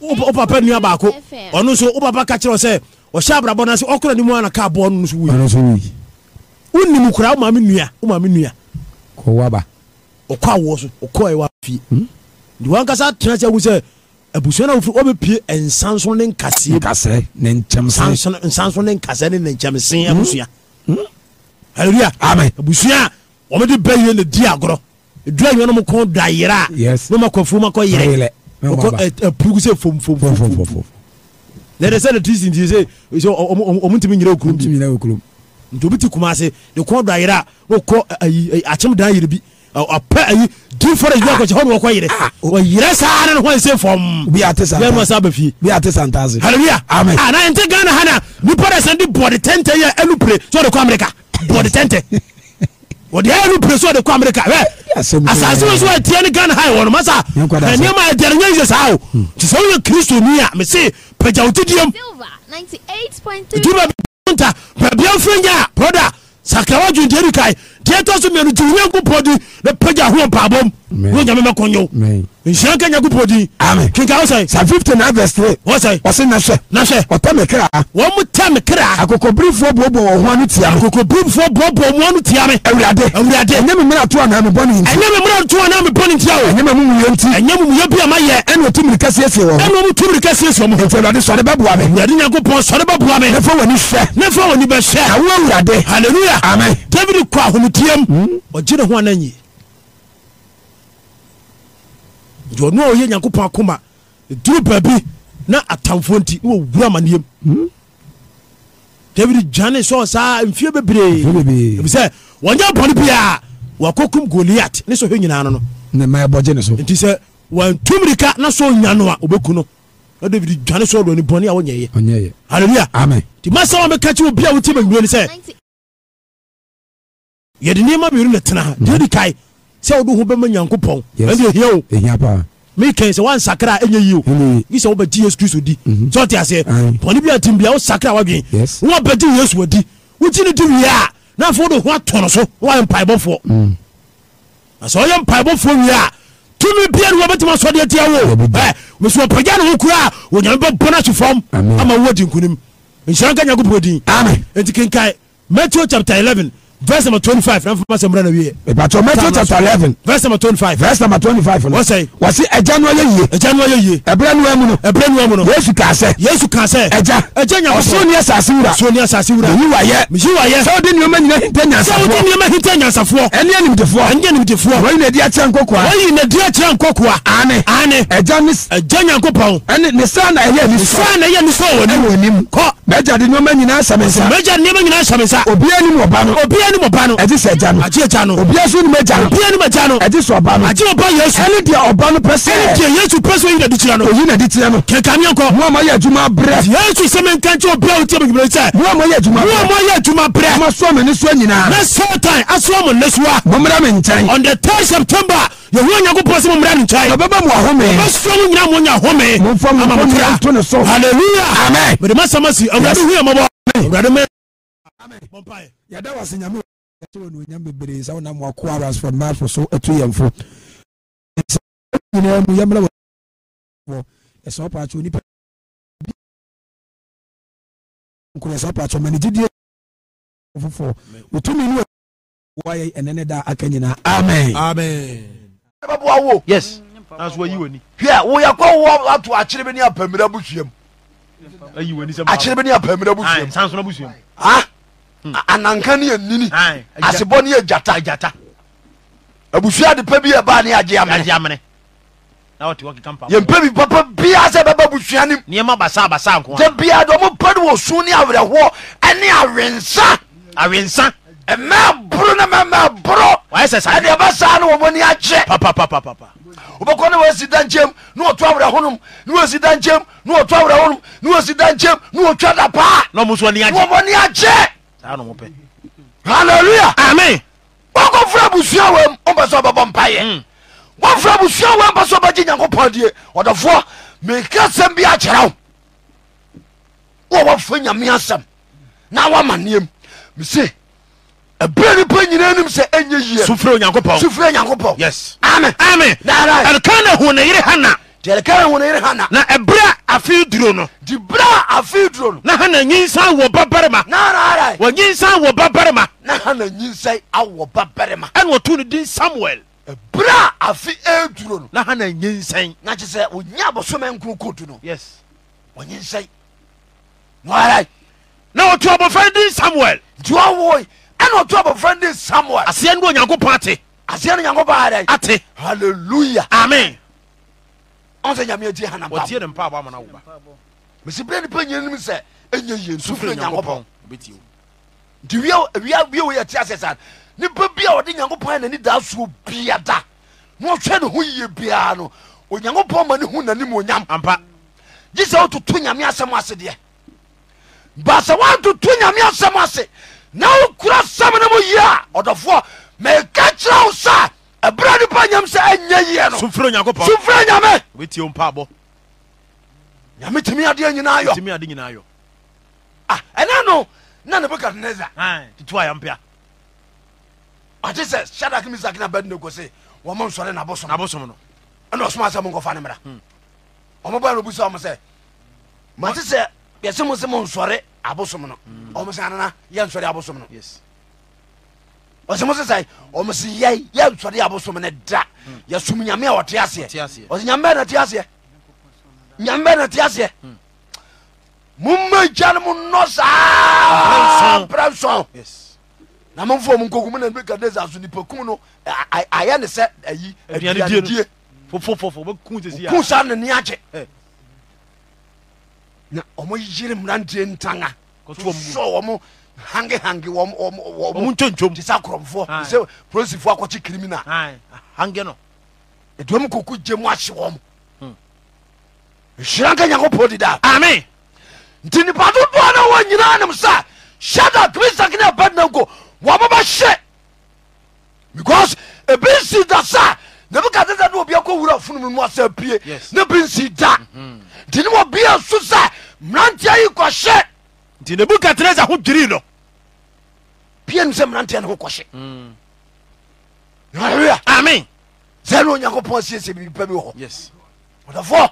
wo papa nua baako ɔno nso wo papa ka kyerɛ sɛ ɔhyɛ abrabɔ no sɛ ɔkora ne mu ana ka no wonim nua ɔkɔ awoɔ so ɔkɔ fie hmm? nti wankasa tena sɛ wu sɛ abusua no wofiri wobɛpie nsan so ne nkaseɛ nsan so ne nkaseɛ ne nenkyɛmsen hmm? abusua hmm? halleluya amen abusua a wɔmde bɛyie ne di agorɔ dua nwa no mu kɔn da yerɛ a ne ma kɔfuo ma kɔ yerɛ ɔkɔ apurugu sɛ fomfom lɛdɛ sɛ ne ti sinti sɛ ɔmo ntumi nyina okurum bi nti obi ti kuma ase kɔn da yerɛ a ne kɔ akyem dan yere bi ɔpɛ ayi dun fɔra yi akɔkyɛ ah, hɔn wɔkɔ ah, ah, yɛrɛ ɔyɛrɛ saa ne ho fɔm bi a tɛ san yɛrɛ sa bi a tɛ san taasi hallelujah amen a na n tɛ gana hana nipa de di bɔdi tɛntɛn yɛ ɛlu pere so de kɔ amerika bɔdi tɛntɛn wɔde ɛlu pere so de kɔ amerika ɛ asase wo so a tiɛ ni gana ha yɛ wɔn masa nneɛma ɛdiɛrɛ nyɛ yɛ saa o hmm. sisan o yɛ kristu ni a mɛ se pɛgyawo ti diɛm duba bi ta baabi afɛn yɛ broda sakawa junjɛri kan deɛ ɛtɔ so mmienu ti onyankopɔn di na pagya ho mpaabɔm ne onyame mɛkɔ nyew nhyira nka nyankopɔn din kenka wo sɛe sa 59 vs 3 wɔ sɛe ɔse na hwɛ na hwɛ ɔtɛ me kra wɔ mo tɛ me kra akokɔbirifoɔ boɔbɔ wɔ ho ano tia me akokɔbirifoɔ boɔbɔ mo ano tia me awurade awurade ɛnyɛ me mmara to anaa mebɔne nti ɛnyɛ me mmara to anaa mebɔne ntia o ɛnyɛ me mumuyɛ nti ɛnyɛ mumuyɛ bi a mayɛ ɛne ɔtu mirika siesie wɔ ɛne ɔmo tu mirika siesie ɔmo nti awurade sɔre bɛboa me awurade nyankopɔn sɔre bɛboa me ne fa w'ani hwɛ ne fa w'ani bɛhwɛ awo awurade halleluya amen david kɔ ahometeɛm hmm? ɔgye ne ho ana nyie nti ɔno a ɔyɛ nyankopɔn akoma ɛduru baabi na atamfoɔ nti ne wɔwura amanneɛm hmm? david dwane sɛ saa mfie bebree sɛ wɔnyɛ bɔne biaa wakɔkum goliat ne sɛ hwɛ nyinaa no no nti sɛ wantum rika na sɛ ɔnya no a ɔbɛku no na david dwane sɛ ɔdɔne bɔne a wɔnyɛyɛ halleluya nti masɛ wa mɛka kye obi a wotie manwuo ne sɛ yɛde nneɛma mmienu na tena ha deɛ di kae sɛ wode ho bɛma nyankopɔn ɛne ɛhia o mekɛn sɛ woansakra a ɛnyɛ yio bi sɛ wobɛgye yesu kristo di mhm. sɛ wote aseɛ bɔne bi atim bia wosakra woadwen woabɛgye yesu adi woti no di wie a na afei wode ho atɔ no so na woayɛ mpaebɔfoɔ mm. na sɛ woyɛ mpaebɔfoɔ wie a tumi bia ne wobɛtumi asɔdeɛ tia wo meso wɔpagya ne ho kura a onyame bɛbɔ no ahye fam ama woadi nkonim nhyira nka nyankopɔn din enti kenkae matthew chapter 11 verse number twenty five n'an fɔ ma se mura na wiye. ìbátan Matthew chapter eleven. verse number twenty five. verse number twenty five. wọ́n sẹ́yìn. wọ́n sẹ́ ẹja ni wọ́n yẹ yie. ẹja ni wọ́n yẹ yie. ẹbẹrẹ ni wọ́n mu no. ẹbẹrẹ ni wọ́n mu no. Yesu k'a sẹ. Yesu k'a sẹ. ẹja. ẹja ɲa kɔsɔ. ọsùn ni ẹsàsì wura. ọsùn ni ẹsàsì wura. misi wa yẹ. misi wa yẹ. sɛw di nìyɛn ɲinɛ hintɛ ɲansafɔ. sɛw di nìyɛn hintɛ ɲansafɔ. ɛni yɛ nimitifuwa. ɛni yɛ nimitifuwa. wọ́n yin ɛdiyɛ tiɲɛ nkokua. wọ́n yin ɛdiyɛ tiɲɛ nkokua. ani. ani. ɛja ni. ɛja ɲa ko pɔn. ɛni na ɛyɛ nisɔn. nisan na ɛyɛ nisɔn wɔ ni. ɛwɔ ni mu. kɔ. mɛja di nìyɛn ɲinɛ sɛmɛnsa. mɛja di nìyɛn ɲinɛ sɛmɛnsa. obiɛ ni mɔba nɔ obiara ni mo ba no ɛti sɛ ɛgya no agye ɛgya no obiara so ni mo ɛgya no obiara ni mo ɛgya no ɛti sɛ ɔba no agye ɔba yesu ɛni deɛ ɔba no pɛ sɛ ɛni deɛ yesu pɛ sɛ oyi na di kyerɛ no oyi na di kyerɛ no kɛkɛ mi nkɔ mo a ma yɛ adwuma brɛ yesu sɛmi nkankyɛn obiara o tiɛ mo nyimire sɛ mo a ma yɛ adwuma brɛ mo a ma yɛ adwuma brɛ mo asɔ mi ni so nyinaa na satan asɔ mo ne soa mo mmerɛ mi nkyɛn on the third september yehowa nyankopɔn sɛ mommra no nkyɛe ɔbɛba mo ahome ɔbɛsrɛ mo nyina monya home amamfra halleluya amen mede masɛm asi awurade hu yɛ mɔbɔ awurade yɛda wase nyame bebree sɛ wonam wako arasfo mafo so atu yɛmfo nyinaa mu yɛmmra ɛsɛ wopaakyɛ onipa nkoro ɛsɛ wopaakyɛ ɔma fofoɔ wotumi no wayɛ ɛnɛ ne da aka nyinaa amen ɛbɛboa wo yes mm, mm, nanso wayi w'ani hwɛ woyɛ wo ato akyere bi ne apamira busuam akyere bi ne apamira busuam sanso ah ananka ni, yɛ nini asebɔ ne yɛ gyata abusua de pɛ bi yɛ baa ne yɛ agyea yɛmpɛ bi papa biaa sɛ bɛba busua nem sɛ biaa de ɔmo pɛ de wɔ su ne awerɛhoɔ ɛne awensa awensa mɛboro na mɛmɛboro ɛde ɛbɛsaa ne wɔmɔni akye wobɛkɔ ne wɔasi da nkyɛm ne wɔto awerɛ honom ne wɔasi da nkyɛm ne wɔto awerɛ honom ne wɔasi da nkyɛm ne wɔtwa da paa ne wɔmɔni akye alel wk fra bosuaw ppaye frb yankupod f mekesem bikera wwafa yamea sem n wamane mese beni p yennm se yeyfyakhyr hana. na ɛberɛ afe duro no na hana nyinsa wɔ babarima wɔnyinsa wɔ babarima ɛne wɔto no din samuel ɛberɛ a afe aduro no na hana nyinsɛn na kyɛ sɛ ɔnya abɔsoma nko kodu no yes ɔnyinsɛn noara na wɔto abɔfra din samuel nti wɔwoe ɛne ɔto abɔfra din samuel aseɛ no wɔ onyankopɔn ate aseɛ no nyankopɔn adɛ ate halleluya amen ɔn sɛ nyame agye hana ba wɔtie ne mpa abɔ amana wo ba mesi berɛ nipa nyɛ nim sɛ ɛnyɛ yie nsufrɛ nyankopɔn nti wia wie wei ɛte asɛ saa nipa bi a ɔde nyankopɔn ɛnani daa soɔ bia da na ɔhwɛ ne ho yie biara no onyankopɔn ma ne hu nanim onyam ampa gye sɛ wototo nyame asɛm ase deɛ ba sɛ woantoto nyame asɛm ase na wokura sɛm no mu yie a ɔdɔfoɔ meka kyerɛ wo sa ɛbra pa nyam sɛ ɛnya yie nosomfrɛ nyame nyame tumi adeɛ nyinaa ɛna ah, no na nebukadnezar ate sɛ shadak misak na abednego se wɔmo nsɔre nabosom no ɛna ɔsoma sɛ monkɔfa hmm. no mmra ɔmobaa no obusa ɔmo sɛ mate sɛ yɛse mo se mo nsɔre abosom no hmm. ɔmo sɛ anana yɛ nsɔre abosom no ɔsɛmo se sɛ ɔmo se yɛ yɛ nsɔre abosom ne da hmm. yɛsom nyame a ɔte aseɛ ɔsɛ nyame bɛɛ na te aseɛ nyame bɛɛ na te aseɛ hmm. momma gya no mo nnɔ saa mprɛ nson na momfo mu nkokum na nebukadnezar so nipa kum no ayɛ ne sɛ ayi aduanedie ku sa ne ne agye na ɔmo yere mmeranteɛ ntanga sɔ wɔ Hange wɔm nkyonkyom te sɛ akorɔmfoɔ sɛ polisifoɔ akɔkye criminal hange no aduam kɔku gye mu ahye wɔm hmm. nhyira nka nyankopɔn dida ame nti nipa dodoɔ no wɔ nyinaa nem sɛ shada kristo kene abadnanko wɔmabɛhye because ebi nsi da mm-hmm. sa nebukadnezar ne obia kɔwura funu no asa pie ne bi nsi da nti ne wɔbia su sɛ mmeranteɛ yi kɔhyɛ nti nebukadnezar ho dwirii no pia nim sɛ mmeranteɛ ne ho kɔhye mm. hallelujah sɛ ne onyankopɔn siesie biribi bi hɔ ɔdɔfoɔ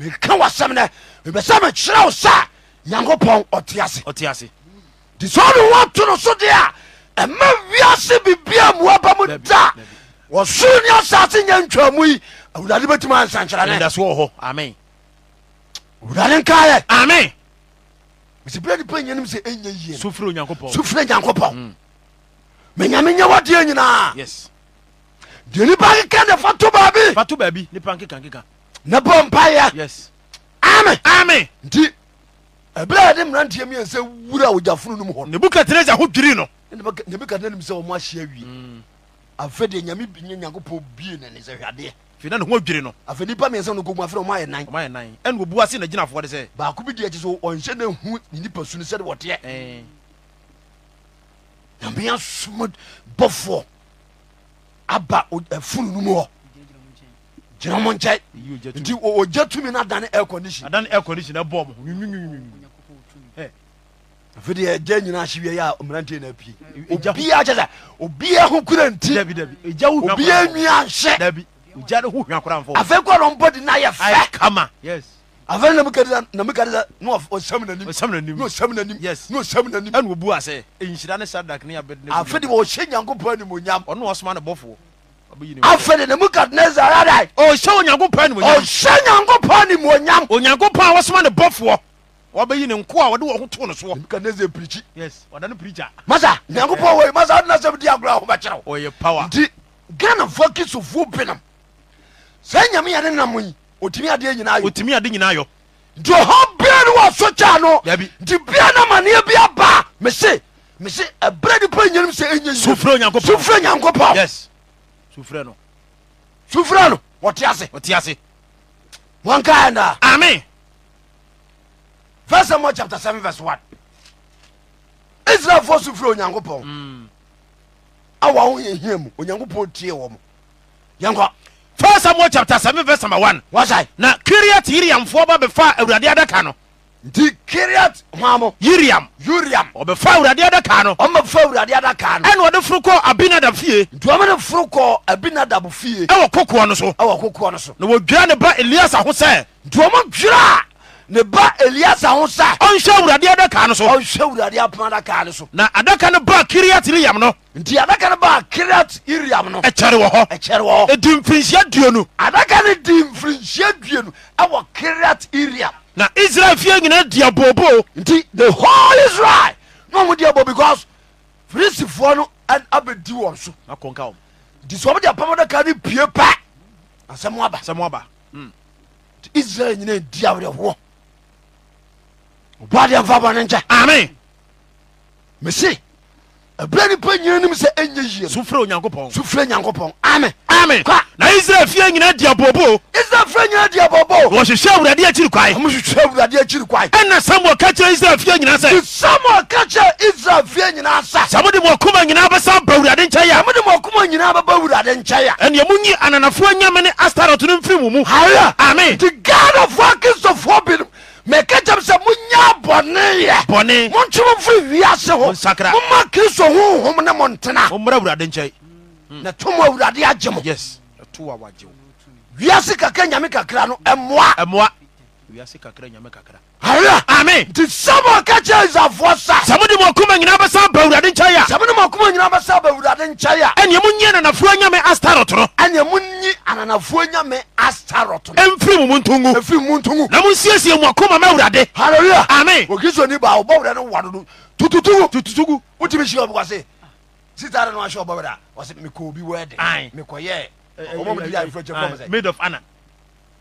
meka wasɛm nɛ mebɛsɛ mekyerɛ wo sa nyankopɔn ɔte ase nti sɛ ɔne woato no so deɛ a ɛma wiase biribia mmoaba mu da wɔsoro ne asase nya ntwamu yi awurade bɛtumi ansankyerɛ ne ɛda nkaɛ amen sibire nipa yɛn nim sɛ ɛnyɛ yie no sufiri onyankopɔn sufiri nyankopɔn menyame mm. nyɛ wadeɛ nyinaa yes deɛ nipa keka de fa to baabi fa to baabi nipa nkeka nkeka na bɔ mpayɛ yes ame ame nti ɛberɛ a yɛde mmeranteɛ miɛnsɛ wura ogyafunu nom hɔ no nebukadnezar ho dwiri no nebukadnezar nim sɛ ɔmo ahyia wie mm. afɛ deɛ nyame nyankopɔn bie nane sɛ hwadeɛ fi na ne ho adwiri no afei nipa miɛnsa no kogu afei ɔmayɛ nan ɔmayɛ nan ɛne obu ase nagyinafoɔ de sɛ baako bi di akyi so ɔnhyɛ na hu ne nipa su no sɛde wɔteɛ nyame asom bɔfoɔ aba afunu no mu hɔ gyina mo nkyɛe nti ɔgya tumi no adane air condition adane air condition ɛbɔ mo afei ɛgya nyina ahye wie yɛ a mmerante no apie obia kyɛ sɛ obia ho kura nti obia nwi anhyɛ ogya ne ho hwa koramfo afei kɔ nɔmpɔ de no ayɛ fɛ kama yes afei namukadesa na ɔsam Ɔsam n'anim. nosam nanim Yes. na ɔsam nanim ɛne wɔbu ase nhyira ne sadak ne abɛdne afei de wɔhyɛ nyankopɔn animonyam ɔno wɔsoma ne bɔfoɔ ɔbɛyi ne afei de namukadnesa rada ɔhyɛ onyankopɔn animonyam ɔhyɛ nyankopɔn animonyam onyankopɔn a wɔsoma ne bɔfoɔ wɔbɛyi ne nko a wɔde wɔ ho too no soɔ namukadnesa pirikyi yes ɔda no preacher masa nyankopɔn wei masa wode nasɛm di agorɔ a wobɛkyerɛw ɔyɛ power nti ghanafoɔ kisofoɔ binom sɛ nyame yɛne nam yi ɔtumi ade nyinayɔ ade nyinaa yɔ nti ɔhɔ bia no wɔ so kya no nti bia na maneɛ bi aba a, mese mese ɛberɛ nipa nyanim sɛ ɛnyɛ sufrɛ onyankopɔn sufrɛ no sufrɛ no wɔte ase ɔte ase wɔnkaɛ ame vs samuel chapter 7 vs 1 israelfoɔ sufrɛ onyankopɔn mm. awa wo yɛhia mu onyankopɔn tie wɔ mo yɛnkɔ first samuel chapter seven verse number one. wasaɛ. na kiriat yiriamfoɔ ba bɛfa awurade adaka no. nti kiriat hwamu. yiriam. yiriam. ɔbɛfa awurade adaka no. ɔn bɛ fa awurade adaka no. ɛna ɔde furu kɔ abinadab fie. ntoma de furu kɔ abinadab fie. ɛwɔ kokoɔ no so. ɛwɔ kokoɔ no so. na wɔdwira ne ba elias ahosɛ. ntoma dwira ne ba eliasa ho sa ɔnhyɛ awurade adaka no so ɔnhyɛ awurade apoma adaka no so na adaka no ba kiriat iriam no nti adaka no baa kiriat iriam no ɛkyɛre wɔ hɔ ɛkyɛre wɔ hɔ ɛdi mfirinhyia duonu adaka no di mfirinhyia duonu ɛwɔ kiriat iriam na israel fie nyinaa di abooboo nti the whole israel No ɔmo di abo because firisifoɔ no abɛdi wɔn so akɔnka wɔn nti sɛ ɔmo de apoma adaka no pie pa asɛm aba asɛm aba hmm. israel nyinaa di awerɛhoɔ ɔboadeɛ mfa bɔne nkyɛ ame mese ɛberɛ nipa nyina nim sɛ ɛnyɛ yie no sofrɛ onyankopɔn sofrɛ nyankopɔn ame ame Kwa. na israel fie nyina di abobo israel fie nyina di abobo wɔhyehyɛ awurade akyiri kwae ɔmohyehyɛ awurade akyiri kwae ɛna samuel ka kyerɛ israel fie nyina sɛ samuel ka israel fie nyina sa sɛ mode mo akoma nyinaa bɛsa ba awurade nkyɛe a mode mo akoma nyinaa bɛba awurade nkyɛe a ɛneɛ monyi ananafoɔ nyame ne astarot no mfiri mo mu haya ame nti ghanafoɔ akristofoɔ binom meka kyɛm sɛ monya bɔneyɛ bɔne montwemo mfiri wiase ho nsakra moma kristo honhom ne mo ntena mmra awurade nkyɛn hmm. na tom awurade agye mo yes ɛto a wagye wo wiase kakra nyame kakra no ɛmmoa ɛmoa wiase kakra nyame kakra halleluya amen nti sɛbɔ ka kyerɛ isafoɔ sa sɛ mode mo akoma nyinaa bɛsa ba awurade nkyɛe a sɛ mode mo akoma nyinaa bɛsa ba awurade nkyɛe a ɛneɛ monyi ananafoɔ nyame astarot no ɛneɛ monyi ananafoɔ nyame astarot no ɛmfiri mu mu ntongu ɛfiri mu ntongu na monsiesie mo akoma ma awurade halleluya amen okristo ba wobɔ wurɛ no wadodo tututugu tututugu wotumi hyia ɔbɛkɔse sitare no ahyɛ ɔbɔ wurɛ a ɔse mekɔɔ bi wɛde mekɔyɛ made of honor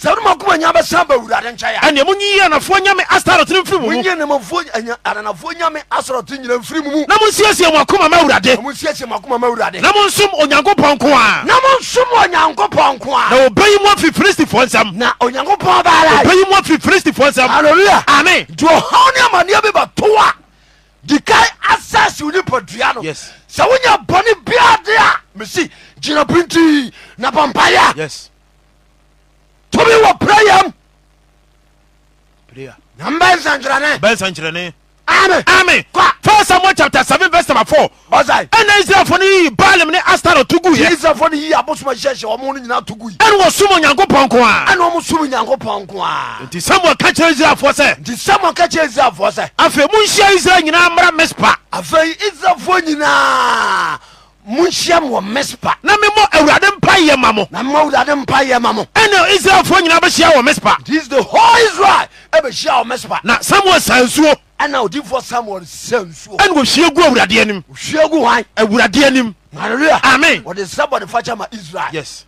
sɛ wone makoma nya bɛsan ba awurade nkyɛe a ɛneɛ monyiyi anafoɔ nyame astarot no mfiri mu mu monyi nemfoɔ ananafoɔ nyame asorɔto nyina mfiri mu mu na monsiesie mo akoma ma awurade monsiesie mo akoma ma awurade na monsom onyankopɔn nko a na monsom onyankopɔn nko a na ɔbɛyi mu afiri filistifoɔ nsɛm na onyankopɔn baala ɔbɛyi mu afiri filistifoɔ nsɛm aleluya amen nti ɔhaw ne amanneɛ bi bɛto a dikae asase wo nipadua no sɛ wonya bɔne biade a mesi gyina pintii na bɔmpayɛ yes tumi wɔ prayam namba nsɛnkyerɛne ame fis samuel chapter 7 vs nb 4 ɔsae ɛna israelfo no yiyi baalem ne astaro to gui israelfo no yiyi abosom ahyehyɛ ɔmo no nyinaa tugu. gui ɛne wɔsom onyankopɔn nko a ɛne ɔmo som onyankopɔn nko a nti samuel ka kyerɛ israelfoɔ sɛ nti samuel ka kyerɛ israelfoɔ sɛ afei monhyia israel nyinaa mmra mespa afei israelfoɔ nyinaa monhyia m wɔ mespa na memmɔ awurade mpayɛ ma mo na mma awurade mpayɛ ma mo ɛna israelfoɔ nyinaa bɛhyia wɔ mispa this the whole israel ɛbɛhyia wɔ mispa na samuel sa nsuo ɛna odiifoɔ samuel sa nsuo ɛna wɔhyia gu awurade anim wɔhyia gu hwan awurade anim hallelujah amen wɔde sɛ bɔde fakyɛ ma israel yes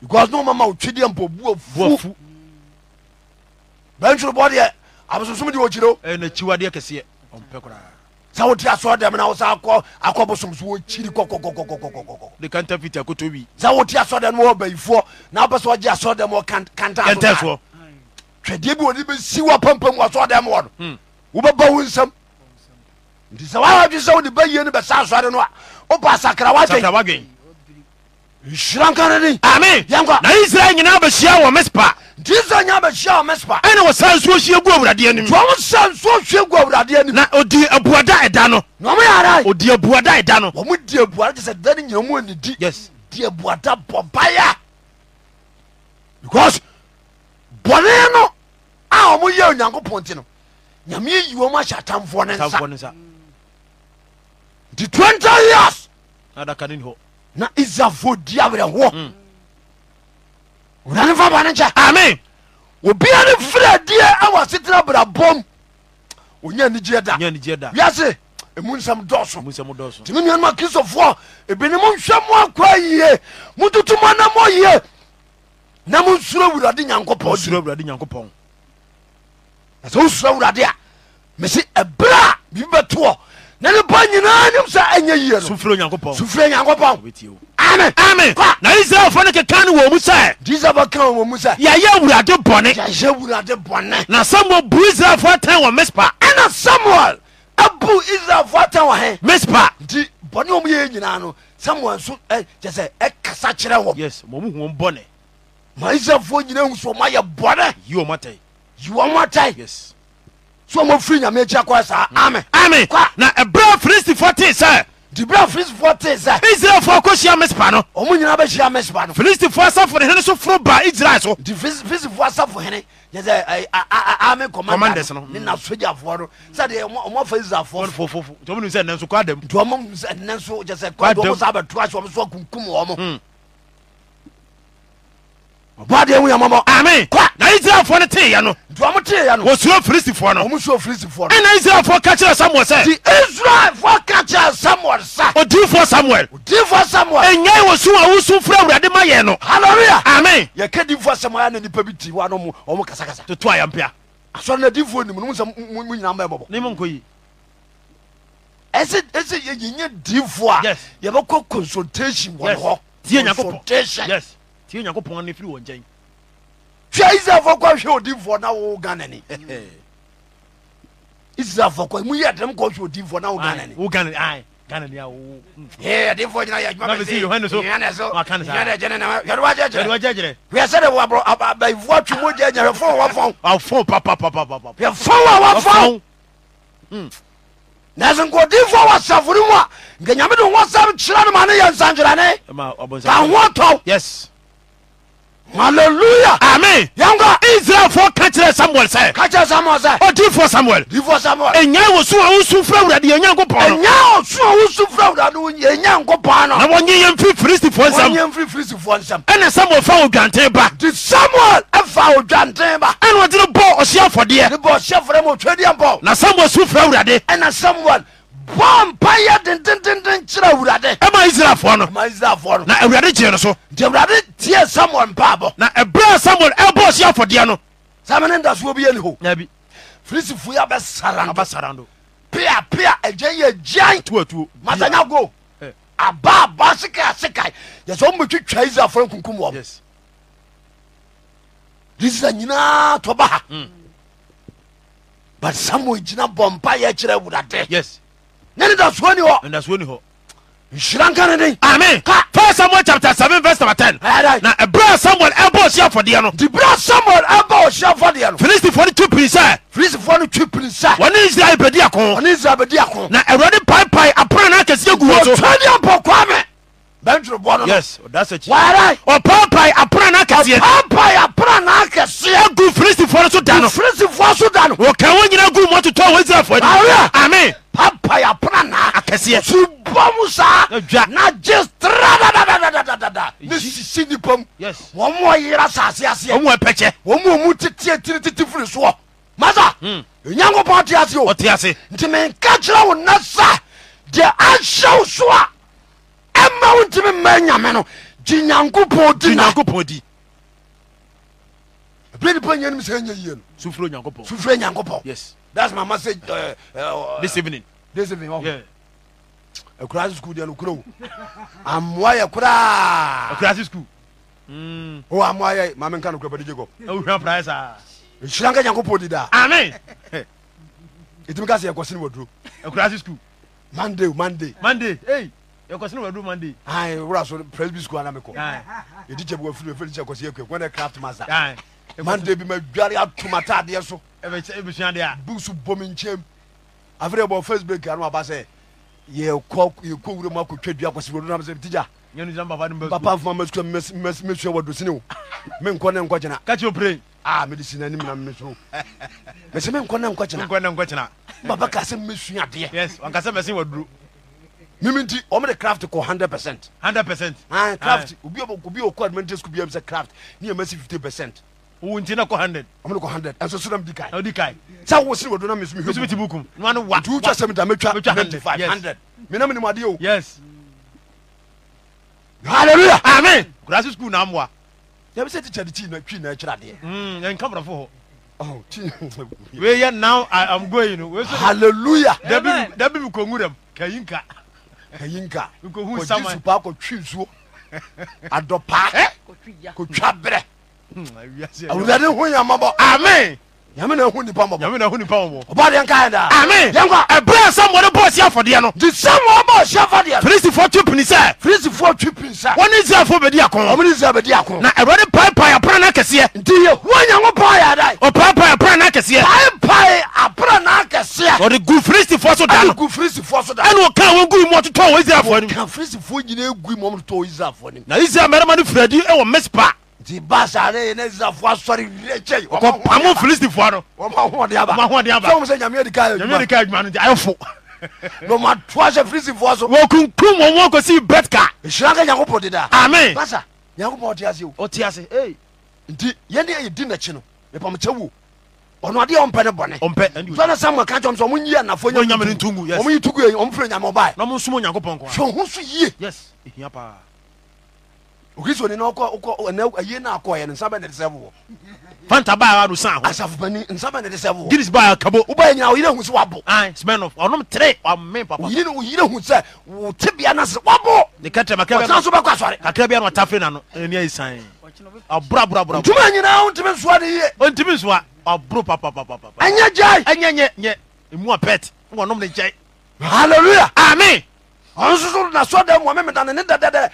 because ne wɔmama wotwedeɛ mpo buafu bɛntworobɔ deɛ abososom de wɔkyirɛ ɛna kyiwadeɛ kɛseɛ ɔmpɛ koraa sa wote asɔre dɛm na wosa akɔ akɔ bosom so wɔkyiri kɔkɔkɔkɔkɔkɔkɔ sa wote asɔre dɛm wɔ bayifoɔ na wopɛ sɛ wɔgye asɔre dɛm wɔ kantasoɔ twɛdeɛ bi wɔde bɛsi wɔ pampam wɔ asɔre dɛm wɔ no hmm. wobɛbɔ wo nsɛm nti sɛ woawadwe sɛ wode bayie no bɛsa asɔre no a wopa asakra woadwen wa. nka no ni ame yɛnkɔ na israel nyinaa bɛhyia wɔ mespa nti sɛ nya bɛhyia mespa ɛna wɔsa nsuo hyia gu awurade anim tuɔmo sɛ nsuo hwie gu awurade anim na ɔdi abuada ɛda no na ɔmo yɛara ɔdi abuada ɛda no ɔmo di abuada kyɛ sɛ da no nyina mu yes di abuada bɔbaya because bɔne no a ɔmo yɛ onyankopɔn nti no nyame yi wɔm ahyɛ atamfoɔ ne nsa nti 20 years na Israelfoɔ di awerɛhoɔ mm wurade fa bɔne nkyɛ ame obia ne firi adiɛ awɔ asetena brabɔm onya anigyeɛ da wiase ɛmu nsɛm dɔso ntimi nuanom akristofoɔ ebini mo nhwɛ mo akora yie mototo mo ana mɔ yie na monsuro awurade nyankopɔn na sɛ wosuro awurade a mese ɛberɛ a biribi bɛtoɔ na nipa nyinaa nim sɛ ɛnyɛ yie nosufrɛ onyankopɔn sufrɛ nyankopɔn amen amen na israelfoɔ no keka no wɔ mu sɛ disaba ka wɔ mu sɛ yɛyɛ awurade bɔne yɛyɛ awurade bɔne na samuel bu israelfoɔ tan wɔ mispa ɛna samuel abu israelfoɔ tan wɔ he mispa nti bɔne ɔm yɛyɛ nyinaa no samuel nso kyɛ sɛ ɛkasa kyerɛ wɔ yes mɔmu hu bɔne ma israelfoɔ nyina hu sɛ ɔmayɛ bɔne yi ɔmatɛ yi ɔmatɛ yes so mofiri nyame akyi akɔ saa mm. amen amen na ɛberɛ filistifoɔ tee sɛ nti berɛ filistifoɔ tee sɛ israelfoɔ si mispa no ɔmo nyinaa bɛhyia mispa no filistifoɔ asafo ne hene so foro ba israel so nti filistifoɔ asafo hene yɛsɛ army commanders no ne na sogyafoɔ no sɛdeɛ ɔmɔfa israelfoɔ nti ɔmo sɛ nanso kɔ adam nti ɔmo nanso kyɛ sɛ kɔ adam ɔmo saa bɛtoa so ɔmo so akunkum wɔ mo hmm ɔbɔade hu yamɔmɔ ami kɔ na israelfoɔ no teeɛ no duamu teeɛ no wɔsuro filistifoɔ no wɔmusuro filistifoɔ no ɛna israelfoɔ ka kyerɛ samuel sɛ ti israelfoɔ ka kyerɛ samuel sa odiifoɔ samuel odiifoɔ samuel ɛnyɛ wɔ sun a wosun fura awurade ma yɛn no hallelujah ami yɛka diifoɔ samuel ayɛ na nipa bi ti wa no mu ɔmo kasakasa toto a yɛmpia asɔre na diifoɔ nim no mu sɛ mu nyinaa mbɛ bɔbɔ ne mu nkɔ yi ɛsɛ ɛsɛ yɛnyɛ diifoɔ a yɛbɛkɔ consultation wɔ hɔ consultation yes tie nyankopɔn no firi wɔ nkyɛn hwɛ israelfoɔ kɔ hwɛ odinfoɔ na wo ganani israelfoɔ kɔ mu yɛ dɛm kɔ hwɛ odinfoɔ na wo ganani wo ganani ganani awo ɛdinfoɔ gyina yɛ adwuma bɛ se yohane so yohane so yohane gyene na yɛrɛ wagyɛ gyerɛ yɛrɛ wagyɛ gyerɛ yɛ sɛ de wɔ aborɔ abayifoɔ atwi mu gyɛ nyɛ yɛfɔn wa fɔn afɔn papapapapa yɛfɔn wa wafɔn hmm. nanso nkodinfoɔ wɔ safori mu a nka nyame de wɔn sam kyerɛ no ma ne yɛ nsankyerɛne ka ho tɔw yes hallelujah amen yanko Israel ka kyerɛ samuel sɛ ka kyerɛ samuel sɛ odiifoɔ samuel diifoɔ samuel ɛnya wɔ so a wosu fra awurade yɛ nyankopɔn no ɛnya wɔ so a wosu fra awurade wo yɛ nyankopɔn no na wɔnye yɛn firi filistifoɔ nsɛm wɔnye firi filistifoɔ nsɛm ɛna samuel fa odwanten ba nti samuel ɛfa odwanten ba ɛna ɔde no bɔ ɔhyeɛ afɔdeɛ ne bɔ ɔhyeɛ afɔdeɛ ma ɔtwa diɛ mbɔ na samuel su fra awurade ɛna samuel bɔ mpa yɛ dendendenden kyerɛ awurade ɛma israelfoɔ no ma israelfoɔ no na awurade gyee no so nti awurade tie samuel mpaabɔ na ɛberɛ a samuel ɛbɔɔ hye afɔdeɛ no sɛme ne ndasoɔ bi yɛ ne ho nabi filisifoɔ yi abɛsara abɛsara no pia pia agyan yɛ gyan tuatuo masanya go aba aba sekae sekae yɛ sɛ wombɛtwitwa israelfoɔ no kunkum wɔ m israel nyinaa tɔba ha mm. but samuel gyina bɔ mpa yɛ kyerɛ awurade yes ne nedasoɔ ni hɔ ɛndasoɔ ni hɔ nhyira nka ne den amen ka first samuel chapter seven verse number ten ɛyɛdɛ na ɛbrɛ a samuel ɛbɔ ɔsi afɔdeɛ no nti berɛ a samuel ɛba ɔhyɛ afɔdeɛ no filistifoɔ no twi piri sɛ filistifoɔ no twi piri sɛ wɔne israel bɛdi ako ɔne israel bɛdi ako na awurade paepae aprana akɛseɛ gu wɔ so ɔtwa ne apɔ kwa me Yes, ɔpapae aprana kɛseɛ gu filistifoɔ no so da nofilistifoɔ so da no wɔka wɔ nyina gu mɔ totɔ wɔ israelfoɔ ni ame papae aprana akɛseɛ subɔ mu saa na gye stradadadadadada ne sisi nipa mu wɔn mu ɔyera saase aseɛ wɔn mu ɛpɛkyɛ wɔn mu ɔmu tete tirititi firi soɔ masa ti hmm. ɔte ase o ɔte ase nti menka kyerɛ wo nasa deɛ ahyɛw so a ɛma wo ntimi mma nyame no gye nyankopɔn di nyankopɔn di ebi nipa nyɛ nim sɛ ɛnyɛ yie no sufuro nyankopɔn sufuro nyankopɔn yes that's my message uh, uh, this evening this evening Yeah. akurase school deɛ no kuro amoa yɛ koraa akurase school mm. o oh, amoa yɛ maame nka no kura bɛde gye kɔ ewura praɛ saa nhyira nka nyankopɔn di daa amen ɛtumi ka sɛ yɛkɔse ne waduro akurase school monday monday monday hey yɛkɔsi ne wadu monday. ayi wura so presby school anam kɔ yedi jɛ bɔ fili fili jɛ kɔsi ekɔ ekɔ ne craft master monday bi ma dwari atuma taadeɛ so. ebe sua de a. buusu bomi nkyɛn afiri bɔ facebook anu aba sɛ yɛ kɔ yɛ kɔ wura mu akɔ twɛ dua kɔsi wura mu sɛ tija. yanni sisan papa ni mbɛ sukuu papa fama mbɛ sukuu mbɛ mbɛ sukuu wɔ dosi ni o mɛ nkɔ ne nkɔ jɛna. kati o pere. aa mɛ de sinna ni mina mɛ sukuu mɛ sɛ mɛ nkɔ ne nkɔ jɛna. nkɔ ne nkɔ jɛna. baba k'a sɛ mɛ sun yɛs wa k'a sɛ mɛ sin mímí nti ɔmo de craft kɔ hundred percent. hundred percent. Ah, craft obi o obi o kɔ adumante school bi ya mi sɛ craft ni yɛ mɛsi fifty percent. owó ntí na kɔ hundred. ɔmo de kɔ hundred ɛnso so na mi di ka ye. ɔdi ka ye. sá wo sini wòdó na mi sumi. mi sumi ti bu kun. nuwani wa. tuwu twa sɛmi da mi twa ninety five hundred. mi na mi ni mu adi ye o. yes. hallelujah. amen. kurasi school na mu wa. yabi sɛ teacher di tii na twi mm, na ɛkyerɛ adeɛ. ɛn kamara fo hɔ. Oh, wei yɛ now i am going. hallelujah. dabi mi kongu dɛm kayi nka kayinka kɔgye supaa kɔtwi nsuo adɔpaa kɔtwa berɛ hmm, awurade ho yamabɔ amen nyame na hu nipa mɔbɔ nyame na hu nipa mɔbɔ ɔba deɛ nka yɛn daa ami yɛn kɔ ɛbrɛ samuel bɔ ɔsi afɔdeɛ no di samuel bɔ ɔsi afɔdeɛ firisifoɔ twi pini sɛ firisifoɔ twi pini sɛ wɔn ni israfoɔ bɛ di akɔn wɔn ni israfoɔ bɛ di akɔn na ɛwɛde paapae apra n'akɛseɛ nti yɛ wɔn nyɛ ŋo paa yɛ ada yi ɔpaapae apra n'akɛseɛ paapae apra n'akɛseɛ ɔde gu firisifoɔ so daa no gu firisifoɔ so daa ɛna ɔka wɔn gu mu ɔtotɔ wɔn israfoɔ anim ka firisifoɔ nyinaa gu mu ɔtotɔ wɔn israfoɔ anim na israel mɛrɛma no firadi ɛwɔ mespa nti basare ne zafoɔ asɔre nkyɛi ɔkɔpamo filistifoɔ noɔmahoɔdeabasɛm sɛ nyame adikaadwuma no nti ayɛfo na ɔmatoa hyɛ filistifoɔ so wɔkunkum wɔn wɔn kɔsi betka nhyira nka nyankopɔn deda amen basa nyankopɔn ɔte ase o ɔte ase nti yɛne yɛdi n'akyi no mepamkyɛ wo ɔno adeɛ ɔmpɛ ne bɔne sɔne samuel ka kyɛm sɛ ɔmo nyi anafoɔ nyamne ntugu ɔmo yi tugu ɔmo firi nyame ɔbaɛ na ɔmo nsom onyankopɔn kɔ hwɛ ho so yie yes ɛhia paa okristo ni naye na akɔyɛ no nsa bɛ ne de sɛ wɔ fanta baa no san ho asafo pani nsa bɛ ne de sɛ wɔ gidis baa kabo wobayɛ nyina woyerɛ hu sɛ wabɔ smɛno ɔnom tere wame papawoyere hu sɛ wo tebea no se wabɔ ne katɛmaksan so bɛkɔ asɔre kakra bia no ɔtafre na no ani ayi san ɔboraboraborantuma nyinaa wontimi nsoa de yie ɔntimi nsoa ɔboro papapapapa ɛnyɛ gyae ɛnyɛ nyɛ nyɛ mu a pɛt wɔnom ne nkyɛe halleluya amen ɔnsoso na sɔ dɛ mmɔme medane ne dɛdɛdɛ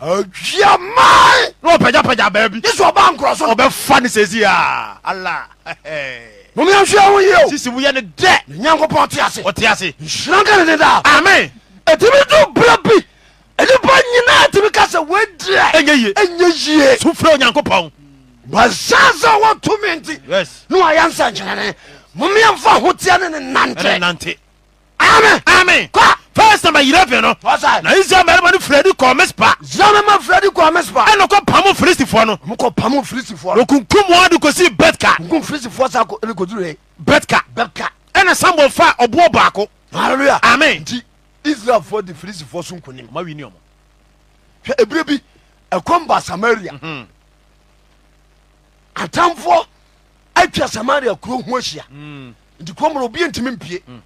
awia mae na ɔpɛgyapɛgya baa bi yesu ɔba nkorɔ so ɔbɛfa ne sɛsi a ala momeahwɛ ho yeo sisi woyɛ ne dɛ nyankopɔn te ase ɔte ase nhyira nka ne ne daa amen ɛtumi do berɛ bi nnipa nyinaa tumi ka sɛ wɔadia ɛnyɛ yie ɛnyɛ yie sofrɛ onyankopɔn basa sɛ wɔtumi nti ne wayɛ nsa nkyerɛne momeɛmfa ho teɛ ne ne nante amen amen kɔ verse number eleven no. wọ́sà. na israel mẹ́rẹ́mà ni fìlẹ́dì kọ́ mẹ́sìpà. israel mẹ́rẹ́mà fìlẹ́dì kọ́ mẹ́sìpà. ẹnna kọ́ pamọ́ filisifoɔ no. mo kọ́ pamọ́ filisifoɔ. okunkun mu wọn de ko si bẹtka. nkun filisifoɔ sa ko ko duro yɛ. bẹtka. bẹtka. ɛnna samuel fa ɔbɔ baako. hallelujah. amen. nti israel fɔ di filisifoɔ sun kun ni mu. ma wi ni ɔmɔ. hwɛ ebire bi ɛkɔm ba samaria. Mhm. atamfoɔ atwa samaria kuro ho ahyia. Mm. nti kɔn mu na obi yɛ ntumi mpie. Mm -hmm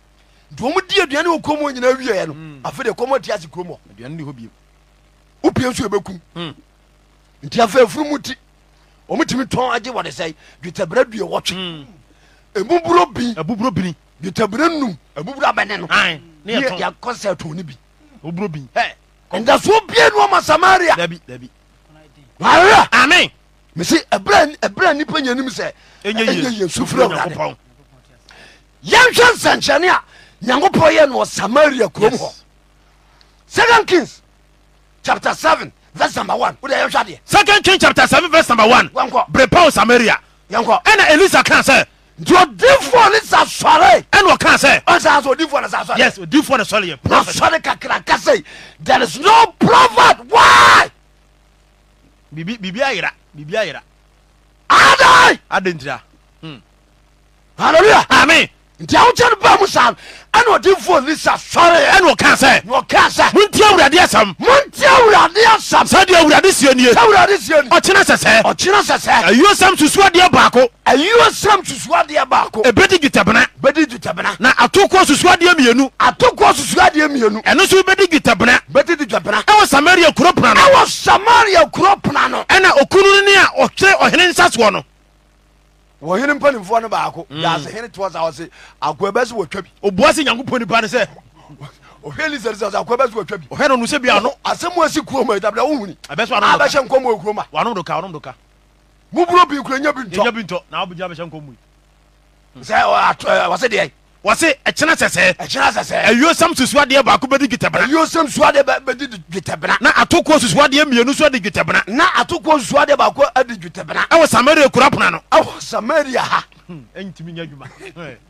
dɔm di aduane wɔ kurom nyinaa wieɛ no hmm. afei de kɔmɔ ti ase kurom hɔ wopie nso yɛbɛkum hmm. nti afei afunumu ti ɔmotumi tɔn agye wɔde sɛ dwetɛberɛ due wɔtwe ɛmuburo hmm. bi abuburo bini dwetɛberɛ num abuburo abɛne no yɛkɔ sɛ tɔn no bi oburo bi ndaso bie no ɔma samaria ara amen mese ɛberɛ nipa nyanim sɛ ɛnyɛ yɛ sufrɛ awurade yɛnhwɛ nsɛnkyɛne a nyankopɔn yɛ no samaria kurom hɔ second kings chapter 7 verse number 1 wode yɛhwɛ deɛ second king chapter 7 verse number 1 berɛ pa wo samaria yɛnkɔ ɛna elisa kaa sɛ nti odifoɔ ne sa sɔre ɛna ɔkaa sɛ ɔsaa sɛ odifoɔ ne sa sɔre yes odifoɔ ne sɔre yɛ there is no prophet why biribi ayera biribi ayera adai adentira hmm. hallelujah amen nti awokyɛ no ba mu saa ɛna ɔde fo lisa sɔre ɛna ɔka sɛ ɔka sɛ montie awurade asɛm montie awurade asɛm sɛdeɛ awurade sie nie sɛ awurade sie nie ɔkyena sɛsɛ ɔkyena sɛsɛ ayuo sam susuadeɛ baako ayuo sam susuadeɛ baako ɛbɛdi dwetɛbena bɛdi dwetɛbena na atokoɔ susuadeɛ mmienu atokoɔ susuadeɛ mmienu ɛno nso bɛdi dwetɛbena bɛdi dwetɛbena ɛwɔ samaria kuro pena no ɛwɔ samaria kuro pena no ɛna okunu ne a ɔhwɛ ɔhene nsa soɔ no wɔhene mpanimfoɔ no baako mm. yɛase hene toɔ sa ɔse akoa bɛ sɛ wɔtwa bi ɔboa sɛ nyankopɔn nipa ne sɛ ɔhwɛ lisɛre sɛ akoa bɛ sɛ wɔtwa bi ɔhwɛ no no sɛ bia no asɛm asi kuo ma dabda wohuni abɛhyɛ nkɔ ma ɔkuro ma wanomdoka wanomdoka muburo bi kuro nya bi ntɔ nya bi ntɔ na wobɛgya bɛhyɛ nkɔ mu sɛ wɔse deɛ wɔse ɛkyena sɛsɛ ɛkyena sɛsɛ ayuosɛm susuadeɛ baako bɛdi dwetɛbena ayuosɛm susuadeɛ bɛdi dwetɛbena na atokoɔ susuadeɛ mmienu so adi dwetɛbena na atokoɔ susuadeɛ baako adi dwetɛbena ɛwɔ samaria kura pona no ɛwɔ samaria ha ɛntumi hmm, nya adwuma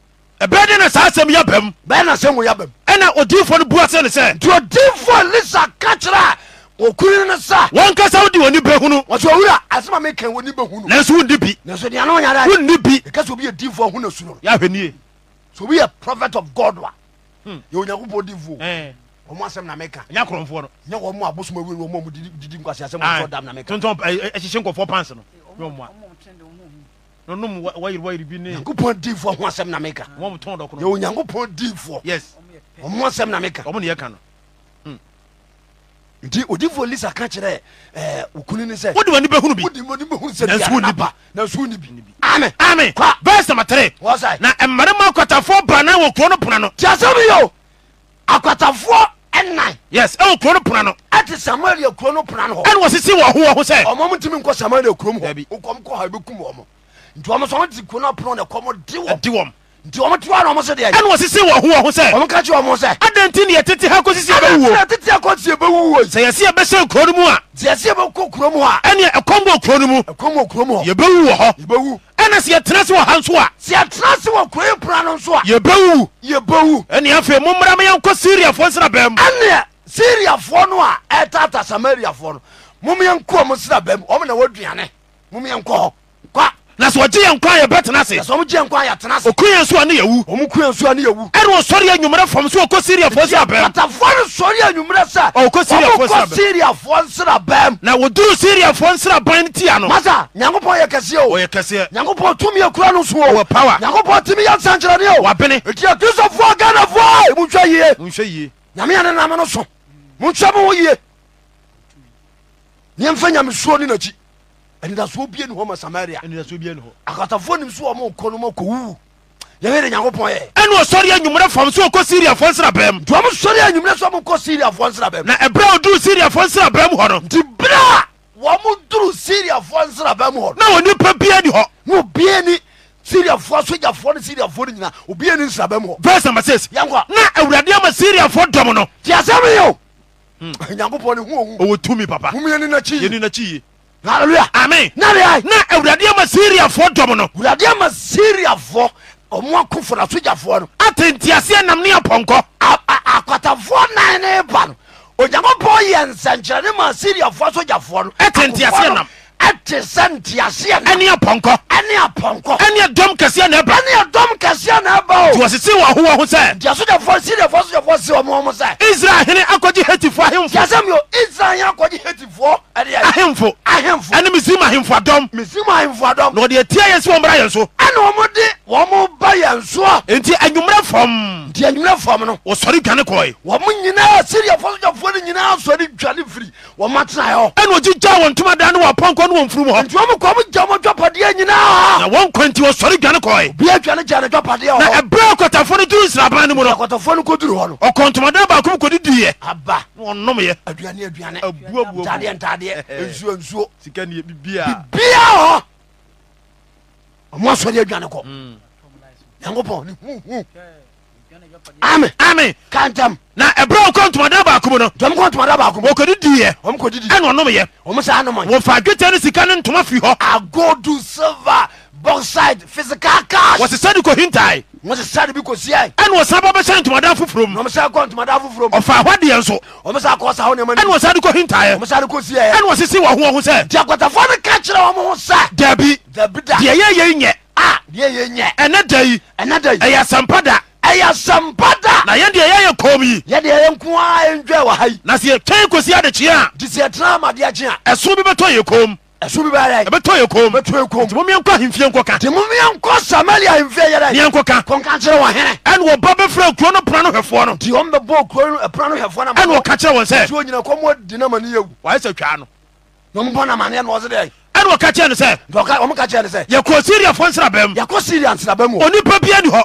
ɛbɛde na saa asɛm yɛ bɛm bɛna sɛ wo yɛbɛm ɛna odiyifoɔ no bua sɛ ne sɛ nti ɔdimfoɔ lisa ka kyerɛ a ɔkuru no sa wɔnkasa wode w'ani bɛhunu wɔsɛ owura asɛm a meka wɔni bɛhunu nanso wonni bi nanso deɛ ne wonyada wonni bi ɛka sɛ obi yɛ dimfoɔ ho na su no yɛahwɛ nie sɛ obi yɛ prophet of god wa hmm. yɛwɔ onyankopɔn dimfoɔ ɔmo asɛm na meka ɛnyɛ korɔmfoɔ no nyɛ wɔ mo abosom awi wɔ mo a mo didi nkwasi asɛm wɔsɔ dam na meka tontɔn ɛhyehyɛ nkɔfoɔ pants no ear marem akwatafu bank pa sm kwaaf nk pa samk psise w nti wɔn nso wɔn di kuro na pono na kɔm di wɔm di wɔm nti wɔn ti wɔn na wɔn so deɛ. ɛna wɔ sisi wɔn ho wɔn ho sɛ. wɔn ka kye wɔn adan ti ni yɛ ha ko sisi yɛ adan ti ni yɛ ha ko sisi yɛ bɛ wu o. sɛ yɛsi yɛ bɛ se kuro mu a. sɛ yɛsi yɛ bɛ ko kuro mu a. ɛni ɛkɔm bɔ kuro mu. ɛkɔm bɔ kuro mu hɔ. yɛ bɛ wu wɔ hɔ. yɛ bɛ wu. ɛna sɛ yɛtena se wɔ ha nso a. sɛ yɛtena se wɔ kuro yi pran no nso a. yɛ bɛ wu. yɛ bɛ wu. ɛni afei mo mmarama yɛn kɔ siriafoɔ nsira bɛn mu. ɛni siriafoɔ no a ɛtaata samariafoɔ no mo yɛn kɔ mo nsira bɛn mu ɔmo na wɔ aduane mo yɛn kɔ hɔ na sɛ ɔgye yɛ nkwa yɛbɛtena se sɛ ɔmogye nkwa yɛtena se ɔku yɛ nso a ne yɛwu ɔmo ku yɛ nso a ne yɛwu ɛne ɔsɔre yɛ anwummerɛ fam so ɔkɔ siriafoɔ sɛ abɛm atafoɔ no sɔre yɛ anwummerɛ sɛ ɔkɔ siriafoɔ siriafoɔ nsera bɛm na wɔduru siriafoɔ nsera ban no tia no masa nyankopɔn yɛ kɛseɛ o ɔyɛ kɛseɛ nyankopɔn tumi yɛ kura no so o wɔ power nyankopɔn tumi yɛ nsankyerɛne o wabene ɛti yɛ kristofoɔ ghanafoɔ ɛmu nhwɛ yie nhwɛ yie nyame yɛ ne nam no so monhwɛ mo ho yie neɛmfa anidasoɔ bie ne hɔ ma samaria akatafoɔ nim so wɔ mo nkɔ no ma kɔwu yɛhwɛde nyankopɔn yɛ ɛne ɔsɔre anwummerɛ fam so ɔkɔ siriafoɔ nsrabɛm nti ɔmo sɔre anwummerɛ so ɔmo kɔ siriafoɔ nsrabɛm na ɛberɛ a ɔduru siriafoɔ nsrabɛm hɔ no nti berɛ a wɔmo duru siriafoɔ nsrabɛm hɔ na onipa bia ni hɔ na obia ni siriafoɔ sogyafoɔ ne siriafoɔ no nyina obia ni nsrabɛm hɔ vers number six yɛnkɔ na awurade ama siriafoɔ dɔm no nti asɛm yɛ o hmm. nyankopɔn ne hu ɔhu ɔwɔ oh, tumi papa humiɛni nakyiyi hallelujah amen na de ayi na awurade ama siriafoɔ dɔm no wurade ama siriafoɔ ɔmo akofo na sogyafoɔ no ate ntiaseɛ nam ne apɔnkɔ akwatafoɔ nan ne ba no onyankopɔn yɛ nsɛnkyerɛne ma siriafoɔ sogyafoɔ no ɛte ntiaseɛ nam ɛte sɛ nteaseɛ no ɛne apɔnkɔ ɛne apɔnkɔ ɛne ɛdɔm kɛseɛ na ɛba ɛne ɛdɔm kɛseɛ na ɛba o nti wɔsese wɔ ahowɔ ho sɛ nti asogyafoɔ siriafoɔ sogyafoɔ se ɔmo ɔmo sɛ israel hene akɔgye hetifoɔ ahemfo tiasɛ mio israel hene akɔgye hetifoɔ ɛdeɛ ahemfo ahemfo ɛne misrim ahemfo adɔm misrim ahemfo adɔm na wɔde atia yɛn sɛ wɔn bra yɛn so ɛne wɔn de wɔn ba yɛn so a nti anwummerɛ fam nti anwummerɛ fam no wɔsɔre dwane kɔe wɔn nyinaa siriafoɔ sogyafoɔ no nyinaa sɔre dwane firi wɔn atenaeɛ hɔ ɛne ɔgyegya wɔn ntomadan ne wɔn apɔnkɔ ne wɔmfurum hɔ nti ɔmo kɔ mo gya mo dwapadeɛ nyinaa na wɔnkɔ nti wɔsɔre dwane kɔe bia dwane gya ne dwapadeɛ na ɛberɛ akɔtafoɔ no duru nsraban no mu no akɔtafoɔ no kɔduru hɔ no ɔkɔ ntomadan baako m kɔdidiiɛ aba na ɔnomyɛ aduane aduane abuabuadadeɛ ntadeɛ nsuo nsuo sika ne bibia bibia hɔ ɔmo asɔre adwane kɔ mm. nyankopɔn ne huhu ami kantam na ɛberɛ a wokɔ ntomadan baako mu no dɔm kɔ ntomada baako mu wɔkɔde diiɛ ɔm kɔdi di ɛna ɔnomyɛ ɔm saa nom wɔfa dwetɛ ne sika ne ntoma firi hɔ agodu silver boxside physical cash wɔsesa de kɔhintae wɔsesa de bi kɔsiae ɛne wɔsan ba bɛhyɛ ntomadan foforɔ mu ɔmsa kɔ ntomadan foforɔ mu ɔfa hɔ deɛ nso ɔmsa kɔ sa hɔ nɛma ɛne wɔsan de kɔhintaeɛ ɔmsa de kɔsiaɛ ɛne wɔsisi wɔ ho ho sɛ deɛ akwatafoɔ no ka kyerɛ wɔn ho sɛ dabi dabi da deɛ yɛyɛ nyɛ a deɛ yɛyɛ nyɛ ɛnɛ da yi ɛnɛ da yi ɛyɛ asɛmpa da ɛyɛ asɛmpa da na yɛdeɛ yɛyɛ kom yi yɛdeɛ yɛ nko a ɛndwa wɔ ha yi na sɛ yɛtwɛn kɔsi adekyee a nti sɛ yɛtena amadeɛ kye a ɛso bi bɛtɔ yɛ kom ɛso bi bɛyɛ ɛbɛtɔ yɛ kom bɛtɔ yɛ kom nti nkɔ ahemfie nkɔ ka nti nkɔ samaria ahemfie yɛdɛ neɛ nkɔ ka kɔnka kyerɛ wɔ hene ɛne wɔba bɛfrɛ kuro no pra no hwɛfoɔ no nti ɔm bɛbɔ kuro no pra no hwɛfoɔ no ɛne wɔka kyerɛ wɔn sɛ nti ɔnyina kɔmmɔ di na ma ne yɛwu wayɛ sɛ twaa no na ɔmbɔ na maneɛ na ɔse dɛ ɛne wɔka kyerɛ no sɛ ɔmo ka kyerɛ no sɛ yɛkɔ siriafoɔ nsrabam yɛkɔ siria nsraba mu onipa bia ni hɔ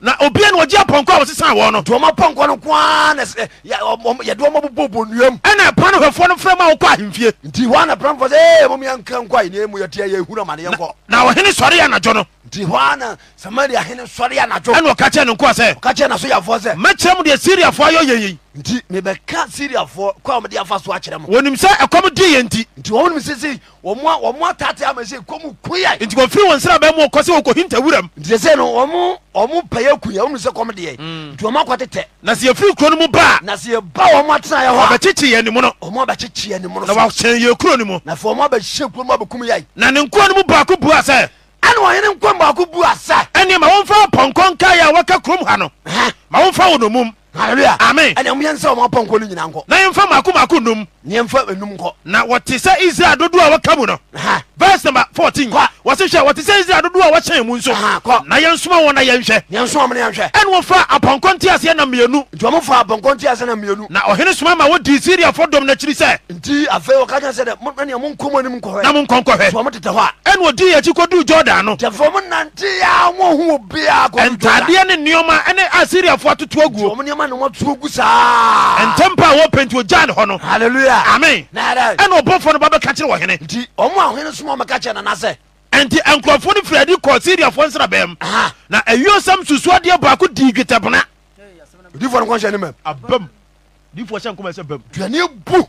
na obia na ɔgye apɔnkɔ a wɔsesan wɔ no deɔma pɔnkɔ no koa eh, yɛde ɔma bobɔ bonuam ɛna ɛpra no hwɛfoɔ no frɛ ma wokɔ ahemfie nti hɔ ana pramfoɔ sɛ mɔmyɛnka nkɔ ayɛnmu yɛtia yɛhunu na ɔhene sɔre yɛ anadwo no nti hɔ ana samaria hene sɔre yɛ anadwo ɛne ɔka kyerɛ no nkoa sɛ mu deɛ siriafoɔ ayɛ yɛyei nti mebɛka syriafoɔ kwa mde afa so akyerɛ mo wɔnim sɛ ɛkɔm di yɛ nti nti wɔnom sesei wɔmo atate ama sɛ kɔm kuyɛ nti wɔfiri wɔ nsra bɛmu ɔkɔ sɛ wɔkɔhinta wuram nti sɛ no ɔmo ɔmo pɛyɛ kuyɛ wɔnom sɛ kɔm deɛ mm. nti ɔmo akɔtetɛ na sɛ yɛfiri kuro no mu baa na sɛ yɛba wɔmo atenaeɛ hɔ ɔbɛkyekye yɛ nimu no ɔmo abɛkyekye yɛ nimu no na wɔhyɛn yɛ kuro no mu na fɛ ɔmo abɛhyɛ kuro mu abɛkum yɛi na ne nkuo no mu baako bua sɛ ɛne ɔhene nkwa baako bua sɛ ɛne ma wɔmfa pɔnkɔ nkaeɛ a wɔka kurom ha no ma wɔmfa wɔ nomum hallelujah amen ɛna mu yɛn nsa wɔn apɔnkɔ no nyinaa nkɔ. na yɛn fa mako mako num. na yɛn fa enum kɔ. na wɔte sɛ israel dodoɔ a wɔka mu no. verse number fourteen. kɔ wɔsi hwɛ wɔte sɛ israel dodoɔ a wɔhyɛn mu nso. kɔ na yɛn soma wɔn na yɛn hwɛ. yɛn soma wɔn na yɛn hwɛ. ɛna wɔfa apɔnkɔ nti aseɛ na mmienu. nti fa apɔnkɔ nti aseɛ na mmienu. na ɔhene soma ma wɔdi syria fɔ dɔm n'akyiri sɛ. nti afei wɔka kyɛn sɛ dɛ mo ni mo nkɔhɛ ma ne wɔtuo gu saa ntɛm pa a wɔpɛ nti ogya ne hɔ no halleluya amen ɛna ɔbɔfoɔ no babɛka kyerɛ wɔhene nti ɔmo a ɔhene soma ɔmɛka kyerɛ nana sɛ ɛnti nkurɔfoɔ no firadi kɔɔ siriafoɔ nsrabɛm na awiosɛm susuadeɛ baako dii dwetɛbena odifoɔ no kɔhyɛ ne mam abam difoɔ hyɛ nkɔmɛ sɛ bam duane bu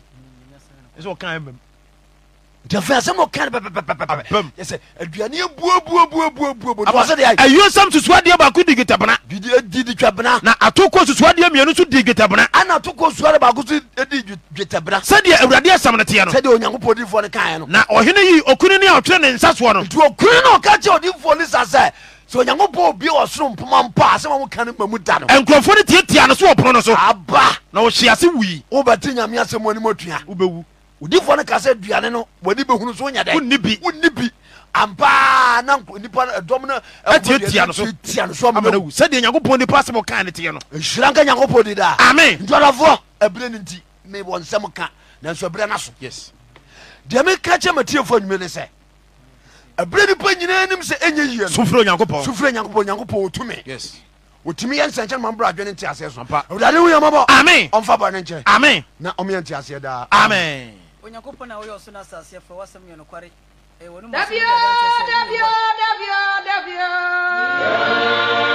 ɛsɛ ɔka mam ɛyɛ sam susuadeɛ baako di gwitabena eh, na atoko susuadeɛ mmienu so di gwitabena eh, sɛdeɛ awurade asɛm no teɛ no na ɔhene yi okunu ne a ɔtwerɛ ne nsa soɔ no onyankopɔn obi ɔsoro mpoma mpa asɛm a woka no ma mu da no nkurɔfoɔ no tiatia no so wɔ pono no so na ɔhye ase wui wobɛte nyame asɛm anim atua wobɛwu odifoɔ no ka sɛ duane no w'ani bɛhunu so wonya dɛn wonni bi wonni bi ampaa na nipa dɔm no atiatia no so no so amana wu sɛdeɛ nyankopɔn nipa asɛm ɔkaa ne teɛ no nhyira nka nyankopɔn di daa amen ntuadafoɔ abirɛ no nti mewɔ nsɛm ka nanso abirɛ no so yes deɛ meka kyɛ matiefoɔ anwuma ne sɛ abirɛ nipa nyinaa nim sɛ ɛnyɛ yie no sofrɛ onyankopɔn sofrɛ onyankopɔn onyankopɔn wɔtumi yes wɔtumi yɛ nsɛnkyɛ no mabrɛ adwene nteaseɛ so awurade woyɛ mɔbɔ amen ɔmfa bɔne nkyɛ amen na ɔmeyɛ nteaseɛ daa amen onyankopɔn a woyɛ ɔso no asase afrɛ yɛ nokware ɛwɔ no mu